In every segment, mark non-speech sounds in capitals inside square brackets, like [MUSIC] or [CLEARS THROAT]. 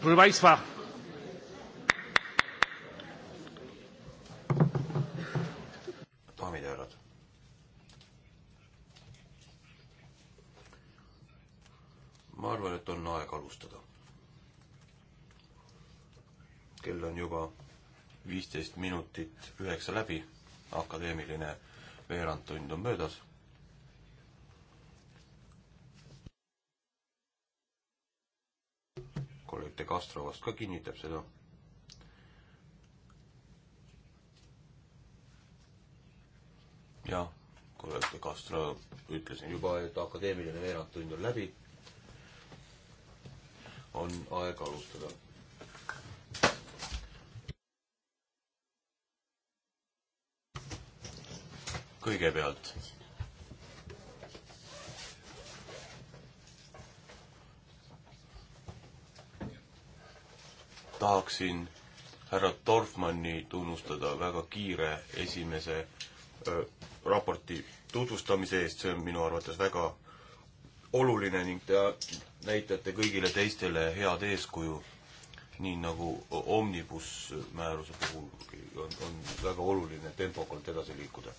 Proszę Państwa, daamid ja härrad. ma arvan, et on aeg alustada. kell on juba viisteist minutit üheksa läbi, akadeemiline veerandtund on möödas De Castro vast ka kinnitab seda. jah, kolleeg De Castro, ütlesin juba, et akadeemiline veerandtund on läbi. on aeg alustada kõigepealt tahaksin härra Dorfmanni tunnustada väga kiire esimese äh, raporti tutvustamise eest, see on minu arvates väga oluline ning te näitate kõigile teistele head eeskuju, nii nagu Omnibus määruse puhul on, on väga oluline tempokalt edasi liikuda.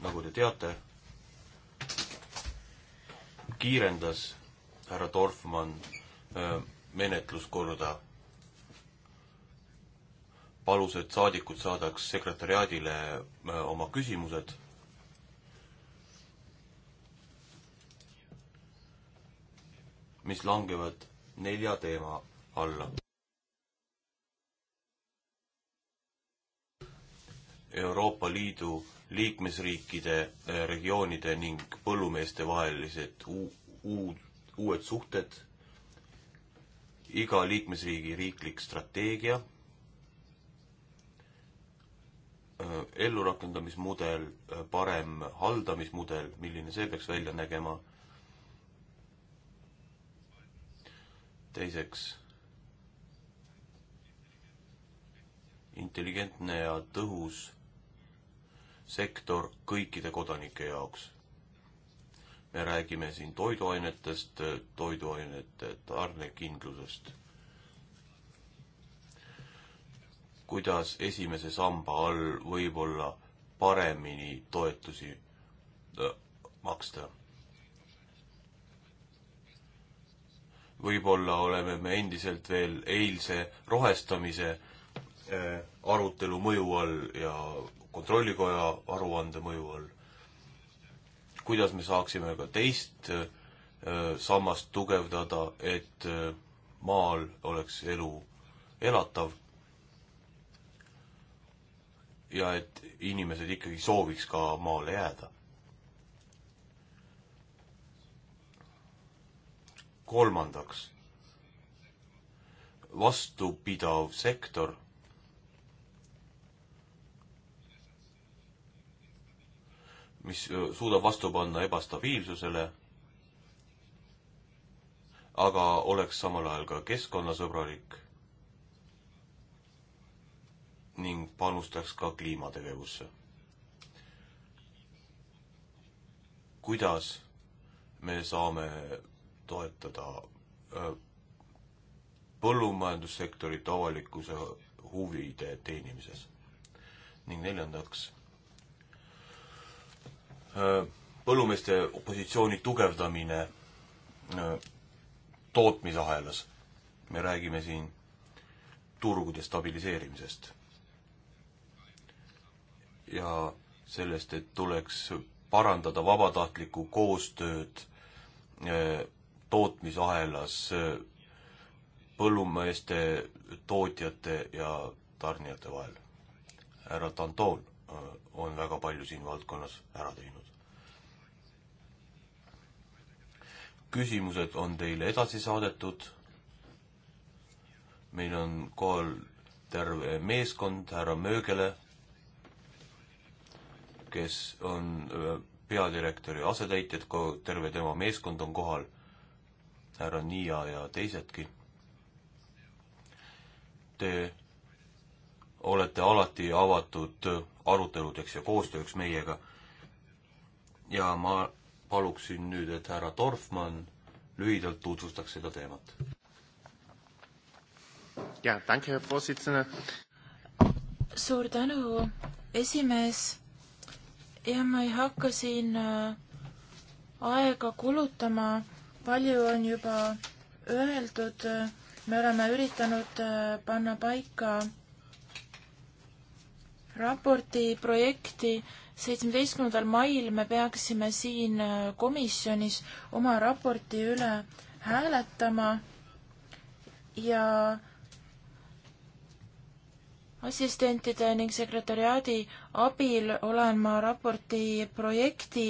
nagu te teate, kiirendas härra Dorfmann menetluskorda. palus, et saadikud saadaks sekretäriaadile oma küsimused. mis langevad nelja teema alla. Euroopa Liidu liikmesriikide, regioonide ning põllumeeste vahelised uud, uued suhted iga liikmesriigi riiklik strateegia, äh, ellurakendamismudel, äh, parem haldamismudel, milline see peaks välja nägema. teiseks, intelligentne ja tõhus sektor kõikide kodanike jaoks me räägime siin toiduainetest, toiduainete tarnekindlusest. kuidas esimese samba all võib-olla paremini toetusi maksta? võib-olla oleme me endiselt veel eilse rohestamise arutelu mõju all ja kontrollikoja aruande mõju all kuidas me saaksime ka teist äh, sammast tugevdada, et äh, maal oleks elu elatav ja et inimesed ikkagi sooviks ka maale jääda. kolmandaks, vastupidav sektor mis suudab vastu panna ebastabiilsusele, aga oleks samal ajal ka keskkonnasõbralik ning panustaks ka kliimategevusse. kuidas me saame toetada põllumajandussektorit avalikkuse huvide teenimises? ning neljandaks põllumeeste positsiooni tugevdamine äh, tootmisahelas. me räägime siin turgude stabiliseerimisest. ja sellest, et tuleks parandada vabatahtlikku koostööd äh, tootmisahelas äh, põllumeeste, tootjate ja tarnijate vahel. härra Danton Äh, on väga palju siin valdkonnas ära teinud. küsimused on teile edasi saadetud. meil on kohal terve meeskond härra Möögele, kes on äh, peadirektori asetäitjad, terve tema meeskond on kohal, härra Niia ja teisedki. Te olete alati avatud aruteludeks ja koostööks meiega. ja ma paluksin nüüd, et härra Dorfmann lühidalt tutvustaks seda teemat. ja, tänke, härra Positsõna. suur tänu, esimees. ja ma ei hakka siin äh, aega kulutama, palju on juba öeldud, me oleme üritanud äh, panna paika raporti projekti. seitsmeteistkümnendal mail me peaksime siin äh, komisjonis oma raporti üle hääletama ja assistentide ning sekretäriaadi abil olen ma raporti projekti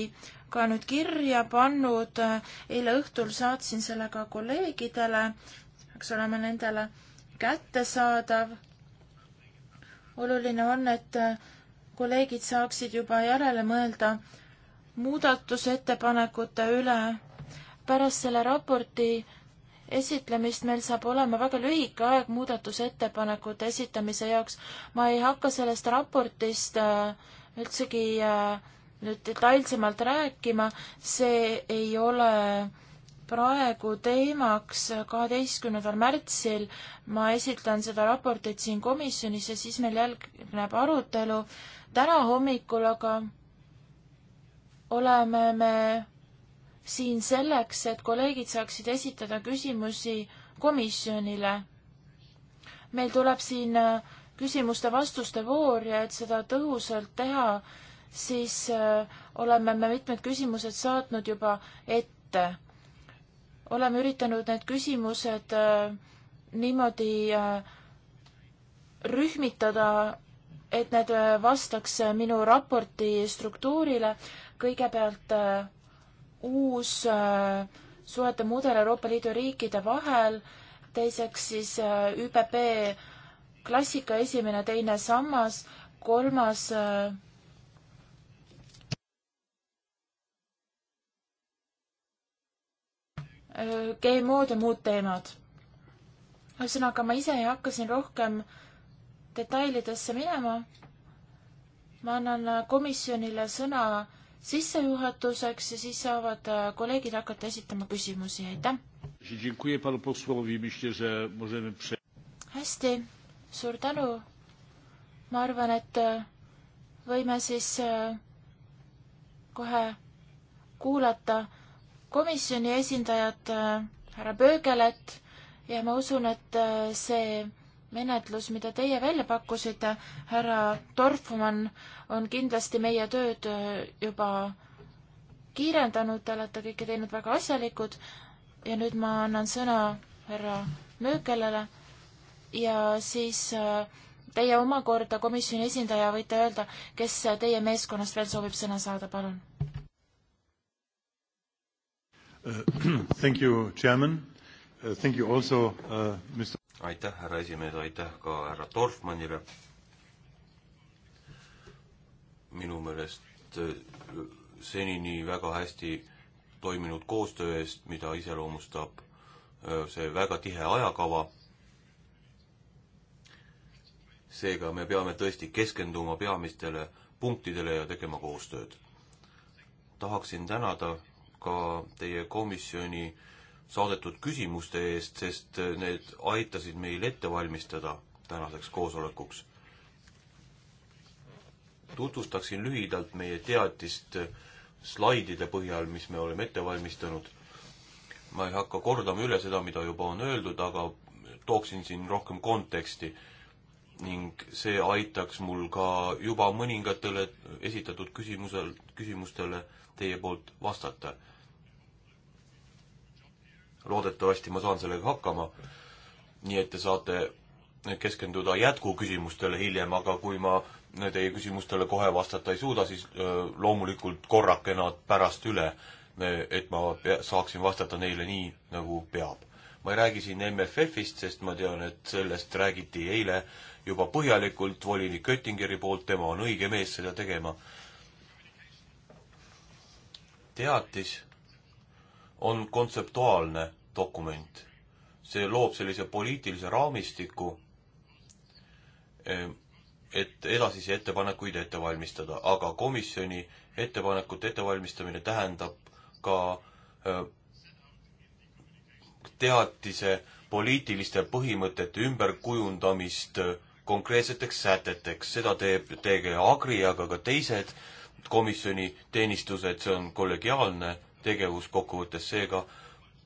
ka nüüd kirja pannud. eile õhtul saatsin selle ka kolleegidele, see peaks olema nendele kättesaadav oluline on, et kolleegid saaksid juba järele mõelda muudatusettepanekute üle. pärast selle raporti esitlemist meil saab olema väga lühike aeg muudatusettepanekute esitamise jaoks. ma ei hakka sellest raportist äh, üldsegi äh, nüüd detailsemalt rääkima, see ei ole praegu teemaks kaheteistkümnendal märtsil. ma esitlen seda raportit siin komisjonis ja siis meil järgneb arutelu. täna hommikul aga oleme me siin selleks, et kolleegid saaksid esitada küsimusi komisjonile. meil tuleb siin küsimuste-vastuste voor ja et seda tõhusalt teha, siis äh, oleme me mitmed küsimused saatnud juba ette oleme üritanud need küsimused äh, niimoodi äh, rühmitada, et need äh, vastaks minu raporti struktuurile. kõigepealt uus suhete mudel Euroopa Liidu riikide vahel, teiseks siis ÜPP klassika esimene, teine sammas, kolmas äh, GMO-d ja muud teemad. ühesõnaga, ma ise hakkasin rohkem detailidesse minema. ma annan komisjonile sõna sissejuhatuseks ja siis saavad kolleegid hakata esitama küsimusi, aitäh! hästi, suur tänu! ma arvan, et äh, võime siis äh, kohe kuulata komisjoni esindajat äh, härra Böögelet ja ma usun, et äh, see menetlus, mida teie välja pakkusite, härra Dorfmann, on kindlasti meie tööd äh, juba kiirendanud, te olete kõike teinud väga asjalikud ja nüüd ma annan sõna härra Möökelele ja siis teie omakorda komisjoni esindaja võite öelda, kes teie meeskonnast veel soovib sõna saada, palun Uh, [CLEARS THROAT] thank you, chairman. Uh, thank you also, uh, Mr. aitäh, härra esimees, aitäh ka härra Dorfmannile. minu meelest senini väga hästi toiminud koostöö eest, mida iseloomustab see väga tihe ajakava. seega me peame tõesti keskenduma peamistele punktidele ja tegema koostööd. tahaksin tänada ka teie komisjoni saadetud küsimuste eest, sest need aitasid meil ette valmistada tänaseks koosolekuks. tutvustaksin lühidalt meie teatist slaidide põhjal, mis me oleme ette valmistanud. ma ei hakka kordama üle seda, mida juba on öeldud, aga tooksin siin rohkem konteksti ning see aitaks mul ka juba mõningatele esitatud küsimusel, küsimustele teie poolt vastata loodetavasti ma saan sellega hakkama. nii et te saate keskenduda jätkuküsimustele hiljem, aga kui ma teie küsimustele kohe vastata ei suuda, siis loomulikult korrakena pärast üle, et ma saaksin vastata neile nii, nagu peab. ma ei räägi siin MFF-ist, sest ma tean, et sellest räägiti eile juba põhjalikult volinik Oettingeri poolt, tema on õige mees seda tegema. teatis on kontseptuaalne dokument. see loob sellise poliitilise raamistiku, eh, et edasisi ettepanekuid ette valmistada, aga komisjoni ettepanekute ettevalmistamine tähendab ka eh, teatise poliitiliste põhimõtete ümberkujundamist eh, konkreetseteks säteteks, seda teeb TG Agri, aga ka teised komisjoni teenistused, see on kollegiaalne tegevus kokkuvõttes, seega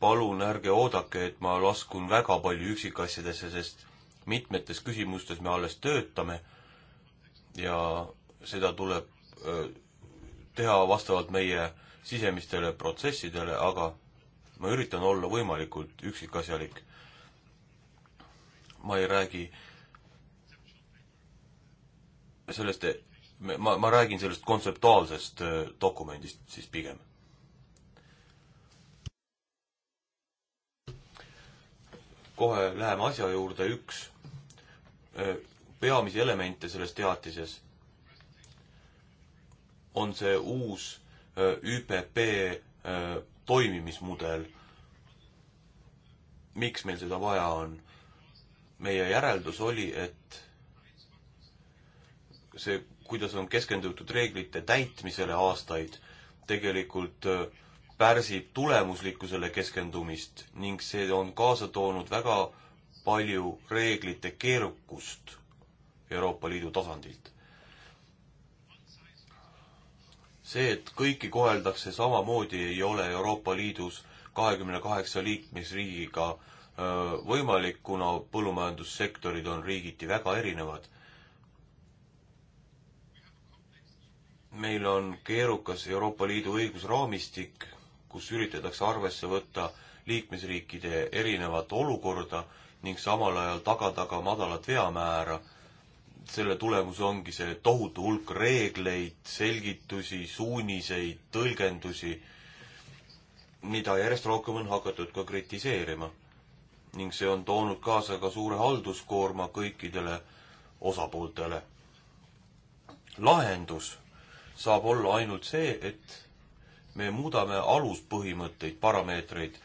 palun ärge oodake, et ma laskun väga palju üksikasjadesse, sest mitmetes küsimustes me alles töötame ja seda tuleb äh, teha vastavalt meie sisemistele protsessidele, aga ma üritan olla võimalikult üksikasjalik. ma ei räägi sellest, ma, ma räägin sellest kontseptuaalsest äh, dokumendist siis pigem kohe läheme asja juurde, üks peamisi elemente selles teatises on see uus ÜPP toimimismudel. miks meil seda vaja on? meie järeldus oli, et see, kuidas on keskendutud reeglite täitmisele aastaid, tegelikult äh, pärsib tulemuslikkusele keskendumist ning see on kaasa toonud väga palju reeglite keerukust Euroopa Liidu tasandilt. see, et kõiki koheldakse samamoodi, ei ole Euroopa Liidus kahekümne kaheksa liikmesriigiga võimalik, kuna põllumajandussektorid on riigiti väga erinevad. meil on keerukas Euroopa Liidu õigusraamistik kus üritatakse arvesse võtta liikmesriikide erinevat olukorda ning samal ajal tagada ka madalat veamäära. selle tulemus ongi see tohutu hulk reegleid, selgitusi, suuniseid, tõlgendusi, mida järjest rohkem on hakatud ka kritiseerima. ning see on toonud kaasa ka suure halduskoorma kõikidele osapooltele. lahendus saab olla ainult see, et me muudame aluspõhimõtteid, parameetreid.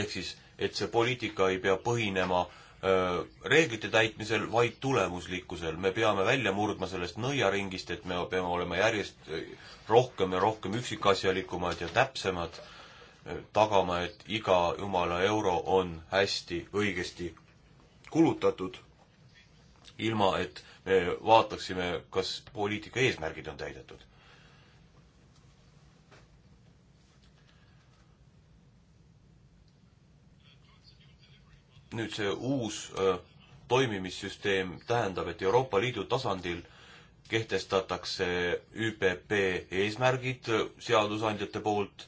ehk siis, et see poliitika ei pea põhinema öö, reeglite täitmisel, vaid tulemuslikkusel. me peame välja murdma sellest nõiaringist, et me peame olema järjest rohkem ja rohkem üksikasjalikumad ja täpsemad, tagama, et iga jumala euro on hästi õigesti kulutatud, ilma et me vaataksime, kas poliitika eesmärgid on täidetud nüüd see uus öö, toimimissüsteem tähendab, et Euroopa Liidu tasandil kehtestatakse ÜPP eesmärgid seadusandjate poolt,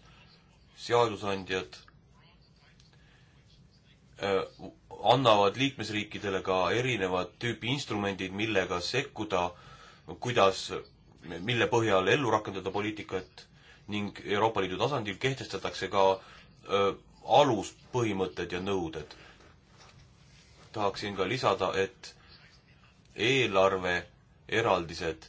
seadusandjad öö, annavad liikmesriikidele ka erinevad tüüpi instrumendid, millega sekkuda, kuidas, mille põhjal ellu rakendada poliitikat ning Euroopa Liidu tasandil kehtestatakse ka öö, aluspõhimõtted ja nõuded tahaksin ka lisada, et eelarve eraldised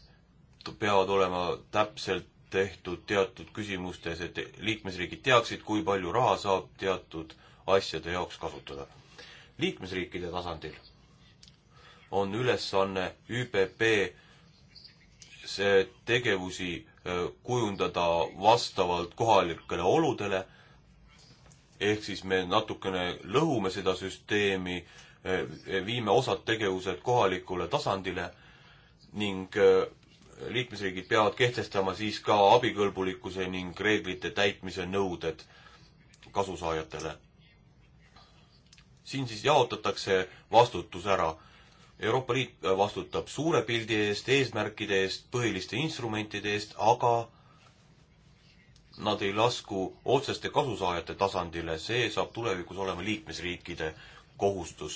peavad olema täpselt tehtud teatud küsimustes, et liikmesriigid teaksid, kui palju raha saab teatud asjade jaoks kasutada. liikmesriikide tasandil on ülesanne ÜPP see tegevusi kujundada vastavalt kohalikele oludele, ehk siis me natukene lõhume seda süsteemi äh, Eh, viime osad tegevused kohalikule tasandile ning eh, liikmesriigid peavad kehtestama siis ka abikõlbulikkuse ning reeglite täitmise nõuded kasusaajatele. siin siis jaotatakse vastutus ära. Euroopa Liit vastutab suure pildi eest, eesmärkide eest, põhiliste instrumentide eest, aga nad ei lasku otseste kasusaajate tasandile, see saab tulevikus olema liikmesriikide kohustus.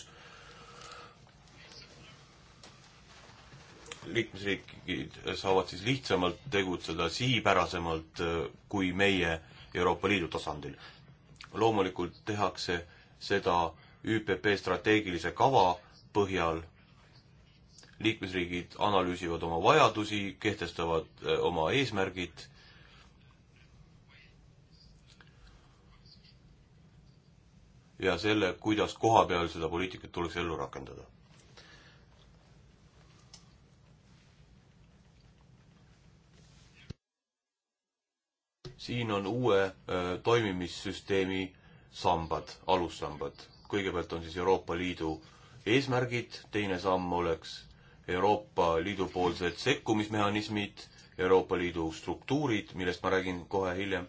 liikmesriigid saavad siis lihtsamalt tegutseda, sihipärasemalt äh, kui meie Euroopa Liidu tasandil. loomulikult tehakse seda ÜPP strateegilise kava põhjal liikmesriigid analüüsivad oma vajadusi, kehtestavad äh, oma eesmärgid ja selle, kuidas kohapeal seda poliitikat tuleks ellu rakendada. siin on uue öö, toimimissüsteemi sambad, alussambad. kõigepealt on siis Euroopa Liidu eesmärgid, teine samm oleks Euroopa Liidu poolsed sekkumismehhanismid, Euroopa Liidu struktuurid, millest ma räägin kohe hiljem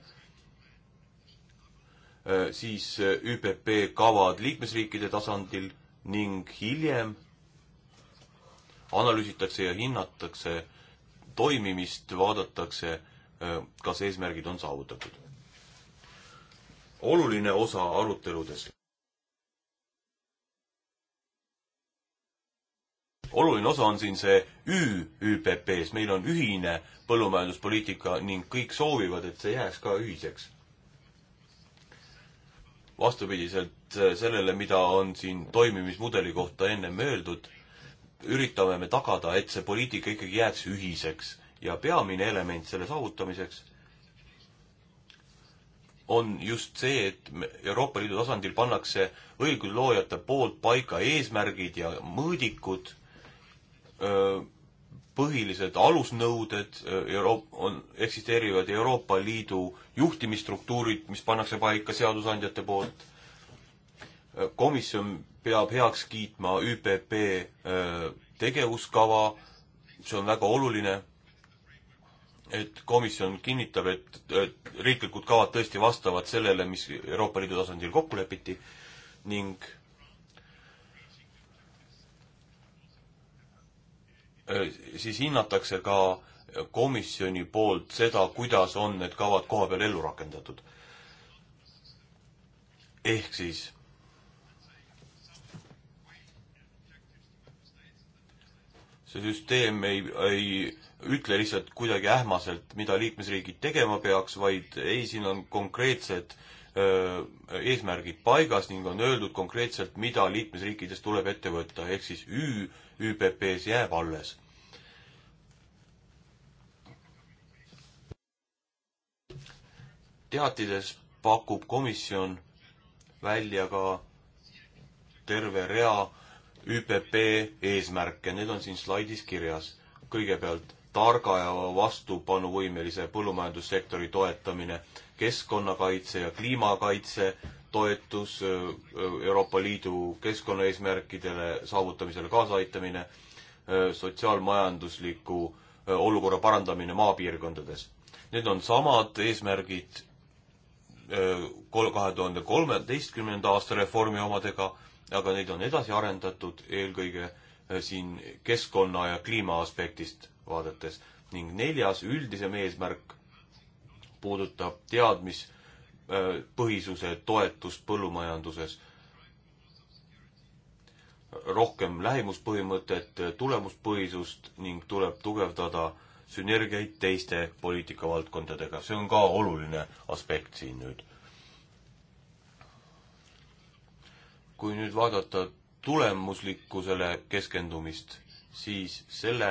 Äh, siis äh, ÜPP kavad liikmesriikide tasandil ning hiljem analüüsitakse ja hinnatakse toimimist, vaadatakse, äh, kas eesmärgid on saavutatud. oluline osa aruteludes. oluline osa on siin see Ü ÜPP-s, meil on ühine põllumajanduspoliitika ning kõik soovivad, et see jääks ka ühiseks vastupidiselt eh, sellele, mida on siin toimimismudeli kohta ennem öeldud, üritame me tagada, et see poliitika ikkagi jääks ühiseks ja peamine element selle saavutamiseks on just see, et Euroopa Liidu tasandil pannakse õigusloojate poolt paika eesmärgid ja mõõdikud öö, eh, põhilised alusnõuded äh, Euroop-, on, eksisteerivad Euroopa Liidu juhtimisstruktuurid, mis pannakse paika seadusandjate poolt, äh, komisjon peab heaks kiitma ÜPP äh, tegevuskava, see on väga oluline, et komisjon kinnitab, et, et riiklikud kavad tõesti vastavad sellele, mis Euroopa Liidu tasandil kokku lepiti ning Äh, siis hinnatakse ka komisjoni poolt seda, kuidas on need kavad koha peal ellu rakendatud. ehk siis see süsteem ei, ei ütle lihtsalt kuidagi ähmaselt, mida liikmesriigid tegema peaks, vaid ei, siin on konkreetsed äh, Äh, eesmärgid paigas ning on öeldud konkreetselt, mida liikmesriikides tuleb ette võtta, ehk siis Ü ÜPP-s jääb alles. teatides pakub komisjon välja ka terve rea ÜPP eesmärke, need on siin slaidis kirjas. kõigepealt targa ja vastupanuvõimelise põllumajandussektori toetamine keskkonnakaitse ja kliimakaitse, toetus Euroopa Liidu keskkonnaeesmärkidele saavutamisele kaasaaitamine, sotsiaalmajandusliku olukorra parandamine maapiirkondades. Need on samad eesmärgid kol-, kahe tuhande kolmeteistkümnenda aasta reformi omadega, aga neid on edasi arendatud eelkõige siin keskkonna ja kliima aspektist vaadates ning neljas üldisem eesmärk puudutab teadmispõhisuse äh, toetust põllumajanduses, rohkem lähimuspõhimõtet, tulemuspõhisust ning tuleb tugevdada sünergiaid teiste poliitikavaldkondadega, see on ka oluline aspekt siin nüüd. kui nüüd vaadata tulemuslikkusele keskendumist, siis selle,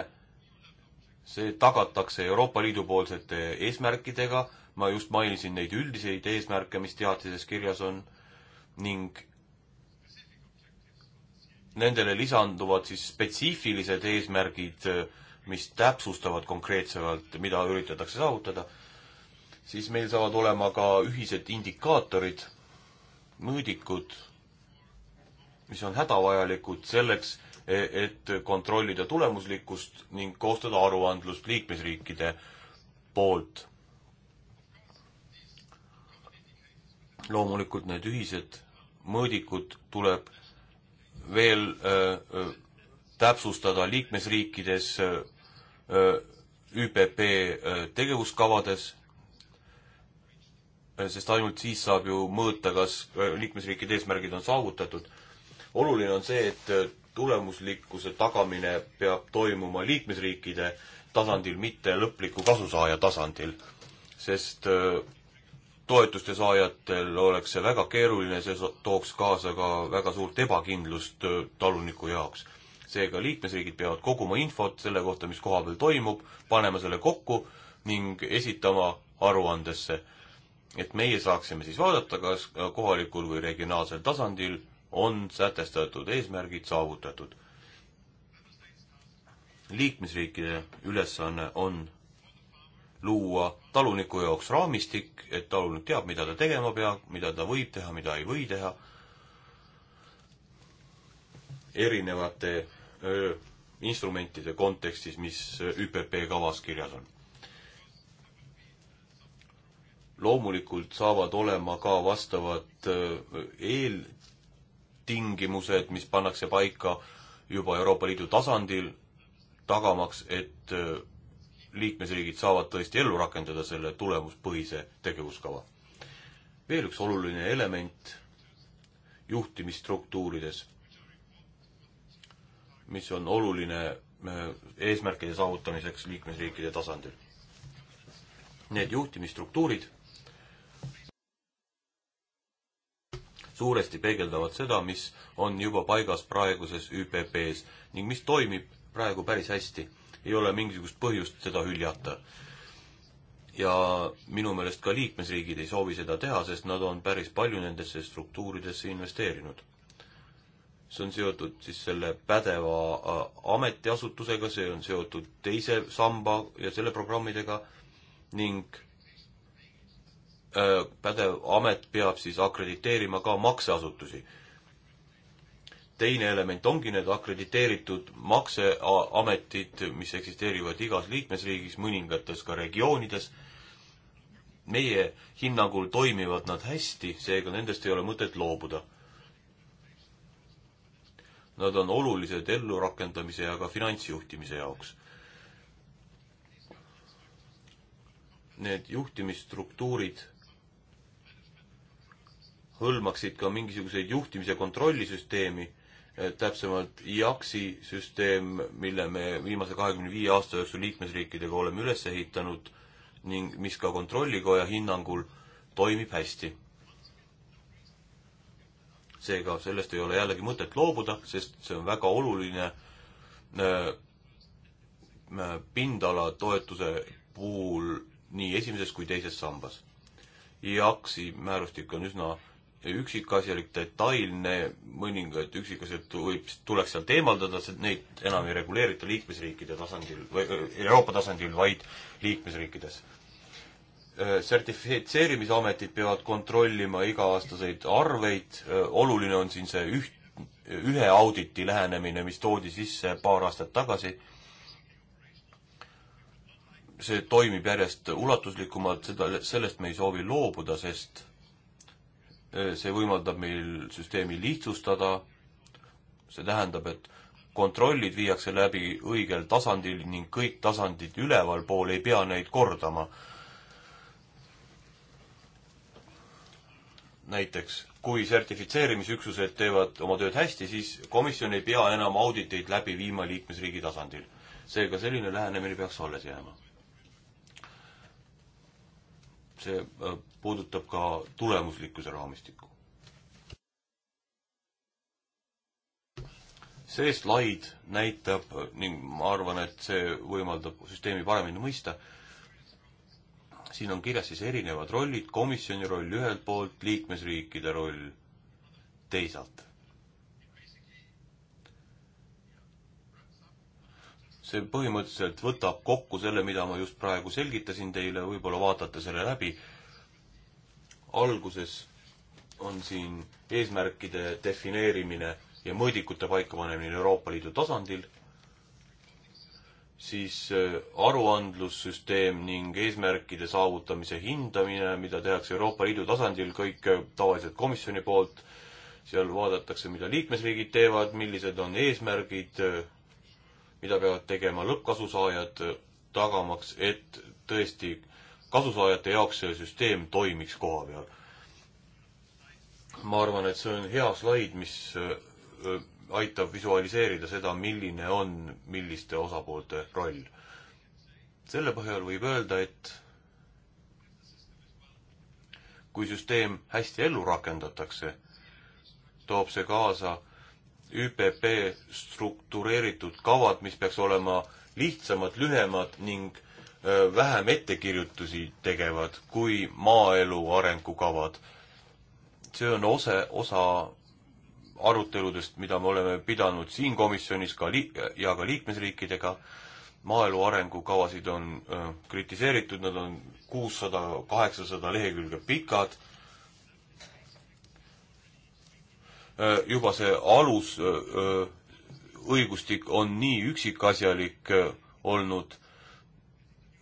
see tagatakse Euroopa Liidu poolsete eesmärkidega ma just mainisin neid üldiseid eesmärke, mis teatises kirjas on ning nendele lisanduvad siis spetsiifilised eesmärgid, mis täpsustavad konkreetsemalt, mida üritatakse saavutada, siis meil saavad olema ka ühised indikaatorid, mõõdikud, mis on hädavajalikud selleks, e-, et kontrollida tulemuslikkust ning koostada aruandlust liikmesriikide poolt loomulikult need ühised mõõdikud tuleb veel öö, äh, äh, täpsustada liikmesriikides öö, äh, ÜPP tegevuskavades, sest ainult siis saab ju mõõta, kas liikmesriikide eesmärgid on saavutatud. oluline on see, et tulemuslikkuse tagamine peab toimuma liikmesriikide tasandil, mitte lõpliku kasusaaja tasandil, sest öö, toetuste saajatel oleks see väga keeruline, see tooks kaasa ka väga suurt ebakindlust äh, taluniku jaoks. seega liikmesriigid peavad koguma infot selle kohta, mis koha peal toimub, panema selle kokku ning esitama aruandesse, et meie saaksime siis vaadata, kas äh, kohalikul või regionaalsel tasandil on sätestatud eesmärgid saavutatud. liikmesriikide ülesanne on luua taluniku jaoks raamistik, et talunik teab, mida ta tegema peab, mida ta võib teha, mida ei või teha. erinevate öö, instrumentide kontekstis, mis ÜPP kavas kirjas on. loomulikult saavad olema ka vastavad eeltingimused, mis pannakse paika juba Euroopa Liidu tasandil, tagamaks, et liikmesriigid saavad tõesti ellu rakendada selle tulemuspõhise tegevuskava. veel üks oluline element juhtimisstruktuurides, mis on oluline äh, eesmärkide saavutamiseks liikmesriikide tasandil. Need juhtimisstruktuurid suuresti peegeldavad seda, mis on juba paigas praeguses ÜPP-s ning mis toimib praegu päris hästi ei ole mingisugust põhjust seda hüljata. ja minu meelest ka liikmesriigid ei soovi seda teha, sest nad on päris palju nendesse struktuuridesse investeerinud. see on seotud siis selle pädeva äh, ametiasutusega, see on seotud teise samba ja selle programmidega ning äh, pädev amet peab siis akrediteerima ka makseasutusi teine element ongi need akrediteeritud makseametid, mis eksisteerivad igas liikmesriigis, mõningates ka regioonides. meie hinnangul toimivad nad hästi, seega nendest ei ole mõtet loobuda. Nad on olulised ellurakendamise ja ka finantsjuhtimise jaoks. Need juhtimisstruktuurid hõlmaksid ka mingisuguseid juhtimise kontrollisüsteemi Eh, täpsemalt JAKS-i süsteem, mille me viimase kahekümne viie aasta jooksul liikmesriikidega oleme üles ehitanud ning mis ka Kontrollikoja hinnangul toimib hästi. seega sellest ei ole jällegi mõtet loobuda, sest see on väga oluline eh, eh, pindalatoetuse puhul nii esimeses kui teises sambas. JAKS-i määrustik on üsna äh, üksikasjalik, detailne, mõningad üksikasjad võib, tuleks sealt eemaldada, sest neid enam ei reguleerita liikmesriikide tasandil või Euroopa tasandil, vaid liikmesriikides. sertifitseerimisametid peavad kontrollima iga-aastaseid arveid, oluline on siin see üht, ühe auditi lähenemine, mis toodi sisse paar aastat tagasi see toimib järjest ulatuslikumalt, seda, sellest me ei soovi loobuda, sest see võimaldab meil süsteemi lihtsustada, see tähendab, et kontrollid viiakse läbi õigel tasandil ning kõik tasandid ülevalpool ei pea neid kordama. näiteks, kui sertifitseerimisüksused teevad oma tööd hästi, siis komisjon ei pea enam auditeid läbi viima liikmesriigi tasandil. seega selline lähenemine peaks alles jääma see äh, puudutab ka tulemuslikkuse raamistikku. see slaid näitab ning ma arvan, et see võimaldab süsteemi paremini mõista, siin on kirjas siis erinevad rollid, komisjoni roll ühelt poolt, liikmesriikide roll teisalt see põhimõtteliselt võtab kokku selle, mida ma just praegu selgitasin teile, võib-olla vaatate selle läbi. alguses on siin eesmärkide defineerimine ja mõõdikute paikapanemine Euroopa Liidu tasandil, siis äh, aruandlussüsteem ning eesmärkide saavutamise hindamine, mida tehakse Euroopa Liidu tasandil, kõik äh, tavaliselt komisjoni poolt, seal vaadatakse, mida liikmesriigid teevad, millised on eesmärgid, äh, mida peavad tegema lõppkasusaajad, tagamaks, et tõesti kasusaajate jaoks see süsteem toimiks koha peal. ma arvan, et see on hea slaid, mis aitab visualiseerida seda, milline on milliste osapoolte roll. selle põhjal võib öelda, et kui süsteem hästi ellu rakendatakse, toob see kaasa ÜPP struktureeritud kavad, mis peaks olema lihtsamad, lühemad ning vähem ettekirjutusi tegevad kui maaelu arengukavad. see on osa, osa aruteludest, mida me oleme pidanud siin komisjonis ka li-, ja ka liikmesriikidega, maaelu arengukavasid on öö, kritiseeritud, nad on kuussada, kaheksasada lehekülge pikad Äh, juba see alus äh, äh, õigustik on nii üksikasjalik olnud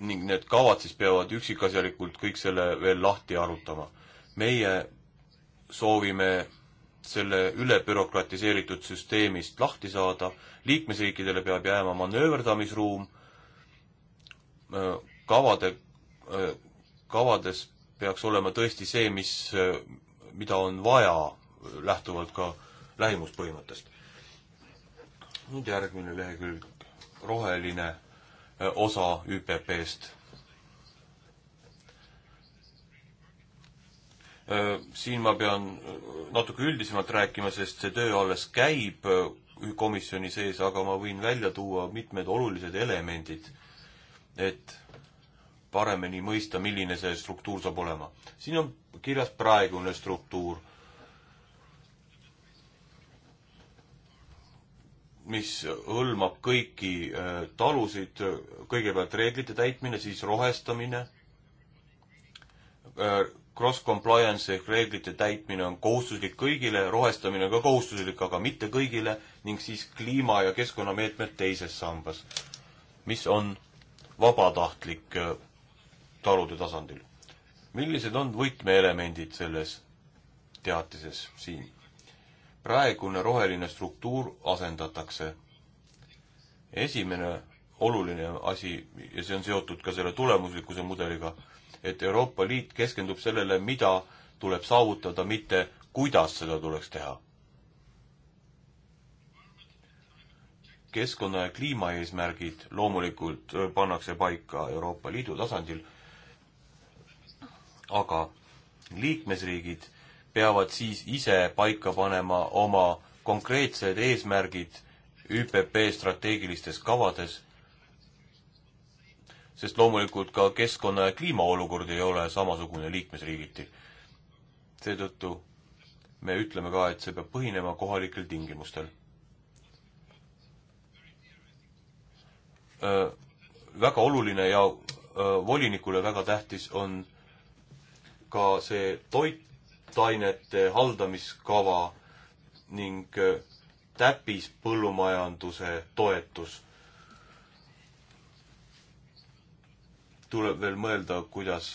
ning need kavad siis peavad üksikasjalikult kõik selle veel lahti arutama. meie soovime selle ülebürokratiseeritud süsteemist lahti saada, liikmesriikidele peab jääma manööverdamisruum, kavade, kavades peaks olema tõesti see, mis, mida on vaja lähtuvalt ka lähimuspõhimõttest. nüüd järgmine lehekülg, roheline eh, osa ÜPP-st. Eh, siin ma pean eh, natuke üldisemalt rääkima, sest see töö alles käib komisjoni sees, aga ma võin välja tuua mitmed olulised elemendid, et paremini mõista, milline see struktuur saab olema. siin on kirjas praegune struktuur mis hõlmab kõiki äh, talusid, kõigepealt reeglite täitmine, siis rohestamine, äh, cross compliance ehk reeglite täitmine on kohustuslik kõigile, rohestamine on ka kohustuslik, aga mitte kõigile, ning siis kliima- ja keskkonnameetmed teises sambas, mis on vabatahtlik äh, talude tasandil. millised on võtmeelemendid selles teatises siin? praegune roheline struktuur asendatakse. esimene oluline asi ja see on seotud ka selle tulemuslikkuse mudeliga, et Euroopa Liit keskendub sellele, mida tuleb saavutada, mitte kuidas seda tuleks teha. keskkonna ja kliimaeesmärgid loomulikult pannakse paika Euroopa Liidu tasandil, aga liikmesriigid peavad siis ise paika panema oma konkreetsed eesmärgid ÜPP strateegilistes kavades, sest loomulikult ka keskkonna ja kliimaolukord ei ole samasugune liikmesriigiti. seetõttu me ütleme ka, et see peab põhinema kohalikel tingimustel. väga oluline ja öö, volinikule väga tähtis on ka see toit, toitainete haldamiskava ning äh, täppispõllumajanduse toetus. tuleb veel mõelda, kuidas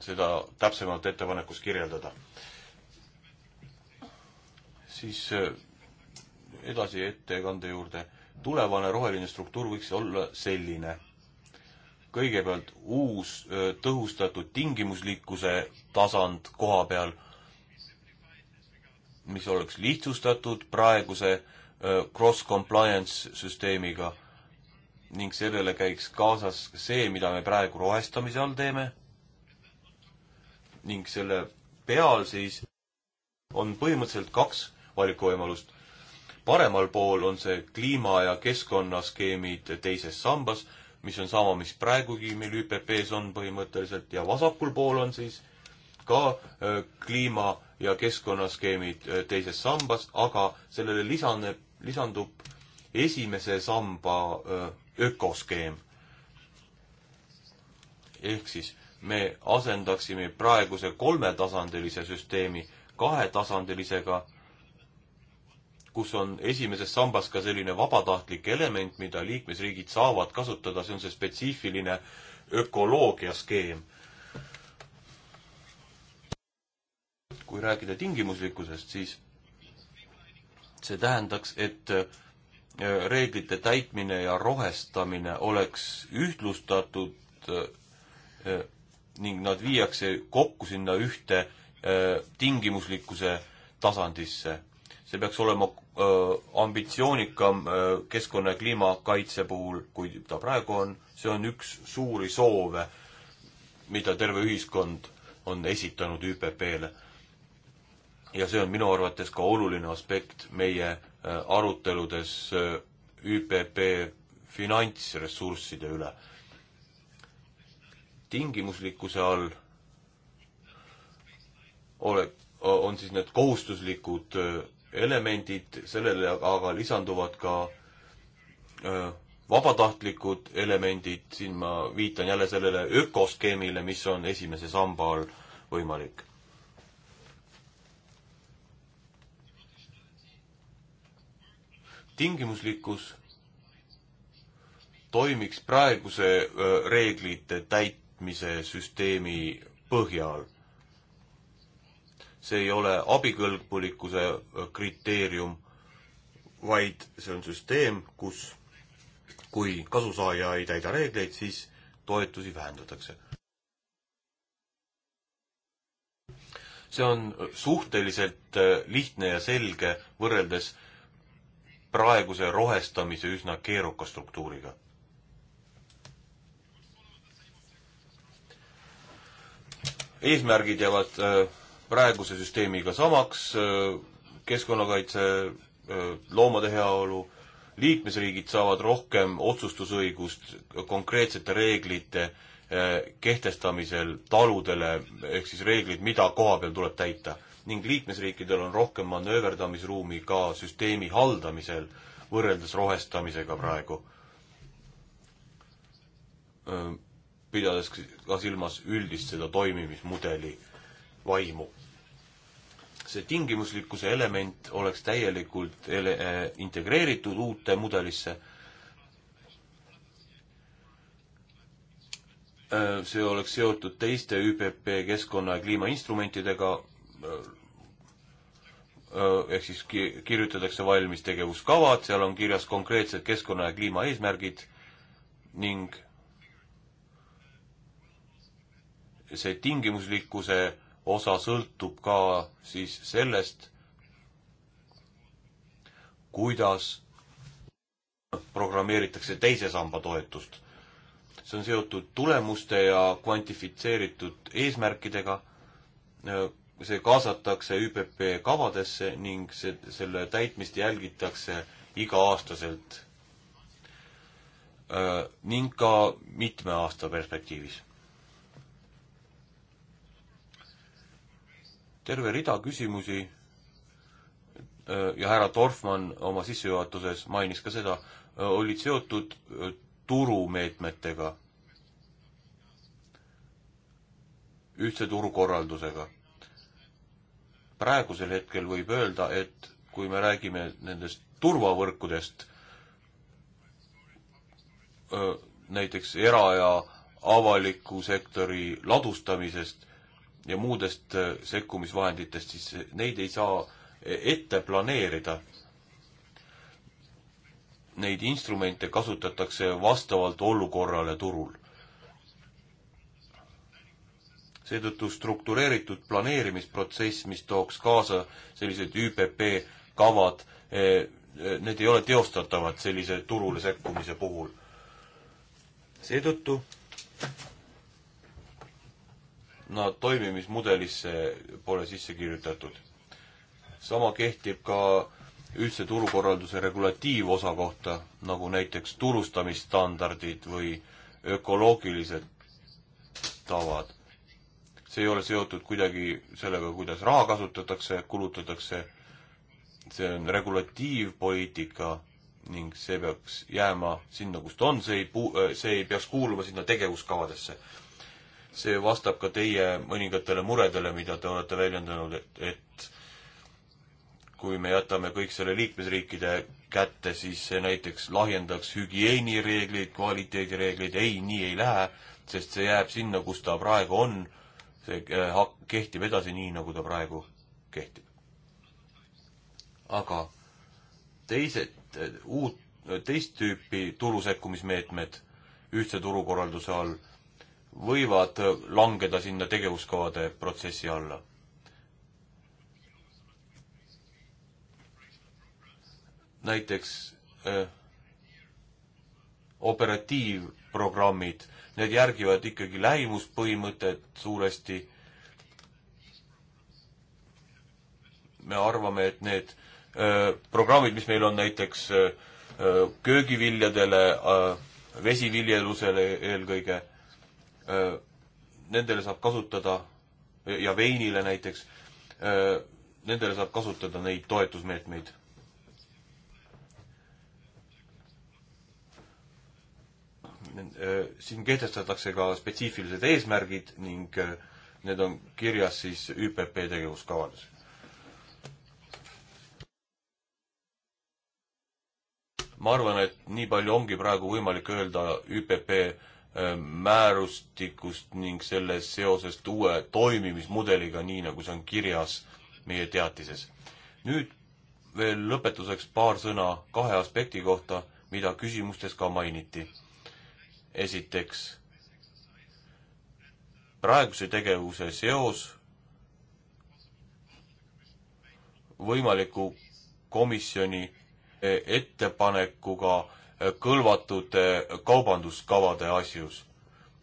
seda täpsemalt ettepanekus kirjeldada. siis äh, edasi ettekande juurde. tulevane roheline struktuur võiks olla selline kõigepealt uus tõhustatud tingimuslikkuse tasand koha peal, mis oleks lihtsustatud praeguse cross-compliance süsteemiga ning sellele käiks kaasas see, mida me praegu rohestamise all teeme ning selle peal siis on põhimõtteliselt kaks valikuvõimalust. paremal pool on see kliima- ja keskkonnaskeemid teises sambas mis on sama, mis praegugi meil ÜPP-s on põhimõtteliselt ja vasakul pool on siis ka öö, äh, kliima ja keskkonnaskeemid äh, teises sambas, aga sellele lisaneb, lisandub esimese samba öö, äh, ökoskeem. ehk siis me asendaksime praeguse kolmetasandilise süsteemi kahetasandilisega kus on esimeses sambas ka selline vabatahtlik element, mida liikmesriigid saavad kasutada, see on see spetsiifiline ökoloogiaskeem. kui rääkida tingimuslikkusest, siis see tähendaks, et äh, reeglite täitmine ja rohestamine oleks ühtlustatud äh, ning nad viiakse kokku sinna ühte äh, tingimuslikkuse tasandisse see peaks olema äh, ambitsioonikam äh, keskkonna ja kliimakaitse puhul, kui ta praegu on, see on üks suuri soove, mida terve ühiskond on esitanud ÜPP-le. ja see on minu arvates ka oluline aspekt meie äh, aruteludes ÜPP finantsressursside üle. tingimuslikkuse all ole, on siis need kohustuslikud elemendid, sellele aga, aga lisanduvad ka öö, vabatahtlikud elemendid, siin ma viitan jälle sellele ökoskeemile, mis on esimese samba all võimalik. tingimuslikkus toimiks praeguse reeglite täitmise süsteemi põhjal see ei ole abikõlbulikkuse kriteerium, vaid see on süsteem, kus kui kasusaaja ei täida reegleid, siis toetusi vähendatakse. see on suhteliselt äh, lihtne ja selge võrreldes praeguse rohestamise üsna keeruka struktuuriga. eesmärgid jäävad äh, praeguse süsteemiga samaks, äh, keskkonnakaitse, äh, loomade heaolu, liikmesriigid saavad rohkem otsustusõigust konkreetsete reeglite äh, kehtestamisel taludele, ehk siis reeglid, mida koha peal tuleb täita. ning liikmesriikidel on rohkem manööverdamisruumi ka süsteemi haldamisel võrreldes rohestamisega praegu. pidades ka silmas üldist seda toimimismudeli vaimu see tingimuslikkuse element oleks täielikult ele-, äh, integreeritud uute mudelisse. Äh, see oleks seotud teiste ÜPP keskkonna ja kliimainstrumentidega, äh, ehk siis ki-, kirjutatakse valmis tegevuskavad, seal on kirjas konkreetsed keskkonna ja kliimaeesmärgid ning see tingimuslikkuse osa sõltub ka siis sellest, kuidas programmeeritakse teise samba toetust. see on seotud tulemuste ja kvantifitseeritud eesmärkidega, see kaasatakse ÜPP kavadesse ning see, selle täitmist jälgitakse iga-aastaselt äh, ning ka mitme aasta perspektiivis terve rida küsimusi ja härra Dorfmann oma sissejuhatuses mainis ka seda, olid seotud äh, turumeetmetega, ühtse turukorraldusega. praegusel hetkel võib öelda, et kui me räägime nendest turvavõrkudest, äh, näiteks era- ja avaliku sektori ladustamisest, ja muudest äh, sekkumisvahenditest, siis neid ei saa e, ette planeerida. Neid instrumente kasutatakse vastavalt olukorrale turul. seetõttu struktureeritud planeerimisprotsess, mis tooks kaasa sellised ÜPP kavad, e, e, need ei ole teostatavad sellise turule sekkumise puhul. seetõttu nad toimimismudelisse pole sisse kirjutatud. sama kehtib ka ühtse turukorralduse regulatiivosa kohta, nagu näiteks turustamisstandardid või ökoloogilised tavad. see ei ole seotud kuidagi sellega, kuidas raha kasutatakse, kulutatakse, see on regulatiivpoliitika ning see peaks jääma sinna, kus ta on, see ei puu-, see ei peaks kuuluma sinna tegevuskavadesse see vastab ka teie mõningatele muredele, mida te olete väljendanud, et, et kui me jätame kõik selle liikmesriikide kätte, siis see näiteks lahjendaks hügieenireegleid, kvaliteedireegleid, ei, nii ei lähe, sest see jääb sinna, kus ta praegu on, see äh, kehtib edasi nii, nagu ta praegu kehtib. aga teised, äh, uut, teist tüüpi turu sekkumismeetmed ühtse turukorralduse all võivad langeda sinna tegevuskavade protsessi alla. näiteks äh, operatiivprogrammid, need järgivad ikkagi lähimuspõhimõtet suuresti. me arvame, et need äh, programmid, mis meil on näiteks äh, äh köögiviljadele, äh, vesiviljelusele eelkõige Äh, nendele saab kasutada ja veinile näiteks, äh, nendele saab kasutada neid toetusmeetmeid. Äh, siin kehtestatakse ka spetsiifilised eesmärgid ning need on kirjas siis ÜPP tegevuskavades. ma arvan, et nii palju ongi praegu võimalik öelda ÜPP määrustikust ning sellest seosest uue toimimismudeliga, nii nagu see on kirjas meie teatises. nüüd veel lõpetuseks paar sõna kahe aspekti kohta, mida küsimustes ka mainiti. esiteks, praeguse tegevuse seos võimaliku komisjoni e, ettepanekuga kõlvatute eh, kaubanduskavade asjus.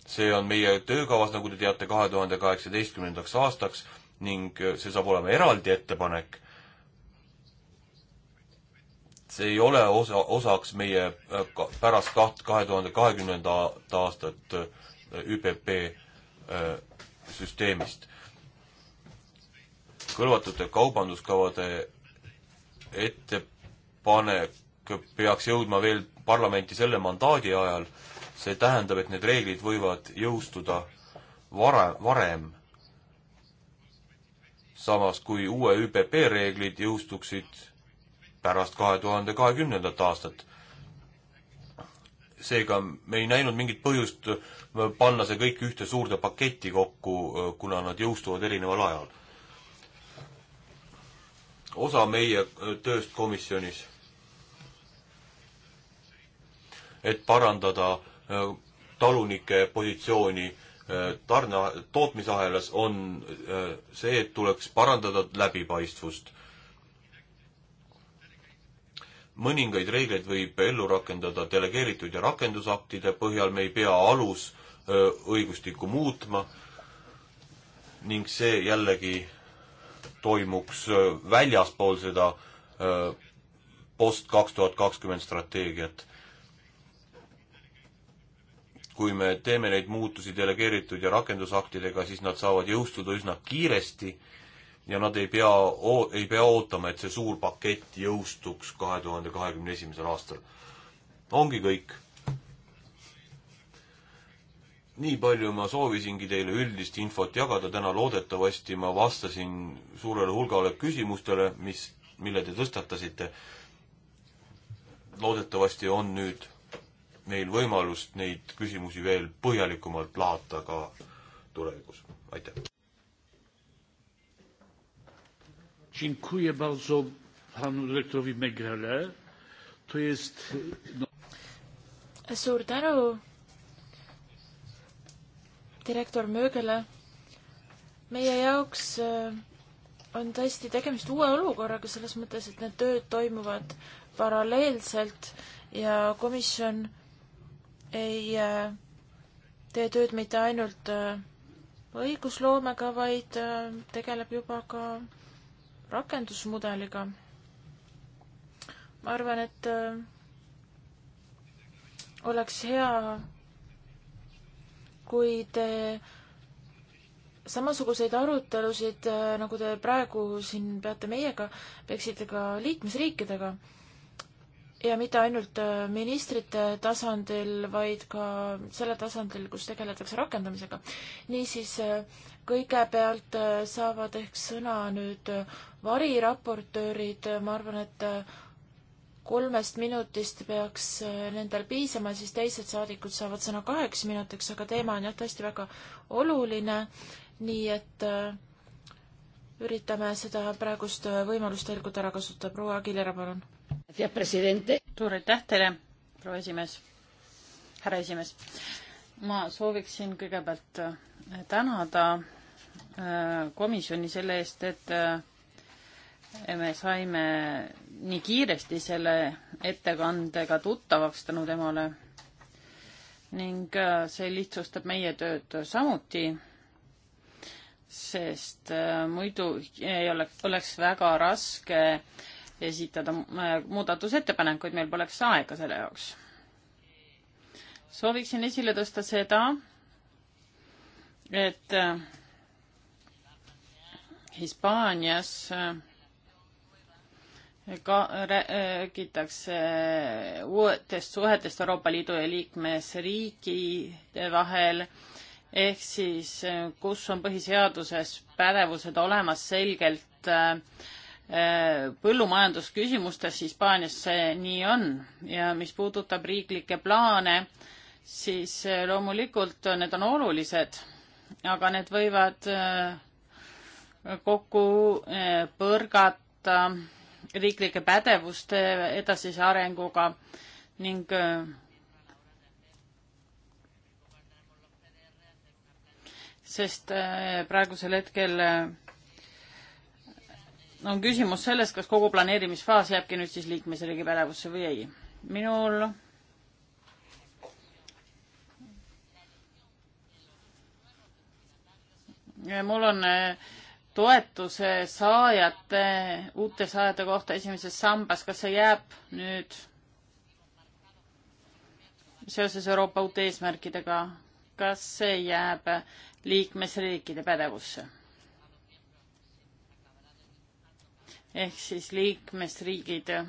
see on meie töökavas, nagu te teate, kahe tuhande kaheksateistkümnendaks aastaks ning eh, see saab olema eraldi ettepanek. see ei ole osa, osaks meie eh, pärast kaht, kahe tuhande kahekümnendat aastat ÜPP süsteemist. kõlvatute kaubanduskavade ettepanek peaks jõudma veel parlamenti selle mandaadi ajal, see tähendab, et need reeglid võivad jõustuda vara, varem. samas, kui uue ÜPP reeglid jõustuksid pärast kahe tuhande kahekümnendat aastat. seega me ei näinud mingit põhjust panna see kõik ühte suurde paketti kokku, kuna nad jõustuvad erineval ajal. osa meie tööst komisjonis et parandada äh, talunike positsiooni äh, tarne, tootmisahelas, on äh, see, et tuleks parandada läbipaistvust. mõningaid reegleid võib ellu rakendada delegeeritud ja rakendusaktide põhjal, me ei pea alusõigustikku muutma ning see jällegi toimuks väljaspool seda post kaks tuhat kakskümmend strateegiat kui me teeme neid muutusi delegeeritud ja rakendusaktidega, siis nad saavad jõustuda üsna kiiresti ja nad ei pea, ei pea ootama, et see suur pakett jõustuks kahe tuhande kahekümne esimesel aastal. ongi kõik. nii palju ma soovisingi teile üldist infot jagada täna, loodetavasti ma vastasin suurele hulgale küsimustele, mis, mille te tõstatasite. loodetavasti on nüüd neil võimalust neid küsimusi veel põhjalikumalt lahata ka tulevikus. aitäh! Dziękuję bardzo panu dyrektorowi Megele. To jest... No... Suur tänu direktor Möögele. meie jaoks äh, on tõesti tegemist uue olukorraga selles mõttes, et need tööd toimuvad paralleelselt ja komisjon ei äh, tee tööd mitte ainult äh, õigusloomega, vaid äh, tegeleb juba ka rakendusmudeliga. ma arvan, et oleks hea, kui te samasuguseid arutelusid, nagu te praegu siin peate meiega, peaksite ka liikmesriikidega ja mitte ainult äh, ministrite tasandil, vaid ka selle tasandil, kus tegeletakse rakendamisega. niisiis, äh, kõigepealt äh, saavad ehk sõna nüüd variraportöörid, ma arvan, et kolmest minutist peaks nendel piisama, siis teised saadikud saavad sõna kaheks minutiks, aga teema on jah, tõesti väga oluline, nii et üritame seda praegust võimalust tegelikult ära kasutada. proua Aguilera, palun suur aitäh teile, proua esimees, härra esimees. ma sooviksin kõigepealt äh, tänada äh, komisjoni selle eest, et äh, me saime nii kiiresti selle ettekandega tuttavaks tänu temale ning see lihtsustab meie tööd samuti, sest muidu ei oleks, oleks väga raske äh, esitada äh, muudatusettepanekuid, meil poleks aega selle jaoks. sooviksin esile tõsta seda, et äh, Hispaanias äh, ka räägitakse uutest suhetest Euroopa Liidu ja liikmesriikide vahel ehk siis kus on põhiseaduses pädevused olemas selgelt äh, põllumajandusküsimustes Hispaanias see nii on ja mis puudutab riiklikke plaane, siis eh, loomulikult need on olulised, aga need võivad eh, kokku eh, põrgata riiklike pädevuste edasise arenguga ning sest praegusel hetkel on küsimus selles, kas kogu planeerimisfaas jääbki nüüd siis liikmesriigi pädevusse või ei. minul mul on äh, toetuse saajate, uute saajate kohta esimeses sambas, kas see jääb nüüd seoses Euroopa uute eesmärkidega, kas see jääb liikmesriikide pädevusse? ehk siis liikmesriigid eh,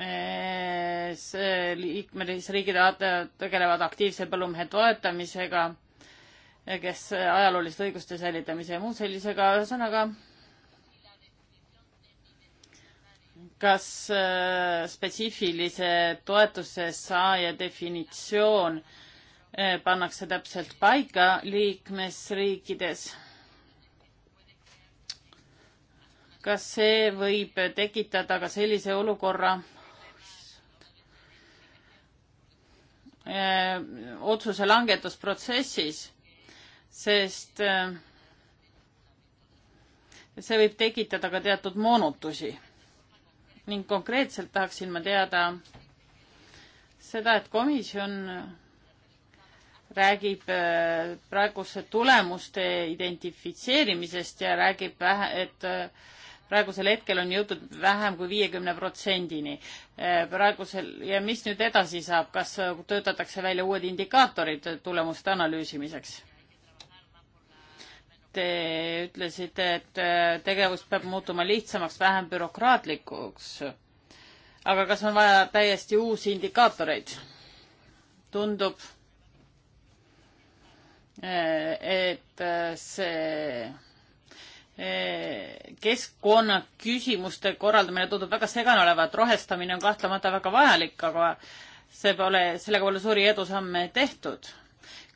eh, liikmesriigid tegelevad aktiivse põllumehe toetamisega, eh, kes ajalooliste õiguste säilitamise ja muu sellisega, ühesõnaga kas spetsiifilise toetuse saaja definitsioon pannakse täpselt paika liikmesriikides kas see võib tekitada ka sellise olukorra öö, eh, otsuse langetusprotsessis, sest öö, eh, see võib tekitada ka teatud moonutusi. ning konkreetselt tahaksin ma teada seda, et komisjon räägib eh, praeguse tulemuste identifitseerimisest ja räägib, et praegusel hetkel on jõutud vähem kui viiekümne protsendini. Eh, praegusel ja mis nüüd edasi saab, kas töötatakse välja uued indikaatorid tulemuste analüüsimiseks? Te ütlesite, et eh, tegevus peab muutuma lihtsamaks, vähem bürokraatlikuks. aga kas on vaja täiesti uusi indikaatoreid? tundub, eh, et see Eh, keskkonnaküsimuste korraldamine tundub väga segane olevat, rohestamine on kahtlemata väga vajalik, aga see pole, sellega pole suuri edusamme tehtud.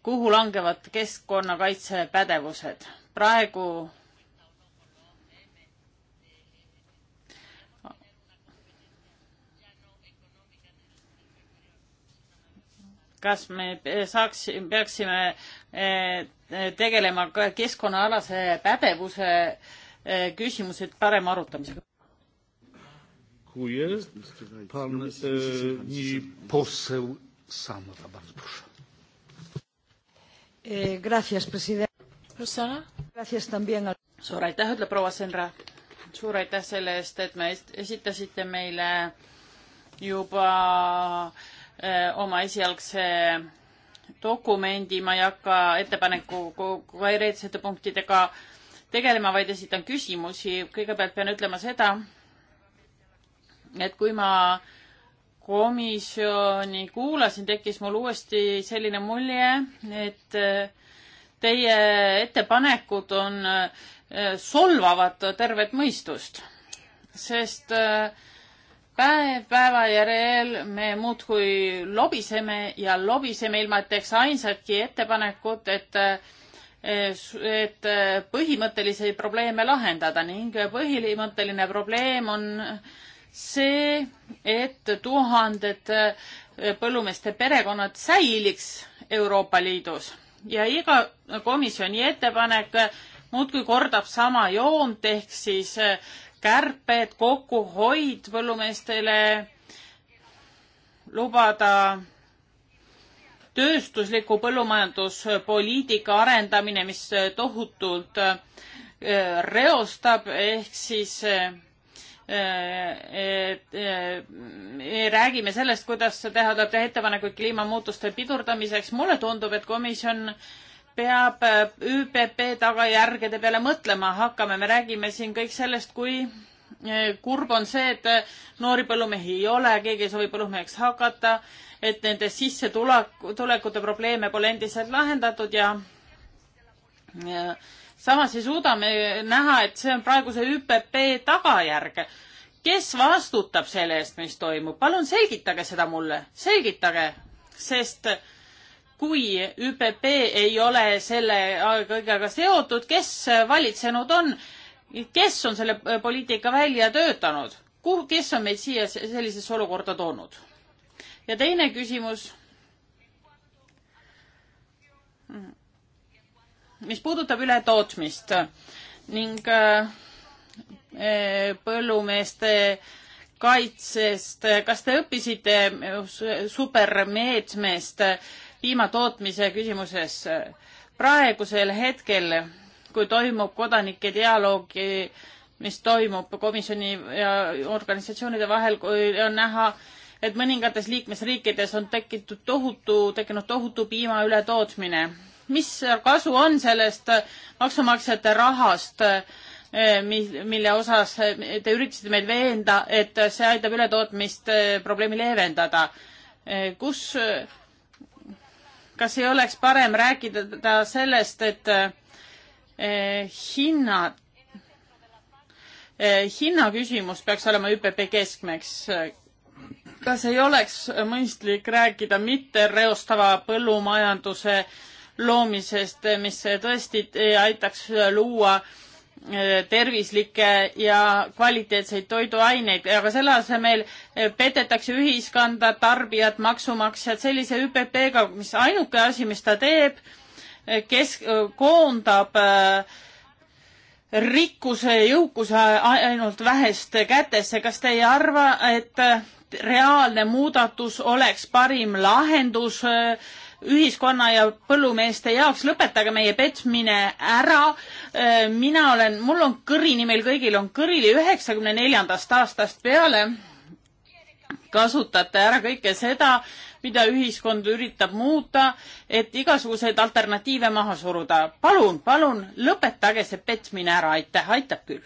kuhu langevad keskkonnakaitse pädevused? praegu kas me saaks, peaksime eh, tegelema ka keskkonnaalase pädevuse eh, küsimused parema arutamisega? E, e, suur aitäh, ütleb proua Senra. suur aitäh selle eest, et me esitasite meile juba äh, Äh, oma esialgse dokumendi, ma ei hakka ettepaneku konkreetsete punktidega tegelema, vaid esitan küsimusi. kõigepealt pean ütlema seda, et kui ma komisjoni kuulasin, tekkis mul uuesti selline mulje, et äh, teie ettepanekud on äh, solvavad tervet mõistust, sest äh, päev päeva järel me muudkui lobiseme ja lobiseme ilma, et teeks ainsatki ettepanekut, et et põhimõttelisi probleeme lahendada ning põhimõtteline probleem on see, et tuhanded põllumeeste perekonnad säiliks Euroopa Liidus ja iga komisjoni ettepanek muudkui kordab sama joont ehk siis kärped, kokkuhoid põllumeestele, lubada tööstusliku põllumajanduspoliitika arendamine, mis tohutult äh, reostab, ehk siis äh, et äh, räägime sellest, kuidas teha, tuleb teha ettepanekuid kliimamuutuste pidurdamiseks. mulle tundub, et komisjon äh, peab äh, ÜPP tagajärgede peale mõtlema hakkama, me räägime siin kõik sellest, kui äh, kurb on see, et äh, noori põllumehi ei ole, keegi ei soovi põllumeheks hakata, et nende sissetulekute probleeme pole endiselt lahendatud ja, ja samas ei suuda me näha, et see on praeguse ÜPP tagajärg. kes vastutab selle eest, mis toimub, palun selgitage seda mulle, selgitage, sest äh, kui ÜPP ei ole selle kõigega seotud, kes valitsenud on, kes on selle poliitika välja töötanud, kuhu, kes on meid siia sellisesse olukorda toonud? ja teine küsimus, mis puudutab ületootmist ning äh, põllumeeste kaitsest, kas te õppisite supermeetmest äh, piimatootmise küsimuses. praegusel hetkel, kui toimub kodanike dialoogi, mis toimub komisjoni ja organisatsioonide vahel, kui on näha, et mõningates liikmesriikides on tekkinud tohutu, tekkinud tohutu piima ületootmine. mis kasu on sellest maksumaksjate rahast, eh, mille osas eh, te üritasite meid veenda, et see aitab ületootmist eh, probleemi leevendada? kus kas ei oleks parem rääkida sellest, et hinnad, eh, hinnaküsimus eh, peaks olema ÜPP keskmeks. kas ei oleks mõistlik rääkida mitte reostava põllumajanduse loomisest, mis tõesti eh, aitaks luua äh, Äh, tervislikke ja kvaliteetseid toiduaineid, aga selle asemel äh, petetakse ühiskonda, tarbijad, maksumaksjad sellise ÜPP-ga, mis ainuke asi, mis ta teeb, äh, kes koondab rikkuse ja jõukuse ainult väheste kätesse. kas te ei arva, et reaalne muudatus oleks parim lahendus äh, ühiskonna ja põllumeeste jaoks, lõpetage meie petmine ära. Äh, mina olen, mul on kõrini, meil kõigil on kõrili üheksakümne neljandast aastast peale. kasutate ära kõike seda, mida ühiskond üritab muuta, et igasuguseid alternatiive maha suruda. palun, palun lõpetage see petmine ära, aitäh, aitab küll.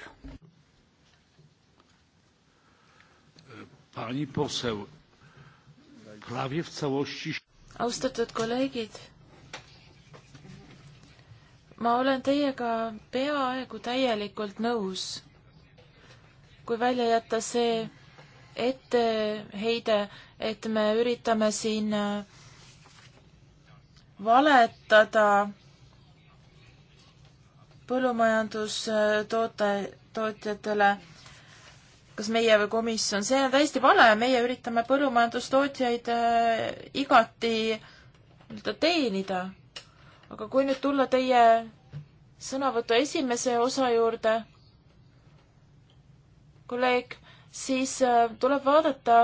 pani poseł prawie w całości austatud kolleegid, ma olen teiega peaaegu täielikult nõus. kui välja jätta see etteheide, et me üritame siin äh, valetada põllumajandustootjatele kas meie või komisjon, see on täiesti vale, meie üritame põllumajandustootjaid äh, igati nii-öelda teenida. aga kui nüüd tulla teie sõnavõtu esimese osa juurde, kolleeg, siis äh, tuleb vaadata,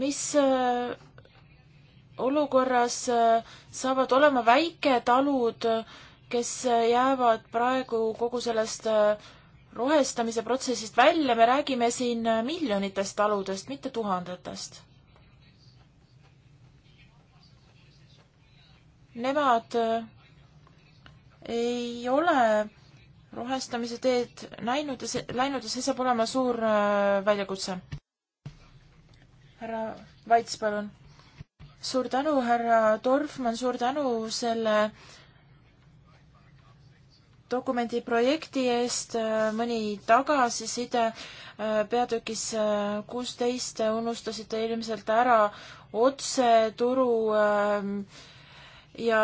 mis äh, olukorras äh, saavad olema väiketalud, kes äh, jäävad praegu kogu sellest äh, rohestamise protsessist välja, me räägime siin miljonitest taludest, mitte tuhandetest. Nemad äh, ei ole rohestamise teed näinud ja see, läinud ja see saab olema suur äh, väljakutse. härra Vaits, palun. suur tänu, härra Dorfmann, suur tänu selle äh, dokumendi projekti eest, äh, mõni tagasiside äh, peatükis äh, kuusteist unustasite ilmselt ära otseturu ähm, ja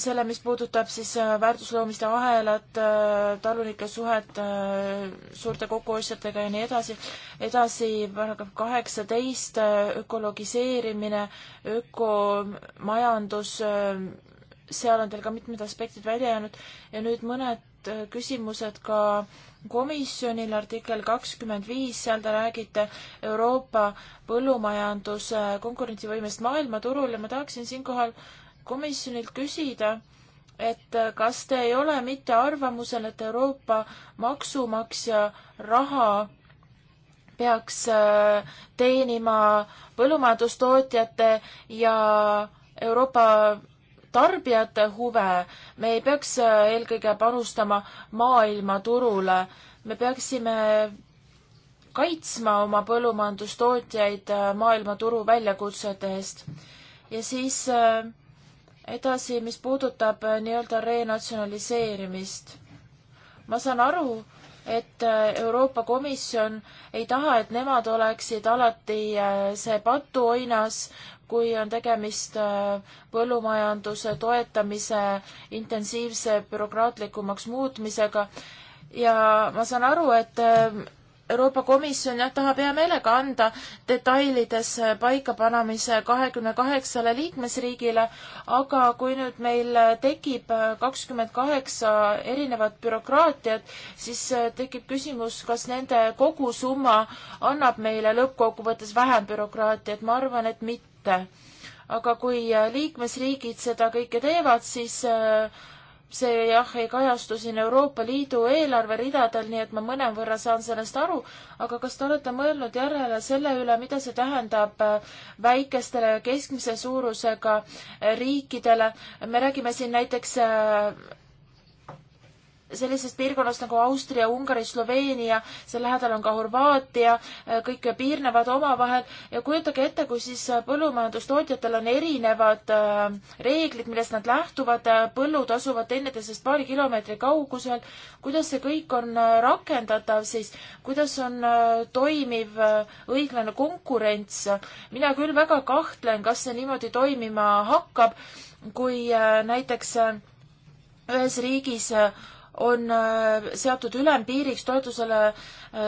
selle, mis puudutab siis väärtusloomiste ahelat, talunike suhet suurte kokkuostjatega ja nii edasi. edasi paragrahv kaheksateist, ökologiseerimine, ökomajandus seal on teil ka mitmed aspektid välja jäänud ja nüüd mõned äh, küsimused ka komisjonil artikkel kakskümmend viis, seal te räägite Euroopa põllumajanduse konkurentsivõimest maailmaturul ja ma tahaksin siinkohal komisjonilt küsida, et äh, kas te ei ole mitte arvamusel, et Euroopa maksumaksja raha peaks äh, teenima põllumajandustootjate ja Euroopa tarbijate huve, me ei peaks äh, eelkõige panustama maailmaturule, me peaksime kaitsma oma põllumajandustootjaid äh, maailmaturu väljakutsete eest. ja siis äh, edasi, mis puudutab nii-öelda renatsionaliseerimist. ma saan aru, et äh, Euroopa Komisjon ei taha, et nemad oleksid alati äh, see patuoinas, kui on tegemist äh, põllumajanduse toetamise intensiivse bürokraatlikumaks muutmisega ja ma saan aru, et Euroopa Komisjon jah, tahab hea meelega anda detailides paikapanemise kahekümne kaheksale liikmesriigile, aga kui nüüd meil tekib kakskümmend kaheksa erinevat bürokraatiat, siis tekib küsimus, kas nende kogusumma annab meile lõppkokkuvõttes vähem bürokraatiat, ma arvan, et mitte. aga kui liikmesriigid seda kõike teevad, siis äh, see jah ei kajastu siin Euroopa Liidu eelarveridadel, nii et ma mõnevõrra saan sellest aru, aga kas te olete mõelnud järele selle üle, mida see tähendab äh, väikestele ja keskmise suurusega äh, riikidele? me räägime siin näiteks äh, sellisest piirkonnast nagu Austria, Ungari, Sloveenia, seal lähedal on ka Horvaatia, kõik piirnevad omavahel ja kujutage ette, kui siis põllumajandustootjatel on erinevad äh, reeglid, millest nad lähtuvad, põllud asuvad teineteisest paari kilomeetri kaugusel, kuidas see kõik on äh, rakendatav siis, kuidas on äh, toimiv õiglane konkurents, mina küll väga kahtlen, kas see niimoodi toimima hakkab, kui näiteks ühes riigis on äh, seatud ülempiiriks toetusele äh,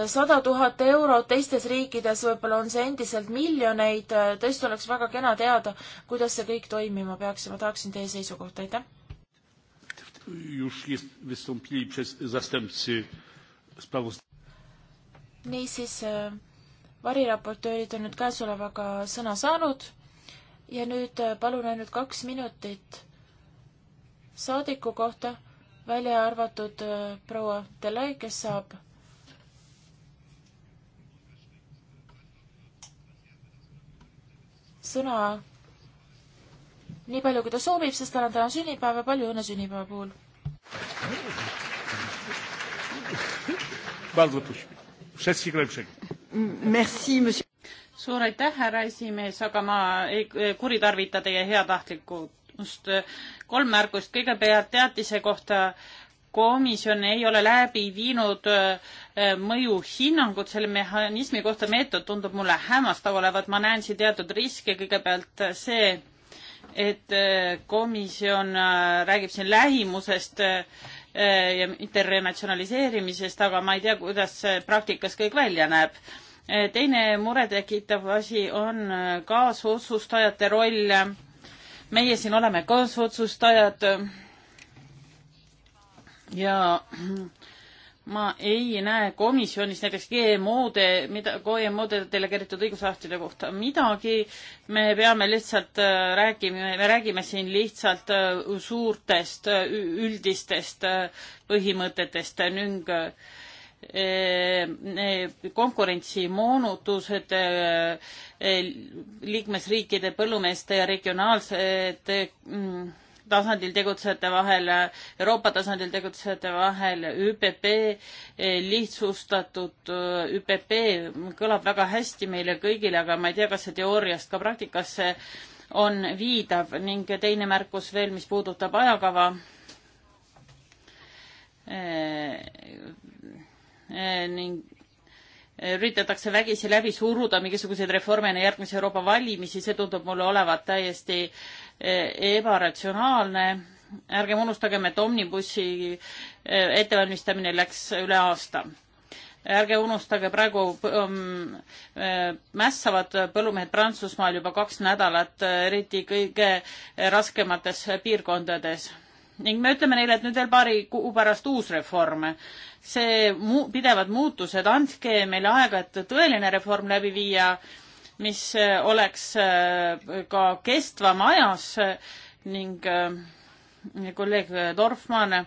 sada tuhat eurot, teistes riikides võib-olla on see endiselt miljoneid, äh, tõesti oleks väga kena teada, kuidas see kõik toimima peaks ja ma tahaksin teie seisukohta, aitäh. niisiis, variraportöörid on nüüd käesolevaga sõna saanud ja nüüd palun ainult kaks minutit saadiku kohta välja arvatud äh, proua Delay, kes saab sõna nii palju, kui ta soovib, sest tal on täna sünnipäev ja palju õnne sünnipäeva puhul. suur aitäh, härra esimees, aga ma ei kuritarvita teie heatahtlikkust kolm märkust, kõigepealt teatise kohta komisjon ei ole läbi viinud äh, mõjuhinnangut selle mehhanismi kohta, meetod tundub mulle hämmastav olevat, ma näen siin teatud riske, kõigepealt see, et äh, komisjon äh, räägib siin lähimusest ja internatsionaliseerimisest, aga ma ei tea, kuidas praktikas kõik välja näeb. teine muretekitav asi on kaasotsustajate roll meie siin oleme kaasotsustajad ja ma ei näe komisjonis näiteks GMO-de, mida, GMO-de delegeeritud õigusaktide kohta midagi. me peame lihtsalt äh, räägime, me räägime siin lihtsalt äh, suurtest üldistest äh, põhimõtetest ning äh, Eh, eh, konkurentsimoonutused eh, liikmesriikide põllumeeste ja regionaalsete mm, tasandil tegutsejate vahel, Euroopa tasandil tegutsejate vahel, ÜPP, lihtsustatud ÜPP kõlab väga hästi meile kõigile, aga ma ei tea, kas see teooriast ka praktikasse on viidav ning teine märkus veel, mis puudutab ajakava Eh, ning eh, üritatakse vägisi läbi suruda mingisuguseid reforme enne järgmisi Euroopa valimisi, see tundub mulle olevat täiesti eh, ebaratsionaalne. ärgem unustagem, et omnibussi ettevalmistamine läks üle aasta. ärge unustage, praegu um, mässavad põllumehed Prantsusmaal juba kaks nädalat, eriti kõige raskemates piirkondades ning me ütleme neile, et nüüd veel paari kuu pärast uus reform. see mu-, pidevad muutused, andke meile aega, et tõeline reform läbi viia, mis äh, oleks äh, ka kestvam ajas äh, ning kolleeg Dorfmann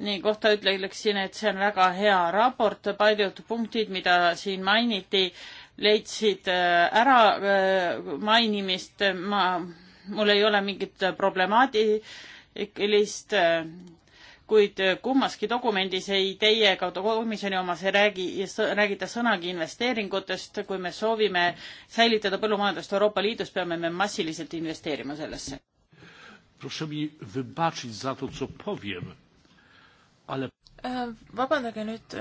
nii kohta ütleksin, et see on väga hea raport, paljud punktid, mida siin mainiti, leidsid ära mainimist, ma, mul ei ole mingit problemaati, list, äh, kuid äh, kummaski dokumendis ei teie ega komisjoni omas ei räägi, räägita sõnagi investeeringutest. kui me soovime säilitada põllumajandust Euroopa Liidus, peame me massiliselt investeerima sellesse. Äh, vabandage nüüd.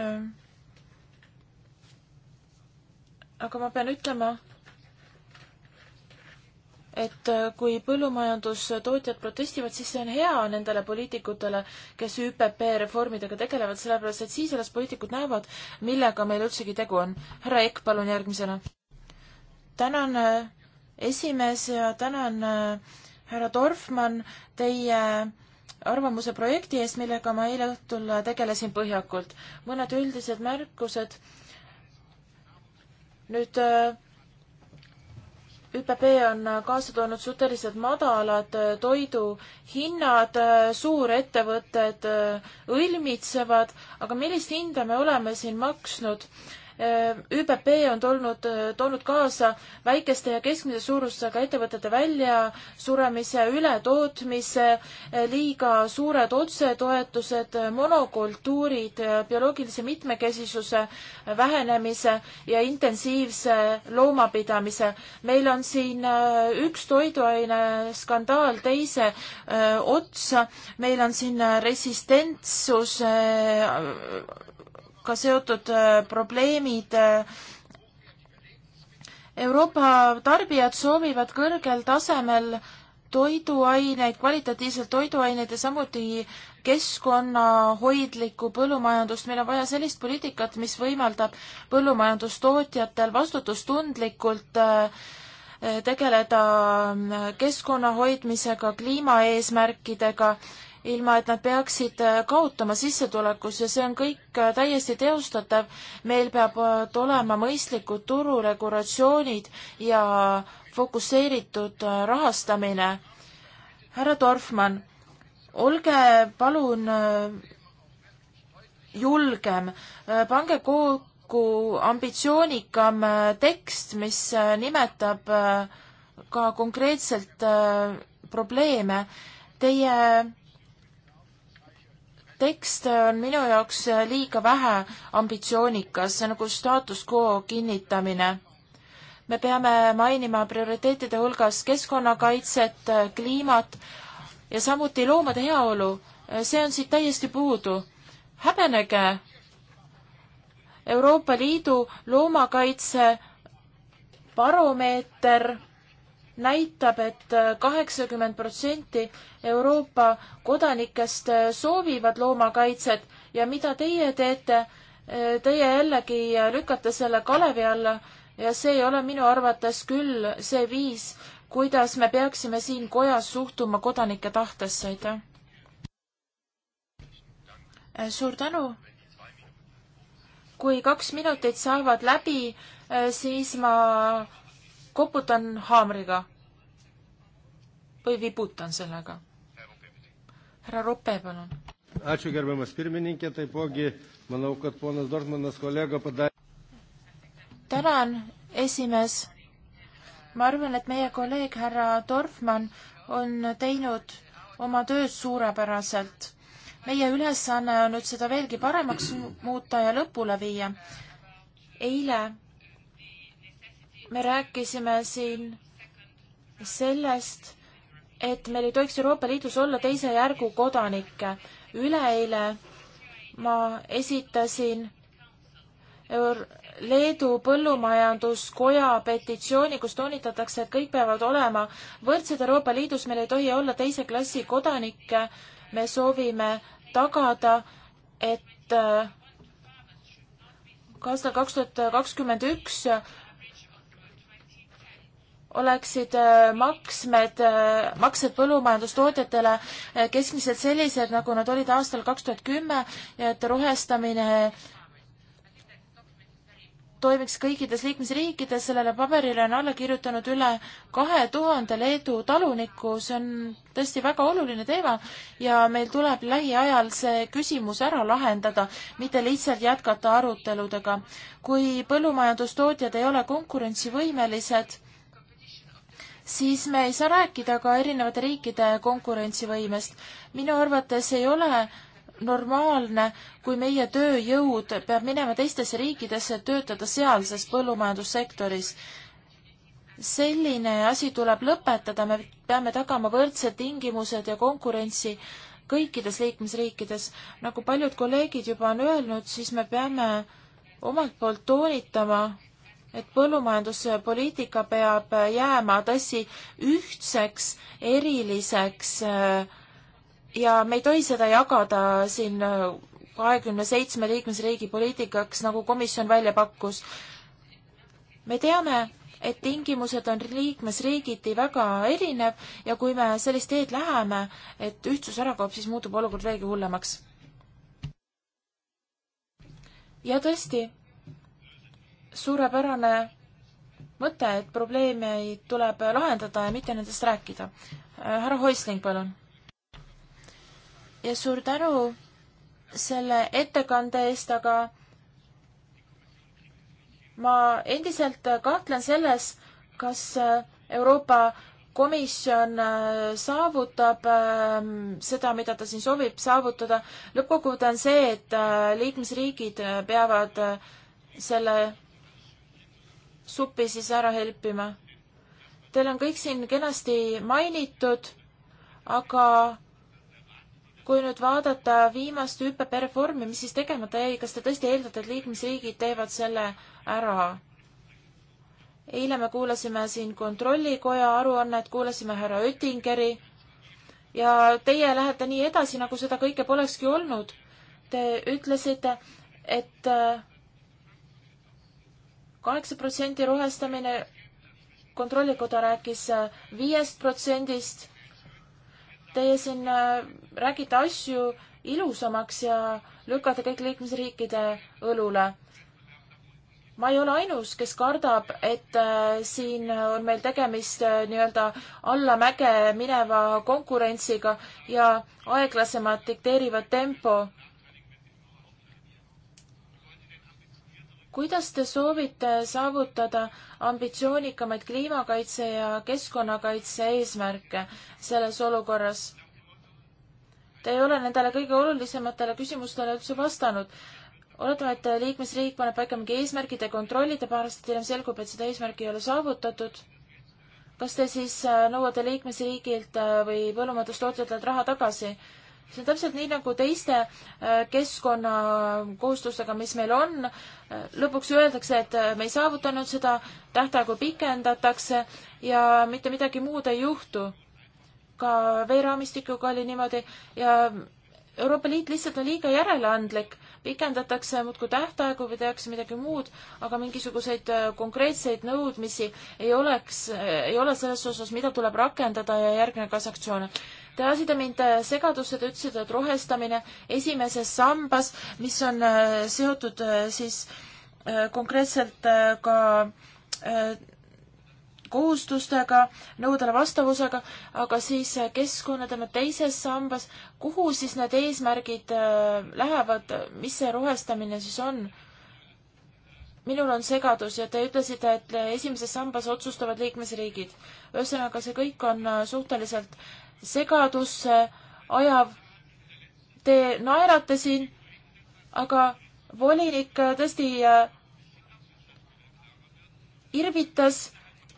aga ma pean ütlema, et äh, kui põllumajandustootjad protestivad, siis see on hea nendele poliitikutele, kes ÜPP reformidega tegelevad, sellepärast et siis alles poliitikud näevad, millega meil üldsegi tegu on. härra Ekk, palun järgmisena. tänan, äh, esimees ja tänan, äh, härra Dorfmann, teie arvamuse projekti eest, millega ma eile õhtul tegelesin põhjakult. mõned üldised märkused. nüüd äh, ÜPP on kaasa toonud suhteliselt madalad äh, toiduhinnad, äh, suurettevõtted äh, õilmitsevad, aga millist hinda me oleme siin maksnud? ÜPP on tulnud, toonud kaasa väikeste ja keskmise suurusega ettevõtete väljasuremise, ületootmise, liiga suured otsetoetused, monokultuurid, bioloogilise mitmekesisuse vähenemise ja intensiivse loomapidamise. meil on siin äh, üks toiduaine skandaal teise öö, äh, otsa, meil on siin äh, resistentsus öö, ka seotud äh, probleemid. Äh, Euroopa tarbijad soovivad kõrgel tasemel toiduaineid, kvalitatiivselt toiduaineid ja samuti keskkonnahoidlikku põllumajandust, meil on vaja sellist poliitikat, mis võimaldab põllumajandustootjatel vastutustundlikult äh, tegeleda keskkonna hoidmisega, kliimaeesmärkidega ilma et nad peaksid äh, kaotama sissetulekus ja see on kõik äh, täiesti teostatav. meil peavad äh, olema mõistlikud tururegulatsioonid ja fokusseeritud rahastamine. härra Dorfmann, olge palun julgem, pange kokku ambitsioonikam tekst, mis nimetab ka konkreetselt probleeme. Teie tekst on minu jaoks liiga vähe ambitsioonikas, see on nagu staatus quo kinnitamine. me peame mainima prioriteetide hulgas keskkonnakaitset, kliimat ja samuti loomade heaolu, see on siit täiesti puudu. häbenege Euroopa Liidu loomakaitse baromeeter näitab et, et äh, kaheksakümmend protsenti Euroopa kodanikest äh, soovivad loomakaitset ja mida teie teete, äh, teie jällegi lükkate selle kalevi alla ja see ei ole minu arvates küll see viis, kuidas me peaksime siin kojas suhtuma kodanike tahtesse, aitäh. suur tänu. kui kaks minutit saavad läbi, siis ma koputan haamriga või vibutan sellega. härra Rope, palun. Ačiū gerbiamas pirmininkė, taipogi manau, kad ponas Dortmanas kollega padarė. tänan, esimees. ma arvan, et meie kolleeg härra Dorfmann on teinud oma tööd suurepäraselt. meie ülesanne on nüüd seda veelgi paremaks muuta ja lõpule viia. eile me rääkisime siin sellest, et meil ei tohiks Euroopa Liidus olla teise järgu kodanikke. üleeile ma esitasin Eur Leedu Põllumajanduskoja petitsiooni, kus toonitatakse, et kõik peavad olema võrdsed Euroopa Liidus, meil ei tohi olla teise klassi kodanikke. me soovime tagada, et äh, ka aastal kaks tuhat kakskümmend üks oleksid äh, maksmed, äh, maksed põllumajandustootjatele äh, keskmiselt sellised, nagu nad olid aastal kaks tuhat kümme ja et rohestamine toimiks kõikides liikmesriikides, sellele paberile on alla kirjutanud üle kahe tuhande Leedu taluniku, see on tõesti väga oluline teema ja meil tuleb lähiajal see küsimus ära lahendada, mitte lihtsalt jätkata aruteludega. kui põllumajandustootjad ei ole konkurentsivõimelised, siis me ei saa rääkida ka erinevate riikide konkurentsivõimest. minu arvates ei ole normaalne, kui meie tööjõud peab minema teistesse riikidesse, et töötada sealses põllumajandussektoris. selline asi tuleb lõpetada, me peame tagama võrdsed tingimused ja konkurentsi kõikides liikmesriikides. nagu paljud kolleegid juba on öelnud, siis me peame omalt poolt toonitama, et põllumajanduspoliitika peab jääma tõsi ühtseks, eriliseks äh, ja me ei tohi seda jagada siin äh, kahekümne seitsme liikmesriigi poliitikaks, nagu komisjon välja pakkus. me teame, et tingimused on liikmesriigiti väga erinev ja kui me sellist teed läheme, et ühtsus ära kaob, siis muutub olukord veelgi hullemaks. ja tõesti, suurepärane mõte, et probleeme tuleb lahendada ja mitte nendest rääkida. härra Hoisling, palun. ja suur tänu selle ettekande eest, aga ma endiselt kahtlen selles, kas Euroopa komisjon äh, saavutab ähm, seda, mida ta siin soovib saavutada. lõppkokkuvõte on see, et äh, liikmesriigid äh, peavad selle suppi siis ära helpima. Teil on kõik siin kenasti mainitud, aga kui nüüd vaadata viimast ÜPP reformi, mis siis tegemata jäi, kas te tõesti eeldate, et liikmesriigid teevad selle ära? eile me kuulasime siin Kontrollikoja aruannet, kuulasime härra Oettingeri ja teie lähete nii edasi, nagu seda kõike polekski olnud. Te ütlesite, et äh, kaheksa protsenti rohestamine, kontrollikoda rääkis äh, viiest protsendist. Teie siin äh, räägite asju ilusamaks ja lükkate kõik liikmesriikide õlule. ma ei ole ainus, kes kardab, et äh, siin on meil tegemist nii-öelda allamäge mineva konkurentsiga ja aeglasemad dikteerivad tempo kuidas te soovite saavutada ambitsioonikamaid kliimakaitse ja keskkonnakaitse eesmärke selles olukorras? Te ei ole nendele kõige olulisematele küsimustele üldse vastanud. oletame, et liikmesriik paneb paika mingi eesmärgid ja kontrollid ja paar aastat hiljem selgub, et seda eesmärki ei ole saavutatud. kas te siis äh, nõuate liikmesriigilt äh, või põllumajandustootjatelt raha tagasi? see on täpselt nii nagu teiste äh, keskkonnakohustustega, mis meil on. lõpuks öeldakse, et äh, me ei saavutanud seda, tähtaegu pikendatakse ja mitte midagi muud ei juhtu. ka veeraamistikuga oli niimoodi ja Euroopa Liit lihtsalt on liiga järeleandlik, pikendatakse muudkui tähtaegu või tehakse midagi muud, aga mingisuguseid äh, konkreetseid nõudmisi ei oleks, ei ole selles osas, mida tuleb rakendada ja järgnevaga sanktsioone. Te ajasite mind äh, segadusse, te ütlesite, et rohestamine esimeses sambas, mis on äh, seotud äh, siis konkreetselt ka kohustustega, nõudele vastavusega, aga siis keskkonnatame teises sambas, kuhu siis need eesmärgid lähevad, mis see rohestamine siis on? minul on segadus ja te ütlesite, et esimeses sambas otsustavad liikmesriigid. ühesõnaga, see kõik on suhteliselt segadusse ajav. Te naerate siin, aga volinik äh, tõesti äh, irvitas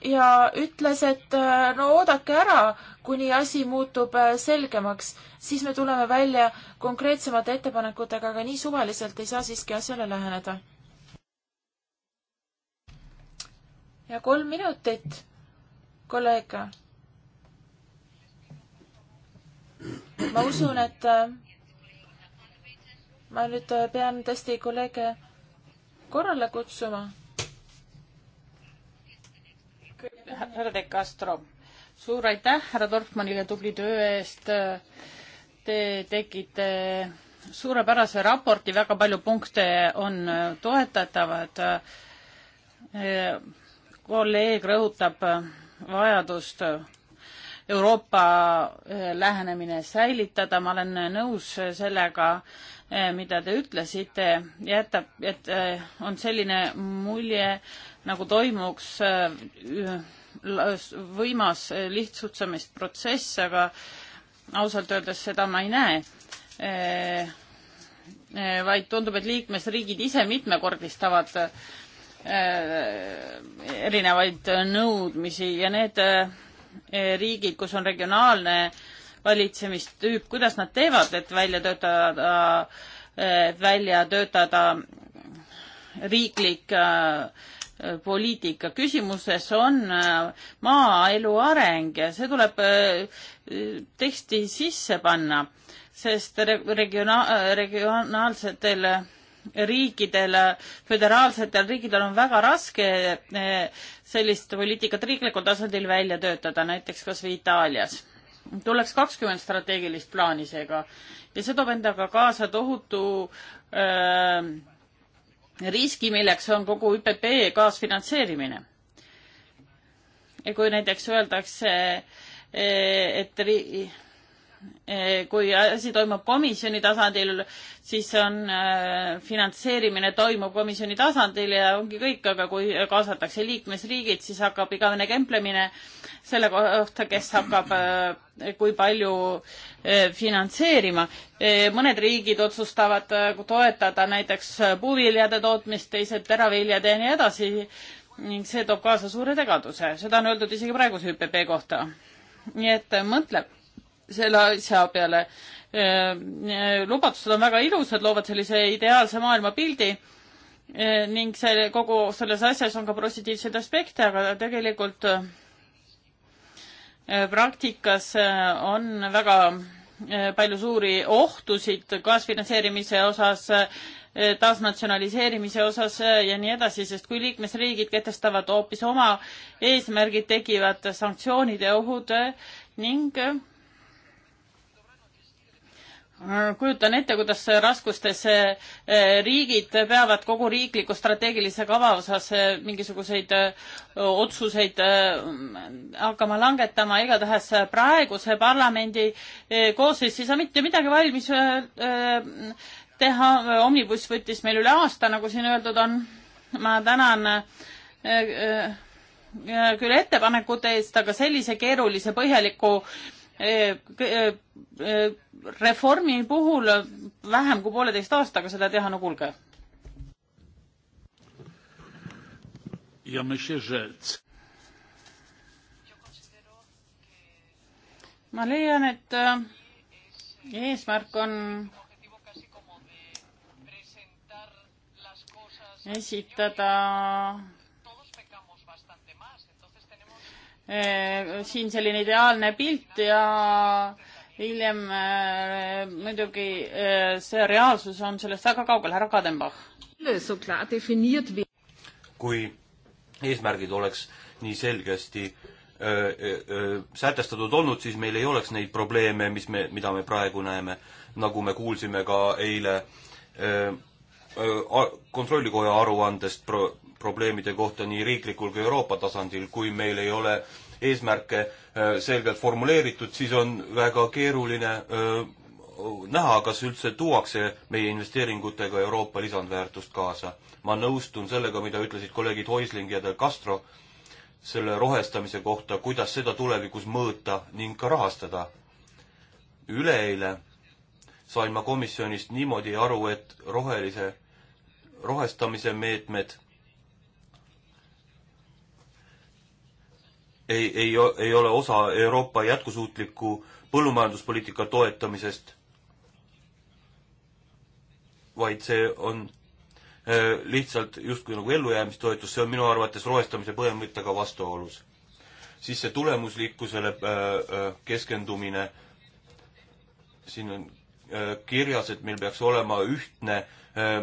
ja ütles, et äh, no oodake ära, kuni asi muutub selgemaks, siis me tuleme välja konkreetsemate ettepanekutega, aga nii suvaliselt ei saa siiski asjale läheneda. ja kolm minutit, kolleeg ma usun, et äh, ma nüüd äh, pean tõesti kolleege korrale kutsuma. härra De Castro, suur aitäh härra Dorfmannile tubli töö eest. Te tegite suurepärase raporti, väga palju punkte on äh, toetatavad. kolleeg rõhutab vajadust Euroopa eh, lähenemine säilitada, ma olen eh, nõus eh, sellega, mida te ütlesite, jätab, et on selline mulje, nagu toimuks võimas lihtsustamisprotsess, aga ausalt öeldes seda ma ei näe vaid tundub, et liikmesriigid ise mitmekordistavad erinevaid nõudmisi ja need Eh, riigid, kus on regionaalne valitsemistüüp, kuidas nad teevad, et välja töötada, välja töötada riiklik eh, poliitika küsimuses on eh, maaelu areng ja see tuleb teksti sisse panna sest regionaal, regionaalsetel riikidel, föderaalsetel riikidel on väga raske eh, sellist poliitikat riiklikul tasandil välja töötada, näiteks kas või Itaalias. tuleks kakskümmend strateegilist plaani seega ja see toob endaga kaasa tohutu öö, eh, riski, milleks on kogu ÜPP kaasfinantseerimine. ja kui näiteks öeldakse, eh, et ri-, Eh, kui asi toimub komisjoni tasandil, siis on eh, finantseerimine toimub komisjoni tasandil ja ongi kõik, aga kui kaasatakse liikmesriigid, siis hakkab igavene kemplemine selle kohta, kes hakkab eh, kui palju finantseerima. mõned riigid otsustavad toetada näiteks puuviljade tootmist, teised teraviljade ja nii edasi ning see toob kaasa suure segaduse, seda on öeldud isegi praeguse ÜPP kohta. nii et mõtleb selle asja peale. Ehm, lubadused on väga ilusad, loovad sellise ideaalse maailmapildi ehm, ning see kogu selles asjas on ka positiivseid aspekte, aga tegelikult ehm, praktikas on väga palju suuri ohtusid kaasfinantseerimise osas, taasnatsionaliseerimise osas ja nii edasi, sest kui liikmesriigid kehtestavad hoopis oma eesmärgid, tekivad sanktsioonid ja ohud ning kujutan ette, kuidas raskustes eh, eh, riigid peavad kogu riikliku strateegilise kava osas eh, mingisuguseid otsuseid hakkama langetama, igatahes praeguse parlamendi koosseis ei saa mitte midagi valmis teha, Omnibus võttis meil üle aasta, nagu siin öeldud on. ma tänan küll ettepanekute eest, aga sellise keerulise põhjaliku Äh, äh, äh, reformi puhul vähem kui pooleteist aastaga seda teha, no kuulge. ja ma ütlen, et ma leian, et eesmärk on esitada Äh, siin selline ideaalne pilt ja hiljem äh, muidugi äh, see reaalsus on sellest väga kaugel, härra Kadenbach. kui eesmärgid oleks nii selgesti öö, öö, sätestatud olnud, siis meil ei oleks neid probleeme, mis me, mida me praegu näeme, nagu me kuulsime ka eile öö, kontrollikoja aruandest pro probleemide kohta nii riiklikul kui Euroopa tasandil, kui meil ei ole eesmärke äh, selgelt formuleeritud, siis on väga keeruline äh, näha, kas üldse tuuakse meie investeeringutega Euroopa lisandväärtust kaasa. ma nõustun sellega, mida ütlesid kolleegid Häusling ja Del Castro selle rohestamise kohta, kuidas seda tulevikus mõõta ning ka rahastada. üleeile sain ma komisjonist niimoodi aru, et rohelise, rohestamise meetmed ei, ei, ei ole osa Euroopa jätkusuutliku põllumajanduspoliitika toetamisest, vaid see on äh, lihtsalt justkui nagu ellujäämistoetus, see on minu arvates rohestamise põhimõttega vastuolus. siis see tulemuslikkusele äh, äh, keskendumine, siin on kirjas, et meil peaks olema ühtne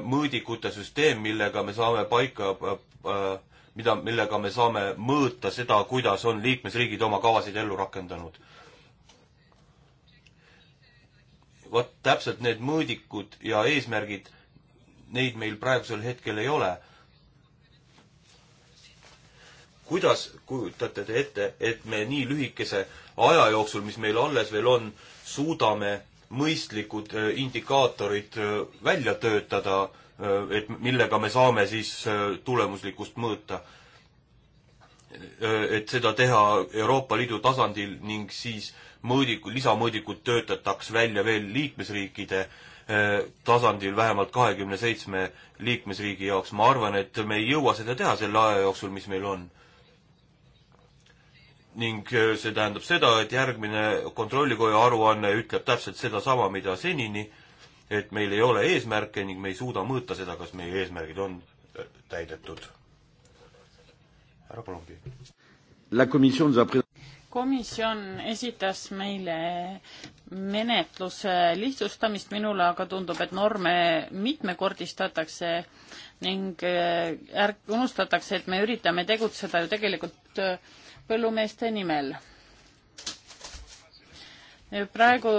mõõdikute süsteem, millega me saame paika mida, millega me saame mõõta seda, kuidas on liikmesriigid oma kavasid ellu rakendanud. vot täpselt need mõõdikud ja eesmärgid, neid meil praegusel hetkel ei ole. kuidas kujutate te ette, et me nii lühikese aja jooksul, mis meil alles veel on, suudame mõistlikud eh, indikaatorid eh, välja töötada Äh, et millega me saame siis äh, tulemuslikkust mõõta. Äh, et seda teha Euroopa Liidu tasandil ning siis mõõdikud, lisamõõdikud töötataks välja veel liikmesriikide tasandil vähemalt kahekümne seitsme liikmesriigi jaoks. ma arvan, et me ei jõua seda teha selle aja jooksul, mis meil on ning see tähendab seda, et järgmine kontrollikoja aruanne ütleb täpselt sedasama, mida senini äh, et meil ei ole eesmärke ning me ei suuda mõõta seda, kas meie eesmärgid on äh, täidetud. härra Kolumbi. komisjon esitas meile menetluse lihtsustamist, minule aga tundub, et norme mitmekordistatakse ning äh, ärk-, unustatakse, et me üritame tegutseda ju tegelikult äh, põllumeeste nimel. praegu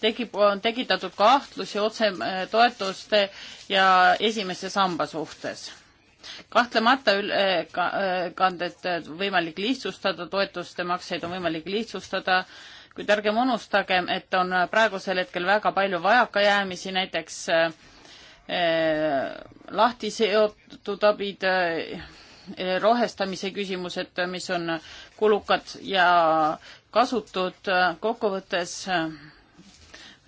tekib, on tekitatud kahtlusi otsetoetuste äh, ja esimese samba suhtes. kahtlemata ülekandet äh, ka, äh, võimalik lihtsustada, toetuste makseid on võimalik lihtsustada, kuid ärgem unustagem, et on praegusel hetkel väga palju vajakajäämisi, näiteks äh, lahti seotud abid äh,, rohestamise küsimused, mis on kulukad ja kasutud kokkuvõttes äh,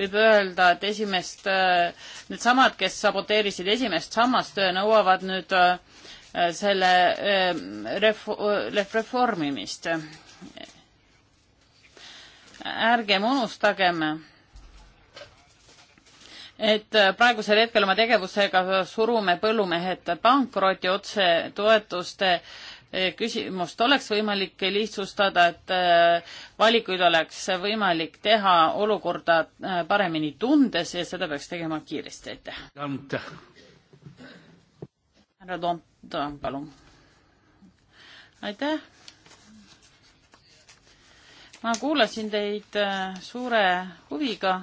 võib öelda, et esimest, äh, needsamad, kes saboteerisid esimest sammast, äh, nõuavad nüüd äh, selle ref-, reformimist. ärgem unustagem, et praegusel hetkel oma tegevusega surume põllumehed pankrotti otsetoetuste Eh, küsimust oleks võimalik lihtsustada, et eh, valikuid oleks võimalik teha olukorda eh, paremini tundes ja seda peaks tegema kiiresti, aitäh. härra Toom-, Toom, palun. aitäh. ma kuulasin teid suure huviga.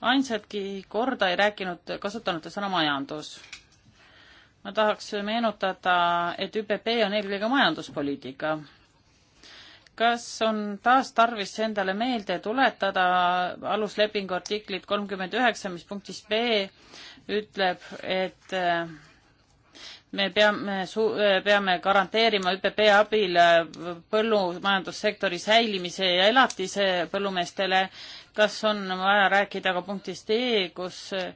ainsatki korda ei rääkinud, kasutanud te sõna majandus ma tahaks meenutada, et ÜPP on eelkõige majanduspoliitika. kas on taas tarvis endale meelde tuletada aluslepingu artiklit kolmkümmend üheksa, mis punktis B ütleb, et eh, me peame, eh, peame garanteerima ÜPP abil eh, põllumajandussektori säilimise ja elatise põllumeestele kas on vaja rääkida ka punktist E, kus eh,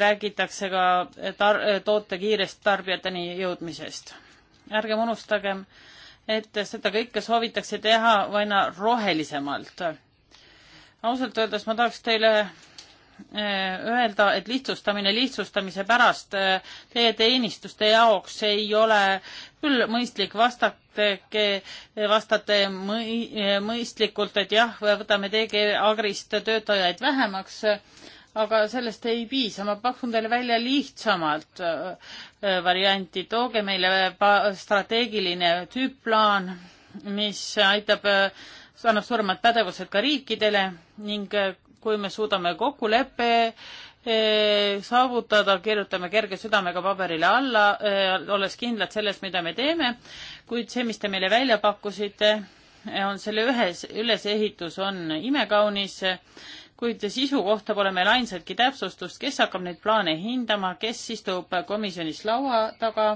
räägitakse ka eh, tar-, eh, toote kiirest tarbijateni jõudmisest. ärgem unustagem, et seda kõike soovitakse teha aina rohelisemalt. ausalt öeldes ma tahaks teile Äh, öelda, et lihtsustamine lihtsustamise pärast äh, teie teenistuste jaoks ei ole küll mõistlik, vastake, vastate mõi, äh, mõistlikult, et jah, võtame TG Agrist töötajaid vähemaks, aga sellest ei piisa, ma pakun teile välja lihtsamalt varianti, tooge meile strateegiline tüüpplaan, mis aitab annab suuremad pädevused ka riikidele ning kui me suudame kokkuleppe eh, saavutada, kirjutame kerge südamega paberile alla, eh, olles kindlad selles, mida me teeme, kuid see, mis te meile välja pakkusite, eh, on selle ühes, ülesehitus on imekaunis, kuid sisu kohta pole meil ainsatki täpsustust, kes hakkab neid plaane hindama, kes istub komisjonis laua taga,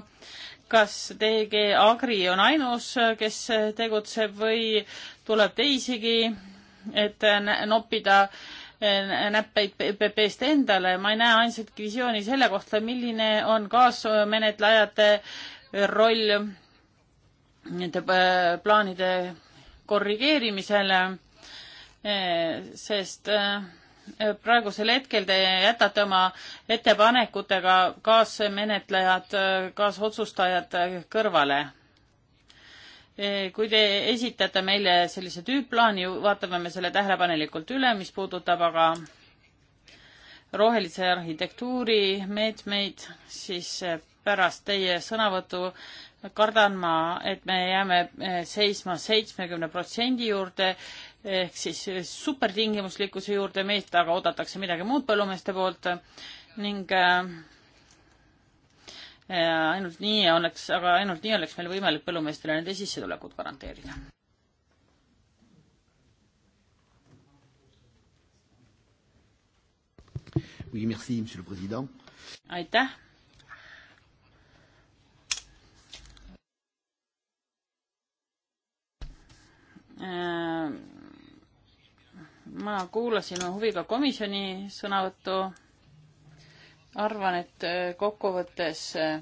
kas DG Agri on ainus, kes tegutseb või tuleb teisigi et äh, noppida äh, näppeid PPP-st endale, ma ei näe ainsatki visiooni selle kohta, milline on kaasmenetlejate roll nende äh, plaanide korrigeerimisele, sest praegusel hetkel te jätate oma ettepanekutega kaasmenetlejad, kaasotsustajad kõrvale Eh, kui te esitate meile sellise tüüpplaani, vaatame me selle tähelepanelikult üle, mis puudutab aga rohelise arhitektuuri meetmeid, siis eh, pärast teie sõnavõtu kardan ma, et me jääme eh, seisma seitsmekümne protsendi juurde ehk siis supertingimuslikkuse juurde, meilt aga oodatakse midagi muud põllumeeste poolt ning äh, Äh, ainult nii oleks, aga ainult nii oleks meil võimalik põllumeestele nende sissetulekud garanteerida. Oui, merci, monsieur le président. aitäh. Äh, ma kuulasin huviga komisjoni sõnavõttu arvan, et äh, kokkuvõttes äh,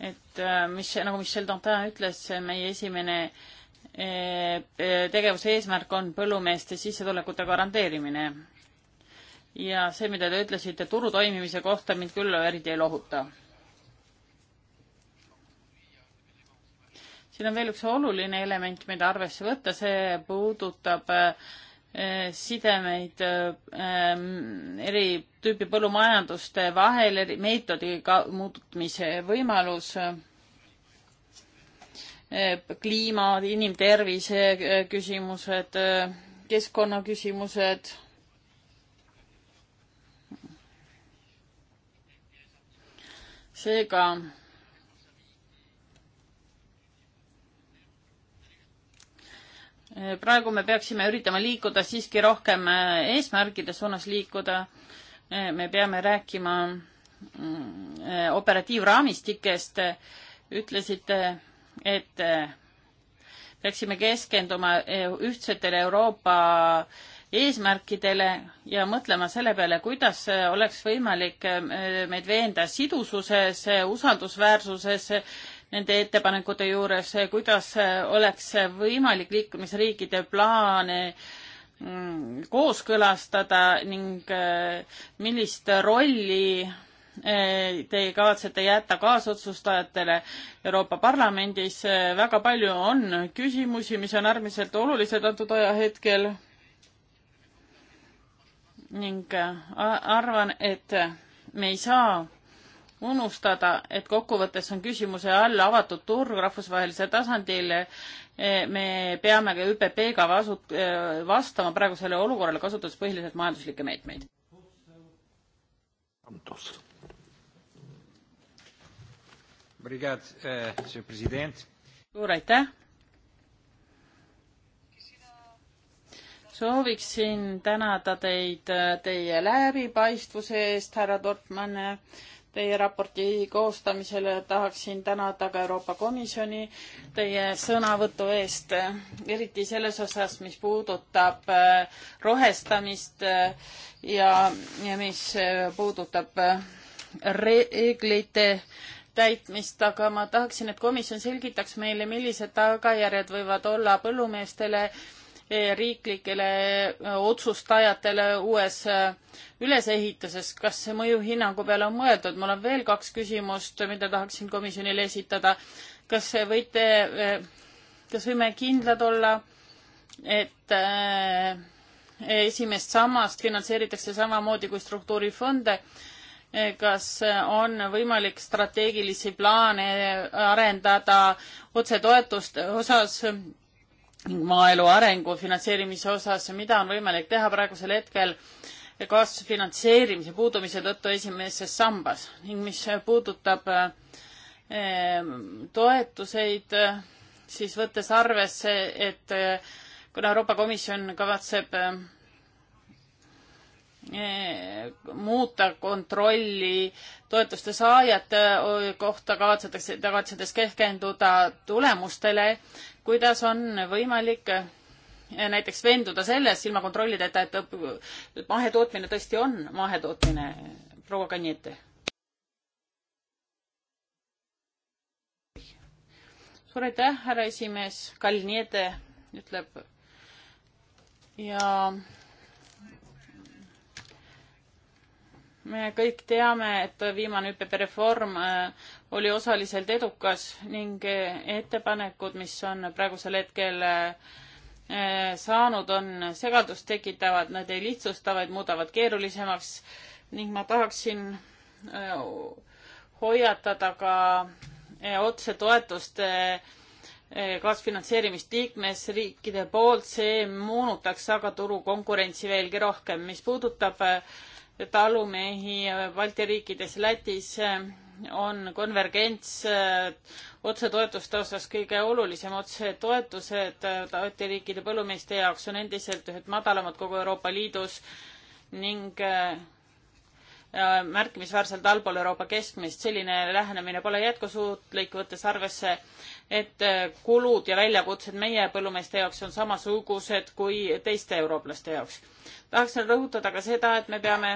et äh, mis, nagu Michel Dantin ütles, meie esimene tegevuse eesmärk on põllumeeste sissetulekute garanteerimine. ja see, mida te ütlesite turu toimimise kohta, mind küll eriti ei lohuta. siin on veel üks oluline element, mida arvesse võtta, see puudutab äh, Eh, sidemeid eh, mm, eri tüüpi põllumajanduste vahel, eri meetodi muutmise võimalus, eh, kliima, inimtervise küsimused, keskkonnaküsimused seega praegu me peaksime üritama liikuda siiski rohkem äh, eesmärgide suunas liikuda. Äh, me peame rääkima mm, äh, operatiivraamistikest. ütlesite, et peaksime keskenduma ühtsetele Euroopa eesmärkidele ja mõtlema selle peale, kuidas oleks võimalik meid veenda sidususes, usaldusväärsuses nende ettepanekute juures, kuidas oleks võimalik liikumisriikide plaane mm, kooskõlastada ning äh, millist rolli äh, te kavatsete jätta kaasotsustajatele Euroopa Parlamendis. väga palju on küsimusi, mis on äärmiselt olulised antud ajahetkel. ning äh, arvan, et me ei saa unustada, et kokkuvõttes on küsimuse all avatud turg rahvusvahelisel tasandil. E, me peame ka ÜPP-ga vasut-, e, vastama praegusele olukorrale, kasutades põhiliselt majanduslikke meetmeid. Eh, suur aitäh. sooviksin tänada teid eh, teie läbipaistvuse eest, härra Dortmann teie raporti koostamisele, tahaksin tänada ka Euroopa Komisjoni teie sõnavõtu eest, eriti selles osas, mis puudutab äh, rohestamist äh, ja, ja mis äh, puudutab reeglite täitmist, aga ma tahaksin, et komisjon selgitaks meile, millised tagajärjed võivad olla põllumeestele äh, riiklikele otsustajatele uues äh, ülesehituses. kas see mõjuhinnangu peale on mõeldud? mul on veel kaks küsimust, mida tahaksin komisjonile esitada. kas võite, äh, kas võime kindlad olla, et äh, esimest sammast finantseeritakse samamoodi kui struktuurifonde? kas on võimalik strateegilisi plaane arendada otsetoetuste osas ning maaelu arengu finantseerimise osas, mida on võimalik teha praegusel hetkel kaasfinantseerimise puudumise tõttu esimeses sambas ning mis puudutab ehm, toetuseid, siis võttes arvesse, et eh, kuna Euroopa Komisjon kavatseb ehm, Eh, muuta kontrolli toetuste saajate eh, kohta kavatsetakse, kavatsedes keskenduda tulemustele, kuidas on võimalik eh, näiteks veenduda selles ilma kontrollideta, et mahetootmine tõesti on mahetootmine, proua Kanjete? suur aitäh, härra esimees, Kalniete ütleb ja me kõik teame, et viimane ÜPP reform äh, oli osaliselt edukas ning äh, ettepanekud, mis on praegusel hetkel äh, saanud, on segadust tekitavad, nad ei lihtsusta, vaid muudavad keerulisemaks ning ma tahaksin hoiatada ka otsetoetuste kaasfinantseerimist liikmesriikide poolt, see moonutaks aga turu konkurentsi veelgi rohkem. mis puudutab äh, talumehi Balti riikides, Lätis eh, on konvergents eh, otsetoetuste osas kõige olulisem. otsetoetused eh, Balti riikide põllumeeste jaoks on endiselt ühed madalamad kogu Euroopa Liidus ning Äh, märkimisväärselt allpool Euroopa keskmist. selline lähenemine pole jätkusuutlik, võttes arvesse, et äh, kulud ja väljakutsed meie põllumeeste jaoks on samasugused kui teiste eurooplaste jaoks. tahaksin rõhutada ka seda, et me peame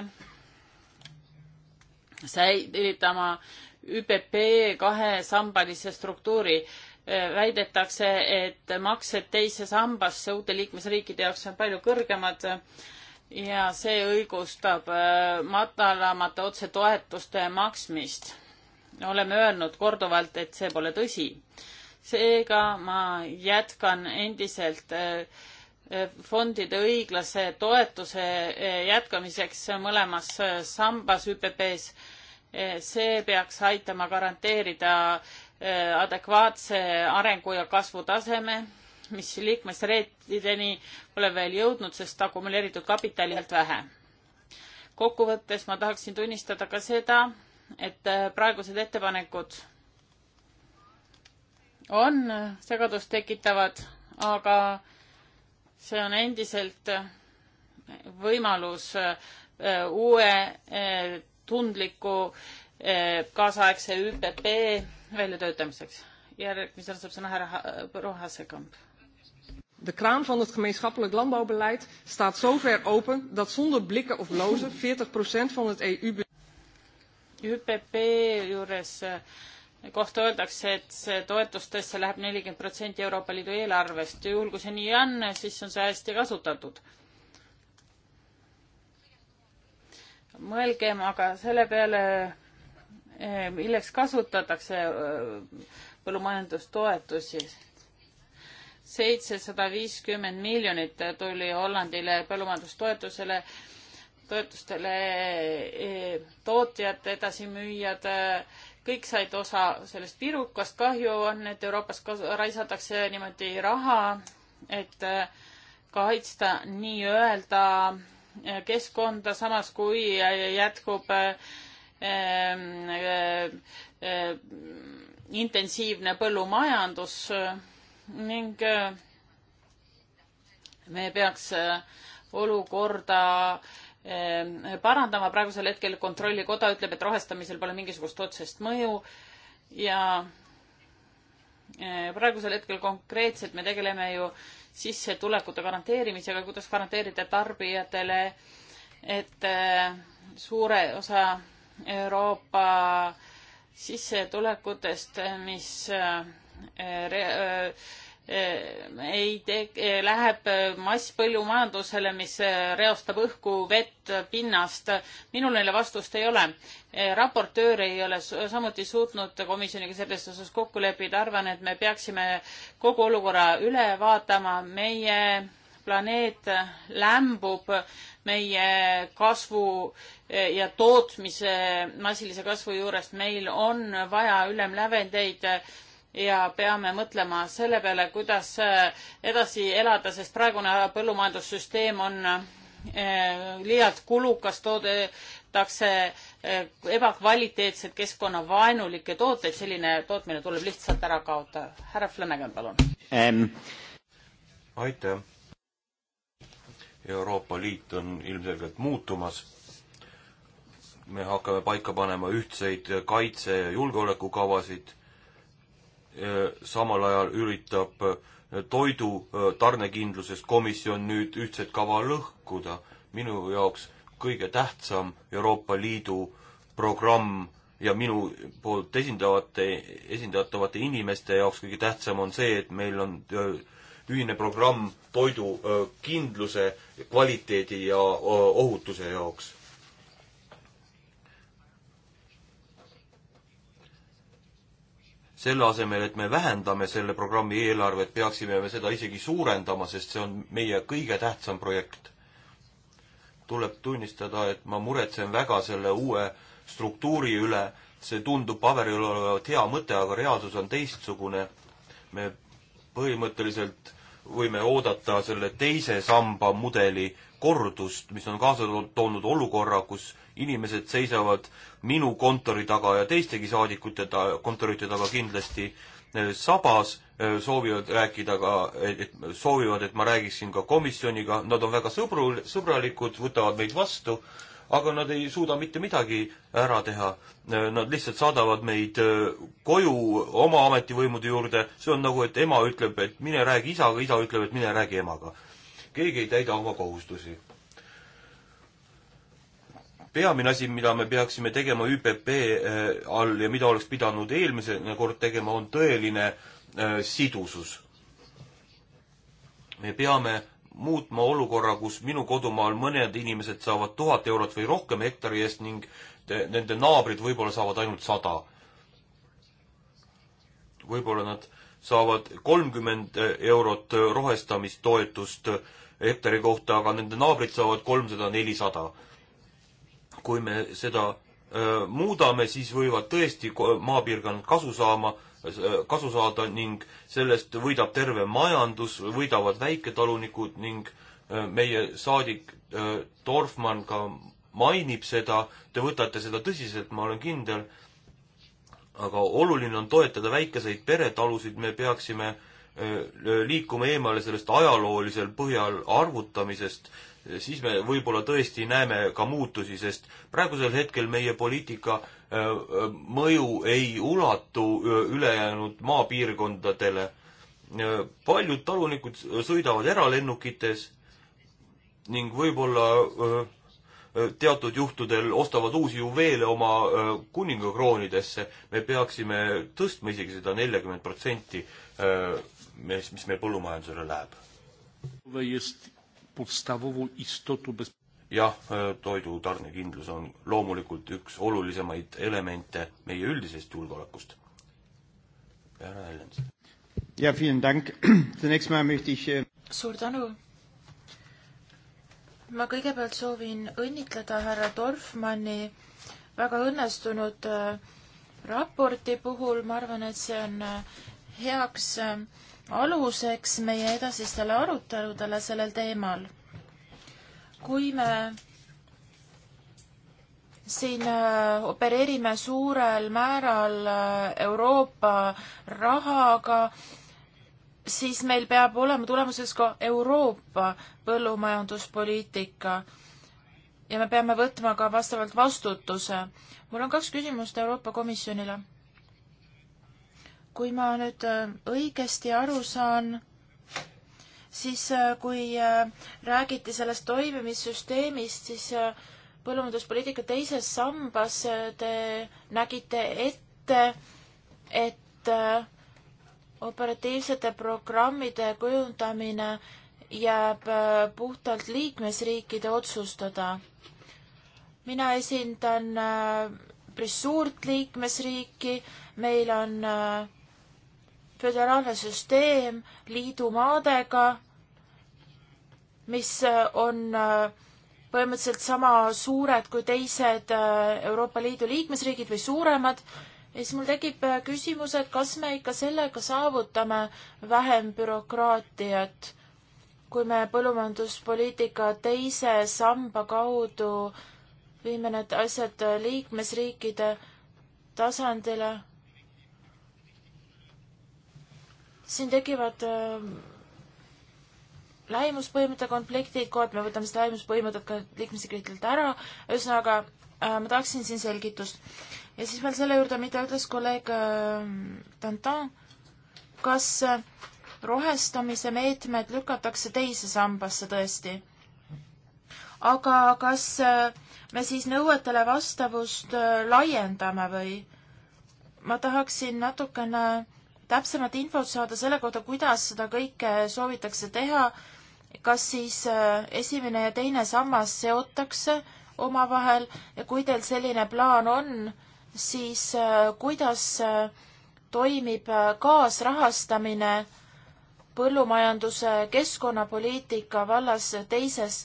säilitama ÜPP kahesambalise struktuuri äh, väidetakse, et maksed teise sambasse uute liikmesriikide jaoks on palju kõrgemad ja see õigustab äh, madalamate otsetoetuste maksmist. oleme öelnud korduvalt, et see pole tõsi. seega ma jätkan endiselt äh, äh, fondide õiglase toetuse jätkamiseks mõlemas sambas ÜPP-s. see peaks aitama garanteerida adekvaatse arengu ja kasvu taseme mis liikmesreetideni pole veel jõudnud, sest akumuleeritud kapitali on vähe. kokkuvõttes ma tahaksin tunnistada ka seda, et äh, praegused ettepanekud on segadust tekitavad, aga see on endiselt võimalus äh, uue äh, tundliku kaasaegse ÜPP väljatöötamiseks. järgmisena saab sõna härra Rohasekamp de kraan van het gemeenschappelijk landbouwbeleid staat zo ver open dat zonder blikken of blozen 40% van het EU. ÜPP juures eh, kohta öeldakse, et toetustesse läheb nelikümmend protsenti Euroopa Liidu eelarvest. juhul kui see nii on, siis on see hästi kasutatud. mõelgem aga selle peale, eh, milleks kasutatakse eh, põllumajandustoetusi seitsesada viiskümmend miljonit tuli Hollandile põllumajandustoetusele, toetustele e, tootjad, edasimüüjad, kõik said osa sellest pirukast. kahju on, et Euroopas raisatakse niimoodi raha, et e, kaitsta nii-öelda e, keskkonda, samas kui jätkub intensiivne põllumajandus ning äh, me peaks äh, olukorda äh, parandama, praegusel hetkel Kontrollikoda ütleb, et rohestamisel pole mingisugust otsest mõju ja praegusel hetkel konkreetselt me tegeleme ju sissetulekute garanteerimisega, kuidas garanteerida tarbijatele, et suure osa Euroopa sissetulekutest, mis Äh, äh, ei tee, äh, läheb masspõllumajandusele, mis reostab õhku, vett, pinnast. minul neile vastust ei ole. raportöör ei ole samuti suutnud komisjoniga selles osas kokku leppida. arvan, et me peaksime kogu olukorra üle vaatama. meie planeet lämbub meie kasvu ja tootmise massilise kasvu juurest. meil on vaja ülemlävendeid ja peame mõtlema selle peale, kuidas eh, edasi elada, sest praegune põllumajandussüsteem on eh, liialt kulukas, toodetakse eh, ebakvaliteetseid keskkonnavaenulikke tooteid, selline tootmine tuleb lihtsalt ära kaotada. härra Flanagan, palun ähm.. aitäh. Euroopa Liit on ilmselgelt muutumas me hakkame paika panema ühtseid kaitse- ja julgeolekukavasid Äh, samal ajal üritab äh, toidu äh, tarnekindlusest komisjon nüüd ühtset kava lõhkuda. minu jaoks kõige tähtsam Euroopa Liidu programm ja minu poolt esindavate, esindatavate inimeste jaoks kõige tähtsam on see, et meil on ühine programm toidu kindluse, kvaliteedi ja ohutuse jaoks selle asemel, et me vähendame selle programmi eelarvet, peaksime me seda isegi suurendama, sest see on meie kõige tähtsam projekt. tuleb tunnistada, et ma muretsen väga selle uue struktuuri üle, see tundub paberil olevat hea mõte, aga reaalsus on teistsugune. me põhimõtteliselt võime oodata selle teise samba mudeli kordust, mis on kaasa toonud olukorra, kus inimesed seisavad minu kontori taga ja teistegi saadikute ta-, kontorite taga kindlasti eh, sabas, eh, soovivad rääkida ka, et soovivad, et ma räägiksin ka komisjoniga, nad on väga sõbru-, sõbralikud, võtavad meid vastu, aga nad ei suuda mitte midagi ära teha. Eh, nad lihtsalt saadavad meid koju oma ametivõimude juurde, see on nagu, et ema ütleb, et mine räägi isaga, isa ütleb, et mine räägi emaga keegi ei täida oma kohustusi. peamine asi, mida me peaksime tegema ÜPP äh, all ja mida oleks pidanud eelmisena kord tegema, on tõeline äh, sidusus. me peame muutma olukorra, kus minu kodumaal mõned inimesed saavad tuhat eurot või rohkem hektari eest ning te, nende naabrid võib-olla saavad ainult sada. võib-olla nad saavad kolmkümmend äh, eurot rohestamistoetust hektari kohta, aga nende naabrid saavad kolmsada, nelisada. kui me seda öö, muudame, siis võivad tõesti maapiirkonnad kasu saama, kasu saada ning sellest võidab terve majandus, võidavad väiketalunikud ning öö, meie saadik öö, Dorfmann ka mainib seda, te võtate seda tõsiselt, ma olen kindel, aga oluline on toetada väikeseid peretalusid, me peaksime äh, Äh, liikuma eemale sellest ajaloolisel põhjal arvutamisest, äh, siis me võib-olla tõesti näeme ka muutusi, sest praegusel hetkel meie poliitika äh, mõju ei ulatu ülejäänud maapiirkondadele. paljud talunikud sõidavad eralennukites ning võib-olla teatud juhtudel ostavad uusi juveele oma kuningakroonidesse, me peaksime tõstma isegi seda neljakümmet protsenti mis, mis meil põllumajandusele läheb. jah, äh, toidu tarnekindlus on loomulikult üks olulisemaid elemente meie üldisest julgeolekust. härra Ellens. ja, äh, suur tänu ma kõigepealt soovin õnnitleda härra Dorfmanni väga õnnestunud äh, raporti puhul, ma arvan, et see on heaks aluseks meie edasistele aruteludele sellel teemal. kui me siin äh, opereerime suurel määral äh, Euroopa rahaga, siis meil peab olema tulemuses ka Euroopa põllumajanduspoliitika ja me peame võtma ka vastavalt vastutuse. mul on kaks küsimust Euroopa Komisjonile kui ma nüüd äh, õigesti aru saan, siis äh, kui äh, räägiti sellest toimimissüsteemist, siis põllumajanduspoliitika teises sambas te nägite ette, et operatiivsete programmide kujundamine jääb puhtalt liikmesriikide otsustada. mina esindan päris suurt liikmesriiki, meil on äh, föderaalne süsteem liidumaadega, mis äh, on äh, põhimõtteliselt sama suured kui teised äh, Euroopa Liidu liikmesriigid või suuremad, ja siis mul tekib küsimus, et kas me ikka sellega saavutame vähem bürokraatiat, kui me põllumajanduspoliitika teise samba kaudu viime need asjad liikmesriikide tasandile siin tekivad äh, lähimuspõhimõtte konfliktid, kohati me võtame seda lähimuspõhimõtet ka liikmesriikidelt ära, ühesõnaga äh, ma tahaksin siin selgitust. ja siis veel selle juurde, mida ütles kolleeg äh, Danton, kas äh, rohestamise meetmed lükatakse teise sambasse tõesti? aga kas äh, me siis nõuetele vastavust äh, laiendame või? ma tahaksin natukene täpsemat infot saada selle kohta, kuidas seda kõike soovitakse teha, kas siis äh, esimene ja teine sammas seotakse omavahel ja kui teil selline plaan on, siis äh, kuidas äh, toimib kaasrahastamine põllumajanduse keskkonnapoliitika vallas teises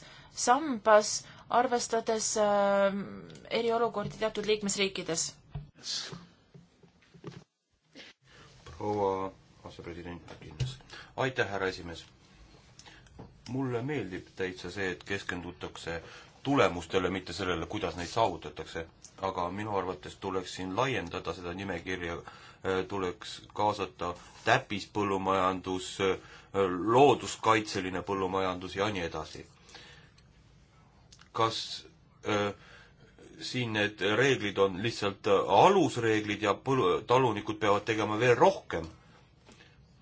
sambas, arvestades eriolukordi teatud liikmesriikides? proua asepresident Martines. aitäh, härra esimees! mulle meeldib täitsa see, et keskendutakse tulemustele, mitte sellele, kuidas neid saavutatakse. aga minu arvates tuleks siin laiendada seda nimekirja, äh, tuleks kaasata täppispõllumajandus, äh, looduskaitseline põllumajandus ja nii edasi. kas öö, äh, siin need reeglid on lihtsalt äh, alusreeglid ja põlu-, talunikud peavad tegema veel rohkem.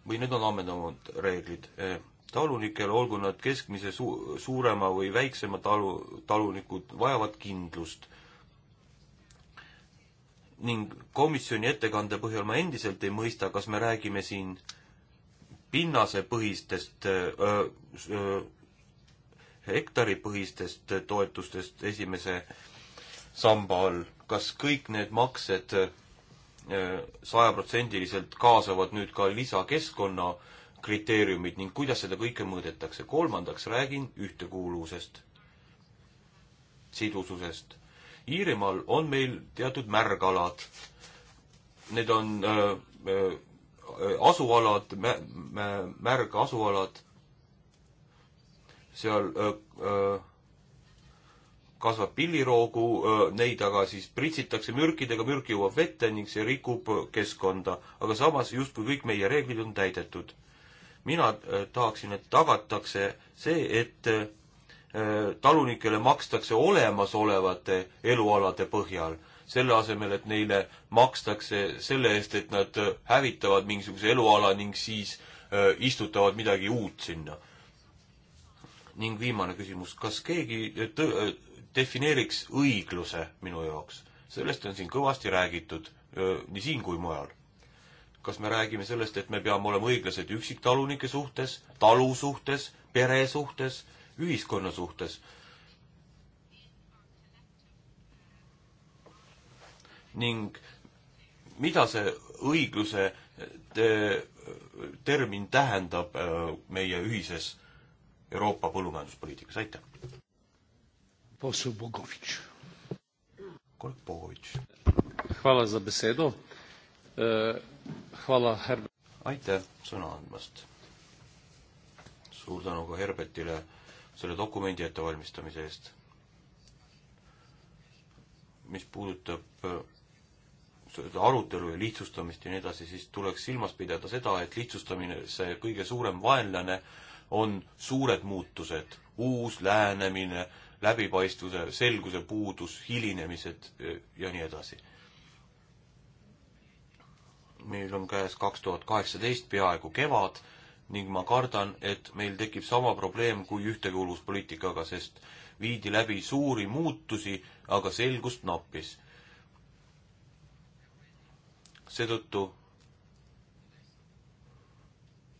või need on ammendavamad reeglid. Äh, talunikel, olgu nad keskmise su-, suurema või väiksema talu, talunikud, vajavad kindlust. ning komisjoni ettekande põhjal ma endiselt ei mõista, kas me räägime siin pinnasepõhistest öö, äh, öö, hektaripõhistest toetustest esimese öö, samba all, kas kõik need maksed äh, sajaprotsendiliselt kaasavad nüüd ka lisakeskkonna kriteeriumid ning kuidas seda kõike mõõdetakse. kolmandaks räägin ühtekuuluvusest, sidususest. Iirimaal on meil teatud märgalad. Need on äh, äh, asualad mä,, mä, märg asualad, seal äh, äh, kasvab pilliroogu, neid aga siis pritsitakse mürkidega, mürk jõuab vette ning see rikub keskkonda. aga samas justkui kõik meie reeglid on täidetud. mina tahaksin, et tagatakse see, et talunikele makstakse olemasolevate elualade põhjal, selle asemel, et neile makstakse selle eest, et nad hävitavad mingisuguse eluala ning siis istutavad midagi uut sinna ning viimane küsimus, kas keegi tõ-, defineeriks õigluse minu jaoks. sellest on siin kõvasti räägitud, nii siin kui mujal. kas me räägime sellest, et me peame olema õiglased üksiktalunike suhtes, talu suhtes, pere suhtes, ühiskonna suhtes? ning mida see õigluse te-, termin tähendab meie ühises Euroopa põllumajanduspoliitikas, aitäh! Posel Bogovič. Kolega Bogovič. Hvala za besedo. E, hvala, Herbert. aitäh sõna andmast. suur tänu ka Herbertile selle dokumendi ettevalmistamise eest. mis puudutab e, seda arutelu ja lihtsustamist ja nii edasi, siis tuleks silmas pidada seda, et lihtsustamine, see kõige suurem vaenlane on suured muutused, uus lähenemine, läbipaistvuse, selguse puudus, hilinemised eh, ja nii edasi. meil on käes kaks tuhat kaheksateist, peaaegu kevad, ning ma kardan, et meil tekib sama probleem kui ühtekuuluvuspoliitikaga, sest viidi läbi suuri muutusi, aga selgust nappis. seetõttu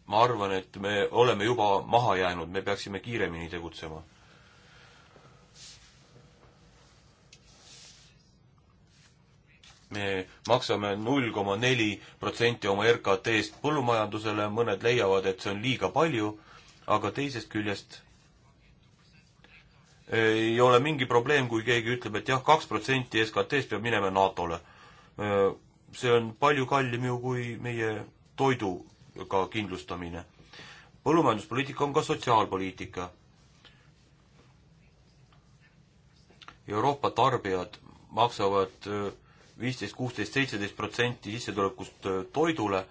ma arvan, et me oleme juba maha jäänud, me peaksime kiiremini tegutsema me maksame null koma neli protsenti oma RKT-st põllumajandusele, mõned leiavad, et see on liiga palju, aga teisest küljest ei ole mingi probleem, kui keegi ütleb, et jah, kaks protsenti SKT-st peab minema NATO-le. see on palju kallim ju kui meie toiduga kindlustamine. põllumajanduspoliitika on ka sotsiaalpoliitika. Euroopa tarbijad maksavad öö, viisteist, kuusteist, seitseteist protsenti sissetulekust äh, toidule,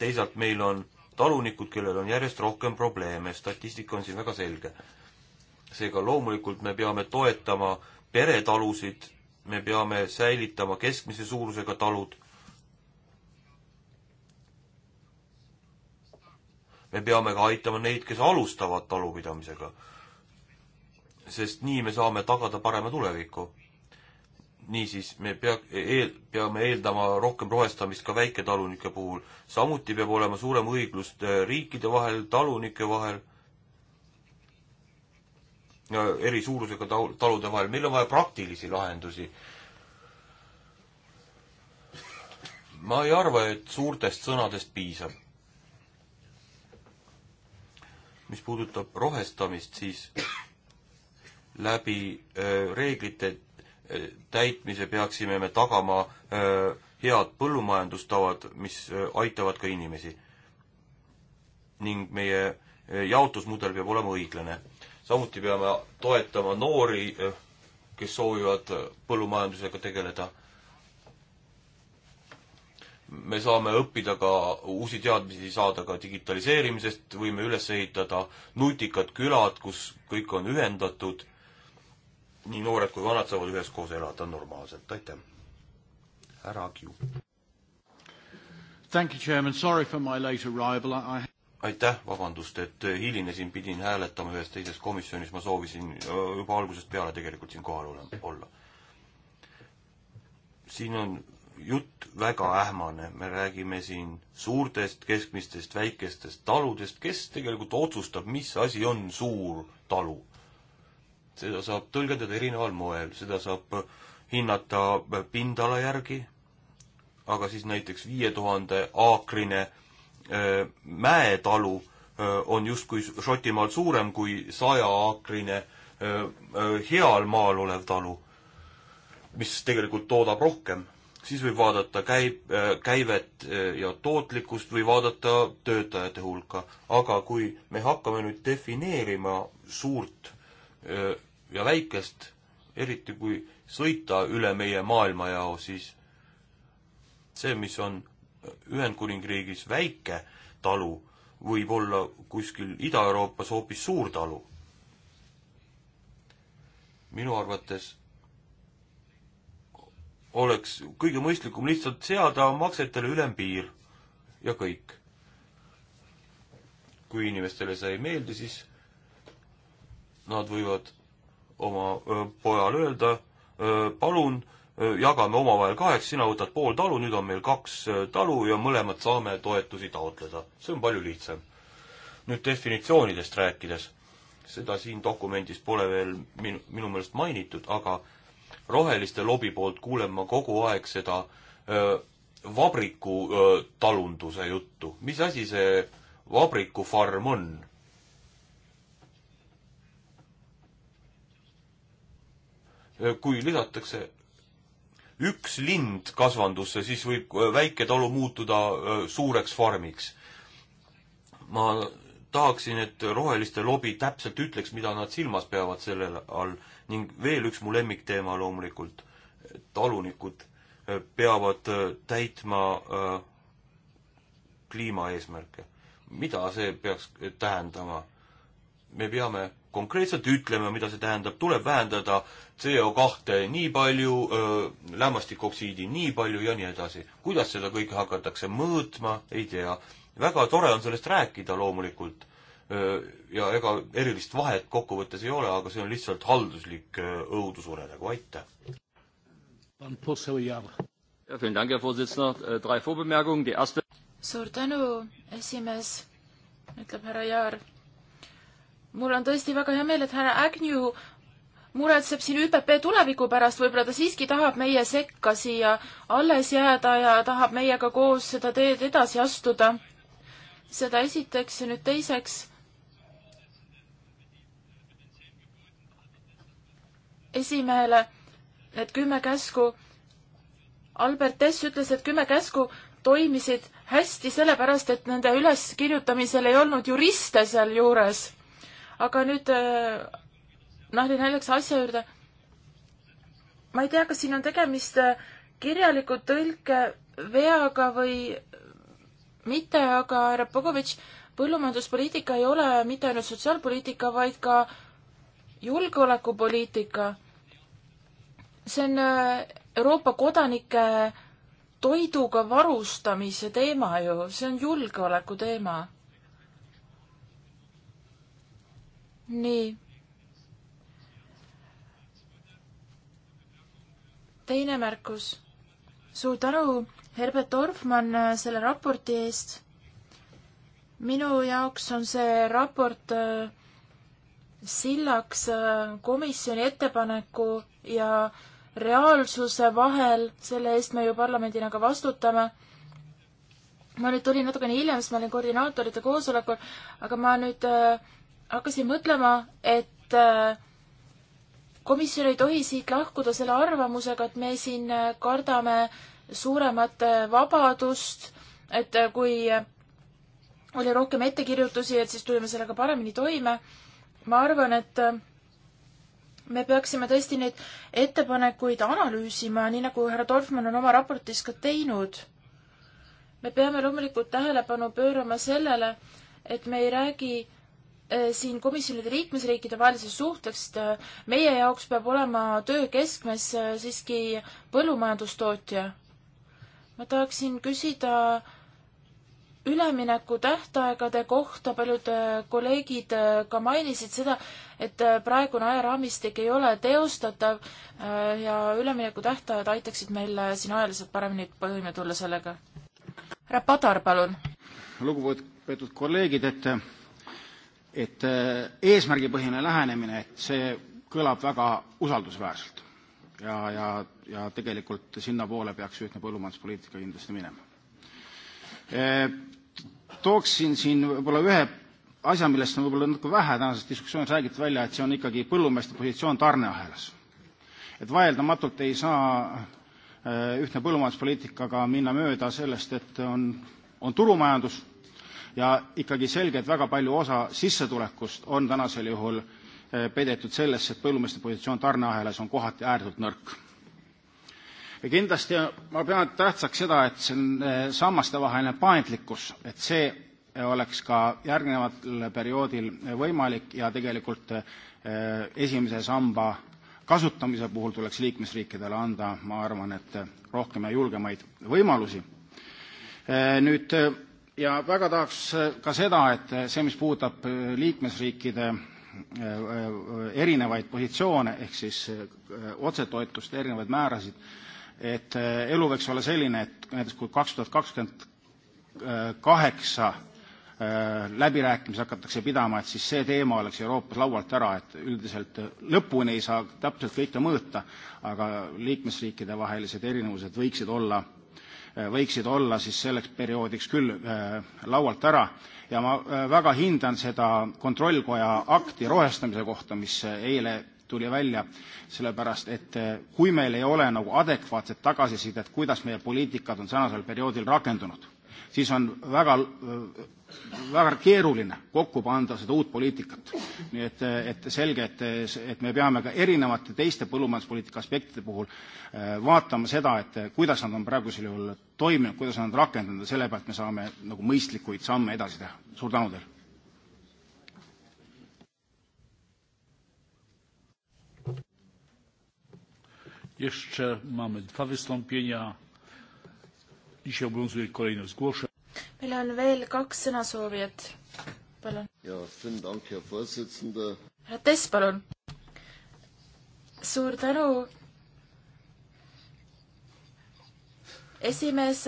teisalt meil on talunikud, kellel on järjest rohkem probleeme, statistika on siin väga selge. seega loomulikult me peame toetama peretalusid, me peame säilitama keskmise suurusega talud, me peame ka aitama neid, kes alustavad talupidamisega, sest nii me saame tagada parema tuleviku niisiis, me pea-, eel-, peame eeldama rohkem rohestamist ka väiketalunike puhul. samuti peab olema suurem õiglus äh, riikide vahel, talunike vahel, eri suurusega tal-, talude vahel, meil on vaja praktilisi lahendusi. ma ei arva, et suurtest sõnadest piisab. mis puudutab rohestamist, siis läbi äh, reeglite täitmise peaksime me tagama head põllumajandustavad, mis aitavad ka inimesi. ning meie jaotusmudel peab olema õiglane. samuti peame toetama noori, kes soovivad põllumajandusega tegeleda. me saame õppida ka uusi teadmisi, saada ka digitaliseerimisest, võime üles ehitada nutikad külad, kus kõik on ühendatud nii noored kui vanad saavad üheskoos elada normaalselt, aitäh. härra Agju. aitäh, vabandust, et äh, hilinesin, pidin hääletama ühes teises komisjonis, ma soovisin äh, juba algusest peale tegelikult siin kohal olla. siin on jutt väga ähmane, me räägime siin suurtest, keskmistest, väikestest taludest, kes tegelikult otsustab, mis asi on suur talu? seda saab tõlgendada erineval moel, seda saab äh, hinnata äh, pindala järgi, aga siis näiteks viie tuhande aakrine öö, äh, mäetalu öö, on justkui Šotimaal suurem kui sajaaakrine heal maal olev talu, mis tegelikult toodab rohkem siis võib vaadata käib, käivet ja tootlikkust või vaadata töötajate hulka. aga kui me hakkame nüüd defineerima suurt ja väikest, eriti kui sõita üle meie maailmajao, siis see, mis on Ühendkuningriigis väike talu, võib olla kuskil Ida-Euroopas hoopis suur talu. minu arvates oleks kõige mõistlikum lihtsalt seada maksetele ülempiir ja kõik. kui inimestele see ei meeldi, siis nad võivad oma pojale öelda, palun, jagame omavahel kaheks, sina võtad pool talu, nüüd on meil kaks talu ja mõlemad saame toetusi taotleda. see on palju lihtsam. nüüd definitsioonidest rääkides, seda siin dokumendis pole veel minu, minu meelest mainitud, aga roheliste lobi poolt kuulen ma kogu aeg seda öö, vabriku öö, talunduse juttu. mis asi see vabrikufarm on? Äh, kui lisatakse üks lind kasvandusse, siis võib äh, väiketalu muutuda äh, suureks farmiks. ma tahaksin, et roheliste lobi täpselt ütleks, mida nad silmas peavad selle all ning veel üks mu lemmikteema loomulikult, talunikud peavad täitma kliimaeesmärke. mida see peaks tähendama? me peame konkreetselt ütlema, mida see tähendab, tuleb vähendada CO2 nii palju, lämmastikoksiidi nii palju ja nii edasi. kuidas seda kõike hakatakse mõõtma, ei tea. väga tore on sellest rääkida loomulikult ja ega erilist vahet kokkuvõttes ei ole, aga see on lihtsalt halduslik õudusurenägu, aitäh. Äh, suur tänu, esimees, ütleb härra Jaar. mul on tõesti väga hea meel, et härra Agnew muretseb siin ÜPP tuleviku pärast, võib-olla ta siiski tahab meie sekka siia alles jääda ja tahab meiega koos seda teed edasi astuda. seda esiteks ja nüüd teiseks. esimehele need kümme käsku. Albert S ütles, et kümme käsku toimisid hästi sellepärast, et nende üleskirjutamisel ei olnud juriste sealjuures. aga nüüd äh, naljalt naljaks asja juurde. ma ei tea, kas siin on tegemist äh, kirjaliku tõlkeveaga või mitte, aga härra Pogovitš, põllumajanduspoliitika ei ole mitte ainult sotsiaalpoliitika, vaid ka julgeolekupoliitika. see on äh, Euroopa kodanike toiduga varustamise teema ju, see on julgeoleku teema. nii teine märkus. suur tänu, Herbert Orfmann, selle raporti eest. minu jaoks on see raport äh, sillaks äh, komisjoni ettepaneku ja reaalsuse vahel, selle eest me ju parlamendina ka vastutame. ma nüüd tulin natukene hiljem, sest ma olin koordinaatorite koosolekul, aga ma nüüd äh, hakkasin mõtlema, et äh, komisjon ei tohi siit lahkuda selle arvamusega, et me siin kardame suuremat vabadust, et kui oli rohkem ettekirjutusi, et siis tulime sellega paremini toime. ma arvan, et me peaksime tõesti neid ettepanekuid analüüsima, nii nagu härra Dorfmann on oma raportis ka teinud. me peame loomulikult tähelepanu pöörama sellele, et me ei räägi Äh, siin komisjonide liikmesriikide vahelisest suhtest äh, meie jaoks peab olema töö keskmes äh, siiski põllumajandustootja. ma tahaksin küsida ülemineku tähtaegade kohta, paljud kolleegid ka mainisid seda, et praegune ajaraamistik ei ole teostatav ja ülemineku tähtajad aitaksid meil siin ajaliselt paremini toime tulla sellega. härra Padar, palun. lugupeetud kolleegid, et et äh, eesmärgipõhine lähenemine, et see kõlab väga usaldusväärselt ja, ja, ja tegelikult sinnapoole peaks ühtne põllumajanduspoliitika kindlasti minema. Äh, tooksin siin võib-olla ühe asja, millest on võib-olla natuke vähe tänases diskussioonis räägitud välja, et see on ikkagi põllumeeste positsioon tarneahelas. et vaieldamatult ei saa äh, ühtne põllumajanduspoliitikaga minna mööda sellest, et on, on turumajandus ja ikkagi selge, et väga palju osa sissetulekust on tänasel juhul eh, peidetud sellesse, et põllumeeste positsioon tarneahelas on kohati ääretult nõrk. ja kindlasti ma pean tähtsaks seda, et see eh, sammastevaheline paindlikkus, et see oleks ka järgneval perioodil võimalik ja tegelikult eh, esimese samba kasutamise puhul tuleks liikmesriikidele anda, ma arvan, et rohkem ja julgemaid võimalusi. Nüüd ja väga tahaks äh, ka seda, et äh, see, mis puudutab äh, liikmesriikide erinevaid positsioone ehk siis otsetoetuste erinevaid määrasid, et elu võiks olla selline, et näiteks kui kaks tuhat kakskümmend kaheksa läbirääkimisi hakatakse pidama, et siis see teema oleks Euroopas laualt ära, et üldiselt lõpuni ei saa täpselt kõike mõõta, aga liikmesriikide vahelised erinevused võiksid olla Äh, võiksid olla siis selleks perioodiks küll äh, laualt ära ja ma äh, väga hindan seda Kontrollkoja akti rohestamise kohta, mis eile tuli välja, sellepärast et kui meil ei ole nagu adekvaatset tagasisidet, kuidas meie poliitikad on tänasel perioodil rakendunud siis on väga, väga keeruline kokku panna seda uut poliitikat. nii et, et selge, et, et me peame ka erinevate teiste põllumajanduspoliitika aspektide puhul äh, vaatama seda, et kuidas nad on praegusel juhul toiminud, kuidas nad on rakendanud ja selle pealt me saame nagu mõistlikuid samme edasi teha. suur tänu teile! jeszcze mamy dwa wystąpienia meil on veel kaks sõnasoovijat, palun. härra Tess, palun. suur tänu. esimees,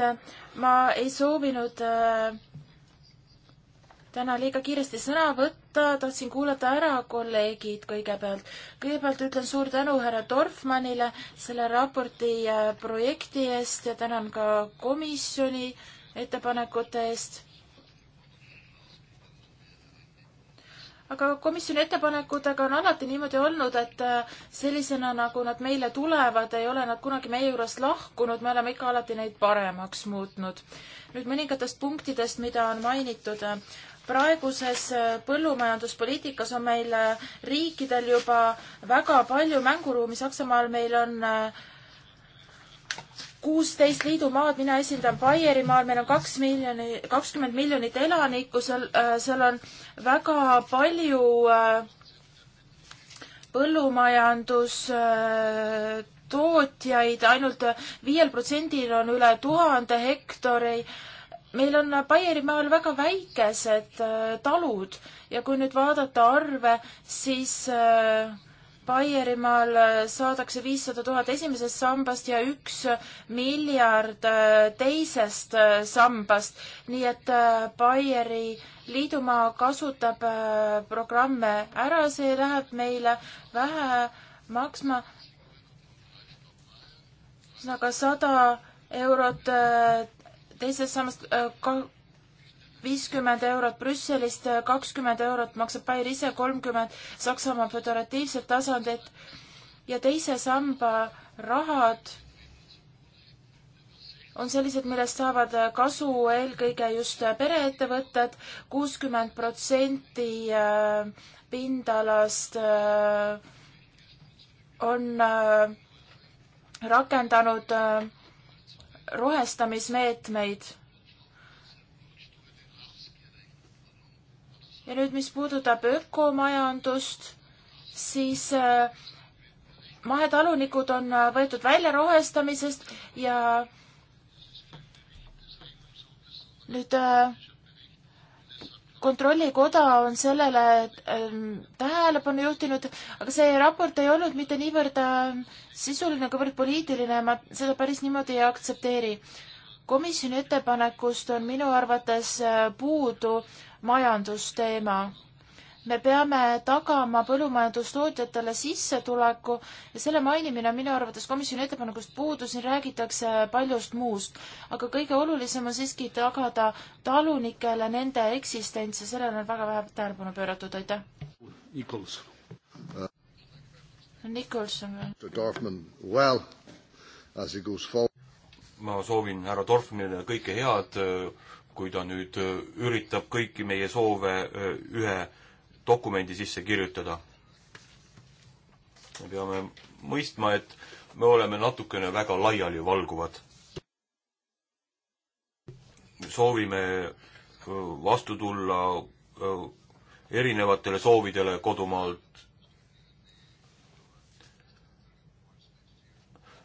ma ei soovinud äh, täna liiga kiiresti sõna võtta, tahtsin kuulata ära kolleegid kõigepealt. kõigepealt ütlen suur tänu härra Dorfmannile selle raporti äh, projekti eest ja tänan ka komisjoni ettepanekute eest. aga komisjoni ettepanekutega on alati niimoodi olnud, et äh, sellisena, nagu nad meile tulevad, ei ole nad kunagi meie juurest lahkunud, me oleme ikka alati neid paremaks muutnud. nüüd mõningatest punktidest, mida on mainitud praeguses äh, põllumajanduspoliitikas on meil äh, riikidel juba väga palju mänguruumi, Saksamaal meil on äh, kuusteist liidumaad, mina esindan Baierimaal, meil on kaks miljoni, kakskümmend miljonit elanikku, seal, seal on väga palju põllumajandustootjaid ainult, ainult viiel protsendil on üle tuhande hektari äh, meil on Baierimaal väga väikesed äh, talud ja kui nüüd vaadata arve, siis äh, Baierimaal äh, saadakse viissada tuhat esimesest sambast ja üks miljard teisest sambast, nii et Baieri liidumaa kasutab programme ära, see läheb meile vähe maksma. ühesõnaga sada eurot teisest sammast äh, viiskümmend eurot Brüsselist, äh, kakskümmend eurot maksab Bayer ise, kolmkümmend Saksamaa föderatiivset tasandit ja teise samba rahad on sellised, millest saavad äh, kasu eelkõige just pereettevõtted, kuuskümmend protsenti pindalast on rakendanud rohestamismeetmeid. ja nüüd, mis puudutab ökomajandust, siis äh, mahetalunikud on äh, võetud välja rohestamisest ja nüüd äh, kontrollikoda on sellele ähm, tähelepanu juhtinud, aga see raport ei olnud mitte niivõrd ähm, sisuline, kuivõrd poliitiline, ma seda päris niimoodi ei aktsepteeri. komisjoni ettepanekust on minu arvates äh, puudu majandusteema me peame tagama põllumajandustootjatele sissetuleku ja selle mainimine on minu arvates komisjoni ettepanekust puudu, siin räägitakse paljust muust. aga kõige olulisem on siiski tagada talunikele nende eksistents ja sellele on väga vähe tähelepanu pööratud, aitäh. Nichols. Nicholson veel. ma soovin härra Dorfmanile kõike head, kui ta nüüd üritab kõiki meie soove ühe dokumendi sisse kirjutada. me peame mõistma, et me oleme natukene väga laialivalguvad. soovime vastu tulla erinevatele soovidele kodumaalt.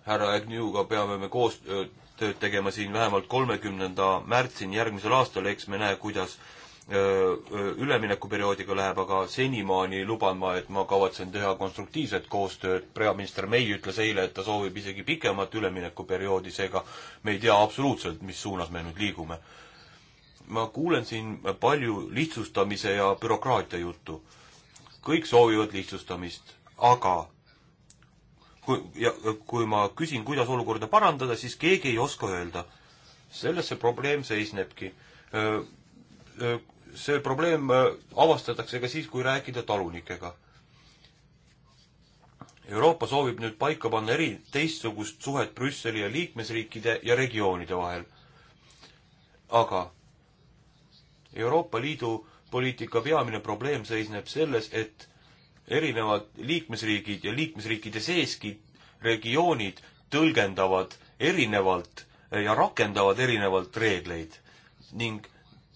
härra Agnew'ga peame me koostööd tegema siin vähemalt kolmekümnenda märtsini järgmisel aastal, eks me näe, kuidas üleminekuperioodiga läheb, aga senimaani luban ma, et ma kavatsen teha konstruktiivset koostööd. peaminister May ütles eile, et ta soovib isegi pikemat üleminekuperioodi, seega me ei tea absoluutselt, mis suunas me nüüd liigume. ma kuulen siin palju lihtsustamise ja bürokraatia juttu. kõik soovivad lihtsustamist, aga kui, ja kui ma küsin, kuidas olukorda parandada, siis keegi ei oska öelda. selles see probleem seisnebki see probleem äh, avastatakse ka siis, kui rääkida talunikega. Euroopa soovib nüüd paika panna eri, teistsugust suhet Brüsseli ja liikmesriikide ja regioonide vahel. aga Euroopa Liidu poliitika peamine probleem seisneb selles, et erinevad liikmesriigid ja liikmesriikide seeski regioonid tõlgendavad erinevalt ja rakendavad erinevalt reegleid ning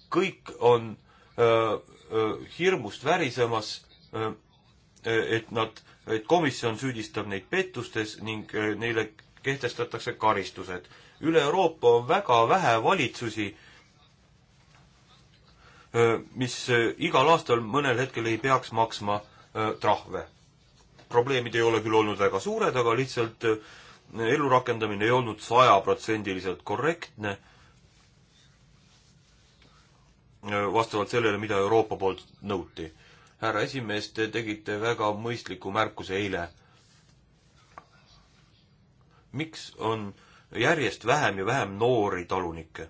kõik on Äh, äh, hirmust värisemas, äh, et nad, et komisjon süüdistab neid pettustes ning neile kehtestatakse karistused. üle Euroopa on väga vähe valitsusi, mis igal aastal mõnel hetkel ei peaks maksma trahve. probleemid ei ole küll olnud väga suured, aga lihtsalt ellurakendamine ei olnud sajaprotsendiliselt korrektne vastavalt sellele, mida Euroopa poolt nõuti. härra esimees, te tegite väga mõistliku märkuse eile. miks on järjest vähem ja vähem noori talunikke?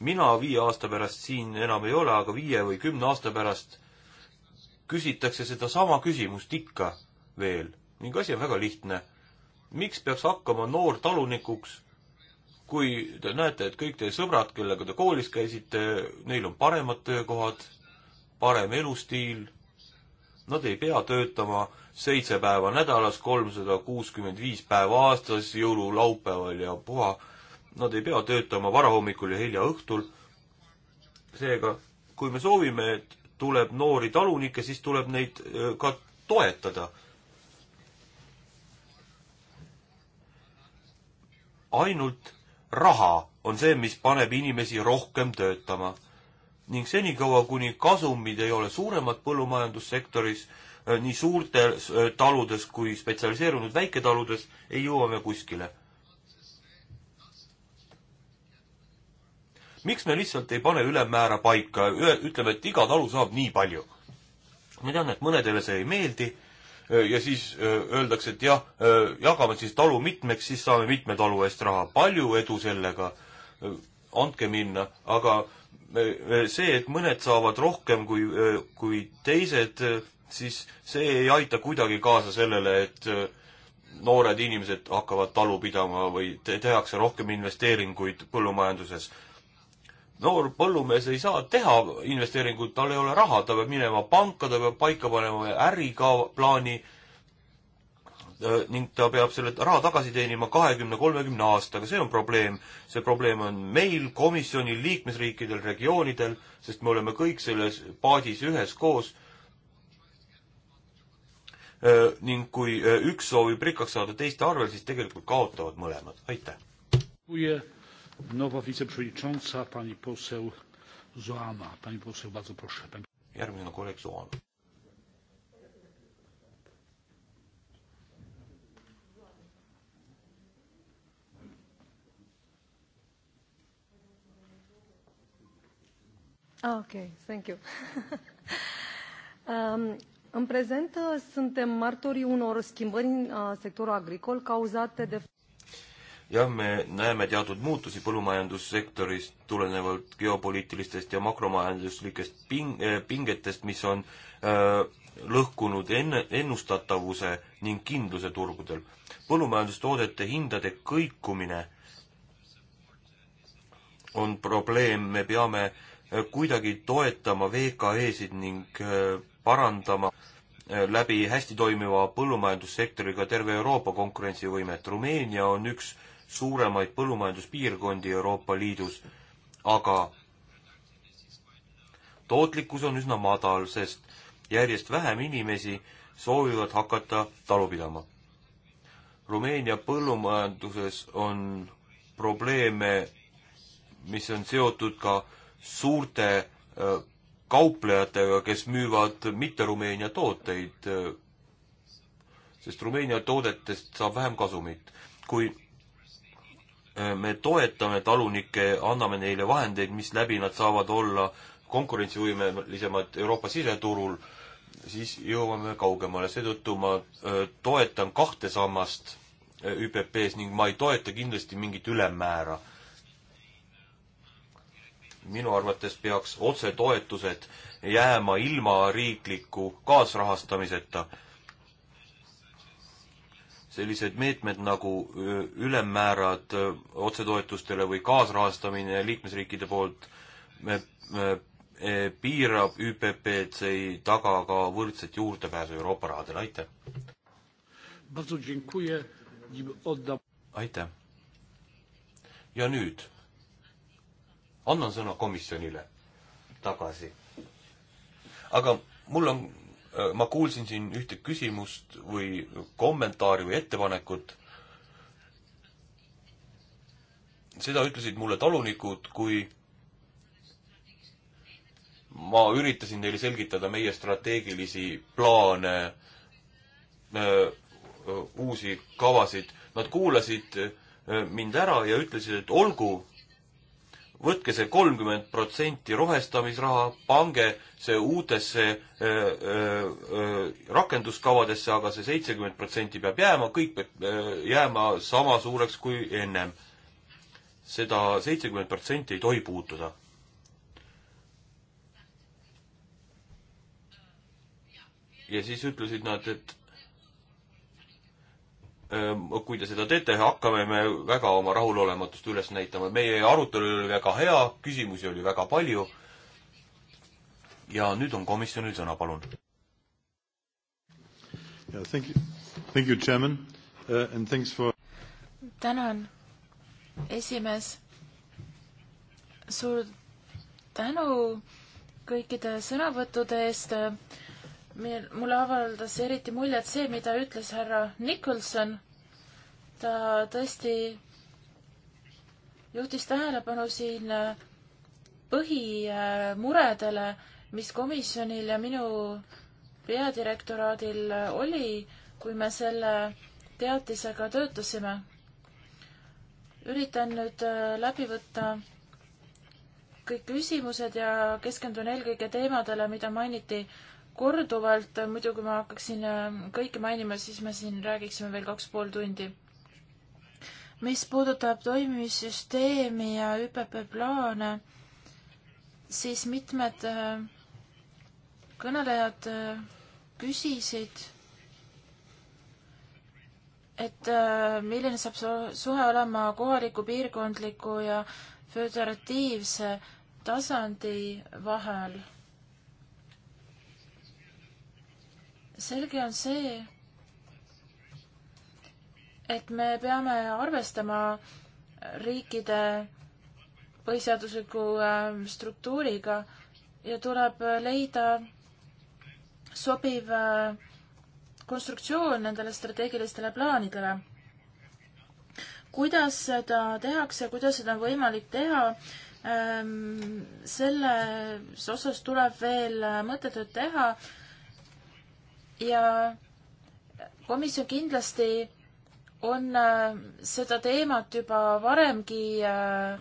mina viie aasta pärast siin enam ei ole, aga viie või kümne aasta pärast küsitakse sedasama küsimust ikka veel ning asi on väga lihtne. miks peaks hakkama noor talunikuks kui te näete, et kõik teie sõbrad, kellega te koolis käisite, neil on paremad töökohad, parem elustiil, nad ei pea töötama seitse päeva nädalas, kolmsada kuuskümmend viis päeva aastas, jõululaupäeval ja puha. Nad ei pea töötama varahommikul ja hilja õhtul. seega, kui me soovime, et tuleb noori talunikke, siis tuleb neid ka toetada ainult raha on see, mis paneb inimesi rohkem töötama. ning senikaua, kuni kasumid ei ole suuremad põllumajandussektoris, äh, nii suurtes äh, taludes kui spetsialiseerunud väiketaludes, ei jõua me kuskile. miks me lihtsalt ei pane ülemmäära paika, ütleme, et iga talu saab nii palju? ma tean, et mõnedele see ei meeldi ja siis öeldakse, et jah, jagame siis talu mitmeks, siis saame mitme talu eest raha. palju edu sellega, andke minna, aga see, et mõned saavad rohkem kui, kui teised, siis see ei aita kuidagi kaasa sellele, et noored inimesed hakkavad talu pidama või te tehakse rohkem investeeringuid põllumajanduses noor põllumees ei saa teha investeeringut, tal ei ole raha, ta peab minema panka, ta peab paika panema ärikaplaani äh, ning ta peab selle raha tagasi teenima kahekümne, kolmekümne aastaga, see on probleem. see probleem on meil, komisjonil, liikmesriikidel, regioonidel, sest me oleme kõik selles paadis üheskoos. Äh, ning kui äh, üks soovib rikkaks saada teiste arvel, siis tegelikult kaotavad mõlemad, aitäh. kui nowa wiceprzewodnicząca, pani poseł Zoana. Pani poseł, bardzo proszę. Pani... Järgmine on kolleeg Zoan. Ah, okay, thank you. [LAUGHS] um, în prezent suntem martorii unor schimbări în uh, sectorul agricol cauzate de jah, me näeme teatud muutusi põllumajandussektoris tulenevalt geopoliitilistest ja makromajanduslikest ping-, eh, pingetest, mis on öö, äh, lõhkunud enne, ennustatavuse ning kindluse turgudel. põllumajandustoodete hindade kõikumine on probleem, me peame äh, kuidagi toetama VKE-sid ning äh, parandama läbi hästi toimiva põllumajandussektoriga terve Euroopa konkurentsivõimet. Rumeenia on üks äh, suuremaid põllumajanduspiirkondi Euroopa Liidus, aga tootlikkus on üsna madal, sest järjest vähem inimesi soovivad hakata talu pidama. Rumeenia põllumajanduses on probleeme, mis on seotud ka suurte kauplejatega, kes müüvad mitte Rumeenia tooteid, sest Rumeenia toodetest saab vähem kasumit. kui Äh, me toetame talunikke, anname neile vahendeid, mis läbi nad saavad olla konkurentsivõimelisemad Euroopa siseturul, siis jõuame kaugemale, seetõttu ma äh, toetan kahte sammast äh, ÜPP-s ning ma ei toeta kindlasti mingit ülemmäära. minu arvates peaks otsetoetused jääma ilma riikliku kaasrahastamiseta sellised meetmed nagu ülemmäärad otsetoetustele või kaasrahastamine liikmesriikide poolt me, me, e, piirab ÜPP-d, see ei taga ka võrdset juurdepääsu Euroopa rahadele, aitäh! aitäh! ja nüüd annan sõna komisjonile tagasi. aga mul on Äh, ma kuulsin siin ühte küsimust või kommentaari või ettepanekut. seda ütlesid mulle talunikud, kui ma üritasin neile selgitada meie strateegilisi plaane, äh, uusi kavasid. Nad kuulasid äh, mind ära ja ütlesid, et olgu, võtke see kolmkümmend protsenti rohestamisraha, pange see uutesse öö, öö, rakenduskavadesse, aga see seitsekümmend protsenti peab jääma, kõik peab öö, jääma sama suureks kui ennem seda. seda seitsekümmend protsenti ei tohi puutuda. ja siis ütlesid nad, et Ehm, kui te seda teete, hakkame me väga oma rahulolematust üles näitama. meie arutelu oli väga hea, küsimusi oli väga palju. ja nüüd on komisjonil sõna, palun. Uh, tänan, esimees. suur tänu kõikide sõnavõttude eest mil, mulle avaldas eriti muljet see, mida ütles härra Nicholson ta äh, tõesti juhtis tähelepanu siin äh, põhimuredele, mis komisjonil ja minu peadirektoraadil äh, oli, kui me selle teatisega töötasime. üritan nüüd läbi võtta kõik küsimused ja keskendun eelkõige teemadele, mida mainiti korduvalt, muidu kui ma hakkaksin kõike mainima, siis me siin räägiksime veel kaks pool tundi mis puudutab toimimissüsteemi ja ÜPP plaane, siis mitmed äh, kõnelejad äh, küsisid, et äh, milline saab suhe olema kohaliku, piirkondliku ja föderatiivse tasandi vahel. selge on see, et me peame arvestama riikide põhiseadusliku ähm, struktuuriga ja tuleb leida sobiv äh, konstruktsioon nendele strateegilistele plaanidele. kuidas seda tehakse, kuidas seda on võimalik teha, ähm, selles osas tuleb veel äh, mõttetööd teha ja komisjon kindlasti on äh, seda teemat juba varemgi äh,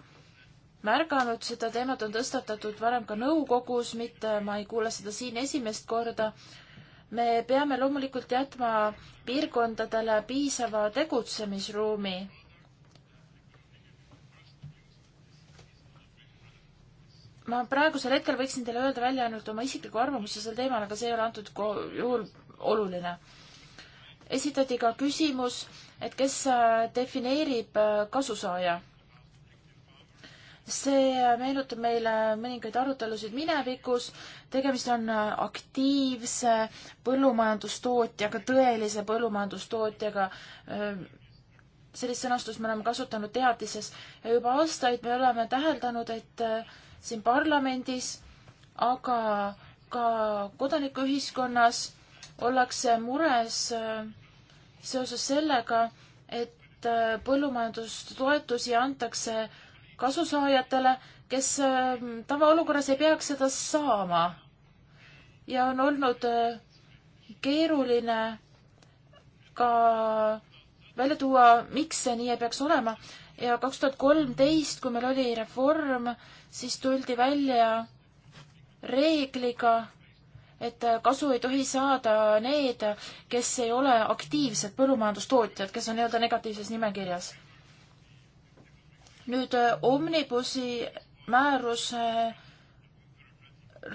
märganud, seda teemat on tõstatatud varem ka nõukogus, mitte ma ei kuule seda siin esimest korda. me peame loomulikult jätma piirkondadele piisava tegutsemisruumi. ma praegusel hetkel võiksin teile öelda välja ainult oma isikliku arvamuse sel teemal, aga see ei ole antud juhul oluline esitati ka küsimus, et kes äh, defineerib äh, kasusaaja. see meenutab meile mõningaid arutelusid minevikus, tegemist on äh, aktiivse põllumajandustootjaga, tõelise põllumajandustootjaga, ähm, sellist sõnastust me oleme kasutanud teadises ja juba aastaid me oleme täheldanud, et siin parlamendis, aga ka kodanikuühiskonnas ollakse mures äh, seoses sellega, et äh, põllumajandustoetusi antakse kasusaajatele, kes äh, tavaolukorras ei peaks seda saama. ja on olnud keeruline ka välja tuua, miks see nii ei peaks olema ja kaks tuhat kolmteist, kui meil oli reform, siis tuldi välja reegliga, et kasu ei tohi saada need, kes ei ole aktiivsed põllumajandustootjad, kes on nii-öelda negatiivses nimekirjas. nüüd Omnibusi määruse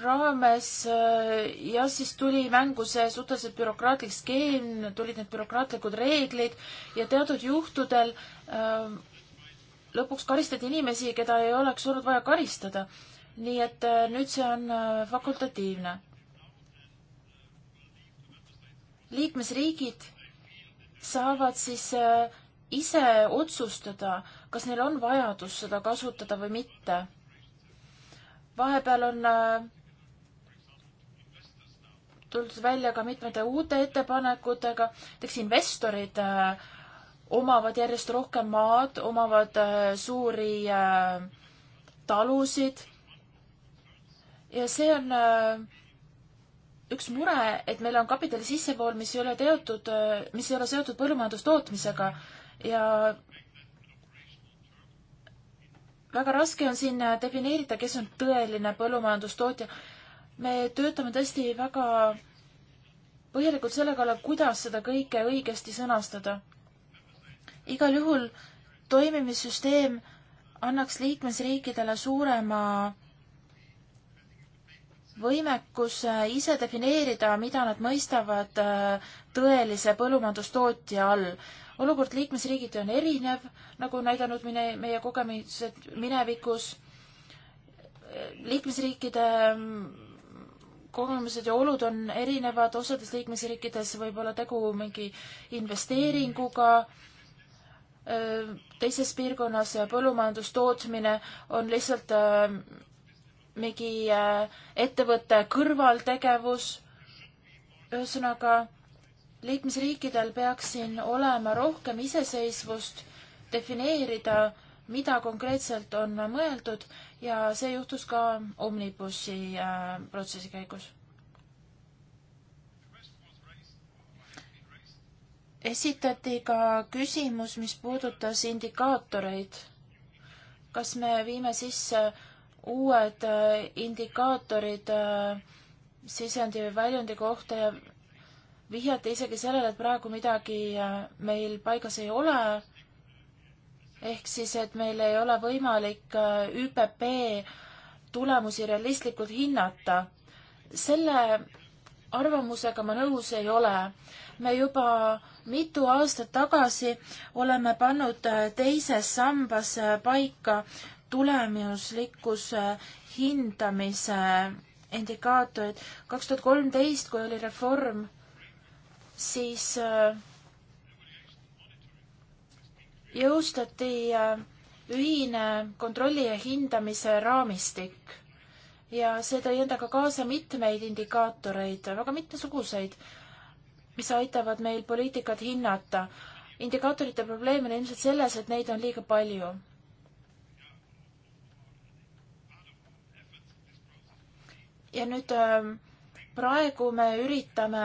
raames jah, siis tuli mängu see suhteliselt bürokraatlik skeem, tulid need bürokraatlikud reeglid ja teatud juhtudel ähm, lõpuks karistati inimesi, keda ei oleks olnud vaja karistada. nii et äh, nüüd see on äh, fakultatiivne liikmesriigid saavad siis äh, ise otsustada, kas neil on vajadus seda kasutada või mitte. vahepeal on äh, tuldud välja ka mitmete uute ettepanekutega, näiteks investorid äh, omavad järjest rohkem maad, omavad suuri talusid ja see on äh, üks mure, et meil on kapitali sissevool, mis ei ole teotud, mis ei ole seotud põllumajandustootmisega ja väga raske on siin defineerida, kes on tõeline põllumajandustootja. me töötame tõesti väga põhjalikult selle kallal, kuidas seda kõike õigesti sõnastada. igal juhul toimimissüsteem annaks liikmesriikidele suurema võimekus äh, ise defineerida, mida nad mõistavad äh, tõelise põllumajandustootja all. olukord liikmesriigiti on erinev, nagu on näidanud mine, meie kogemused minevikus. liikmesriikide mm, kogemused ja olud on erinevad, osades liikmesriikides võib olla tegu mingi investeeringuga, äh, teises piirkonnas põllumajandustootmine on lihtsalt mingi äh, ettevõtte kõrvaltegevus. ühesõnaga, liikmesriikidel peaks siin olema rohkem iseseisvust defineerida, mida konkreetselt on mõeldud ja see juhtus ka Omnibussi äh, protsessi käigus. esitati ka küsimus, mis puudutas indikaatoreid. kas me viime sisse äh, uued äh, indikaatorid äh, sisendi või väljundi kohta ja vihjate isegi sellele, et praegu midagi äh, meil paigas ei ole. ehk siis, et meil ei ole võimalik ÜPP tulemusi realistlikult hinnata. selle arvamusega ma nõus ei ole. me juba mitu aastat tagasi oleme pannud teises sambas paika tulemuslikkuse hindamise indikaatorid. kaks tuhat kolmteist, kui oli reform, siis äh, jõustati äh, ühine kontrolli ja hindamise raamistik ja see tõi endaga kaasa mitmeid indikaatoreid, väga mitmesuguseid, mis aitavad meil poliitikat hinnata. indikaatorite probleem on ilmselt selles, et neid on liiga palju ja nüüd ähm, praegu me üritame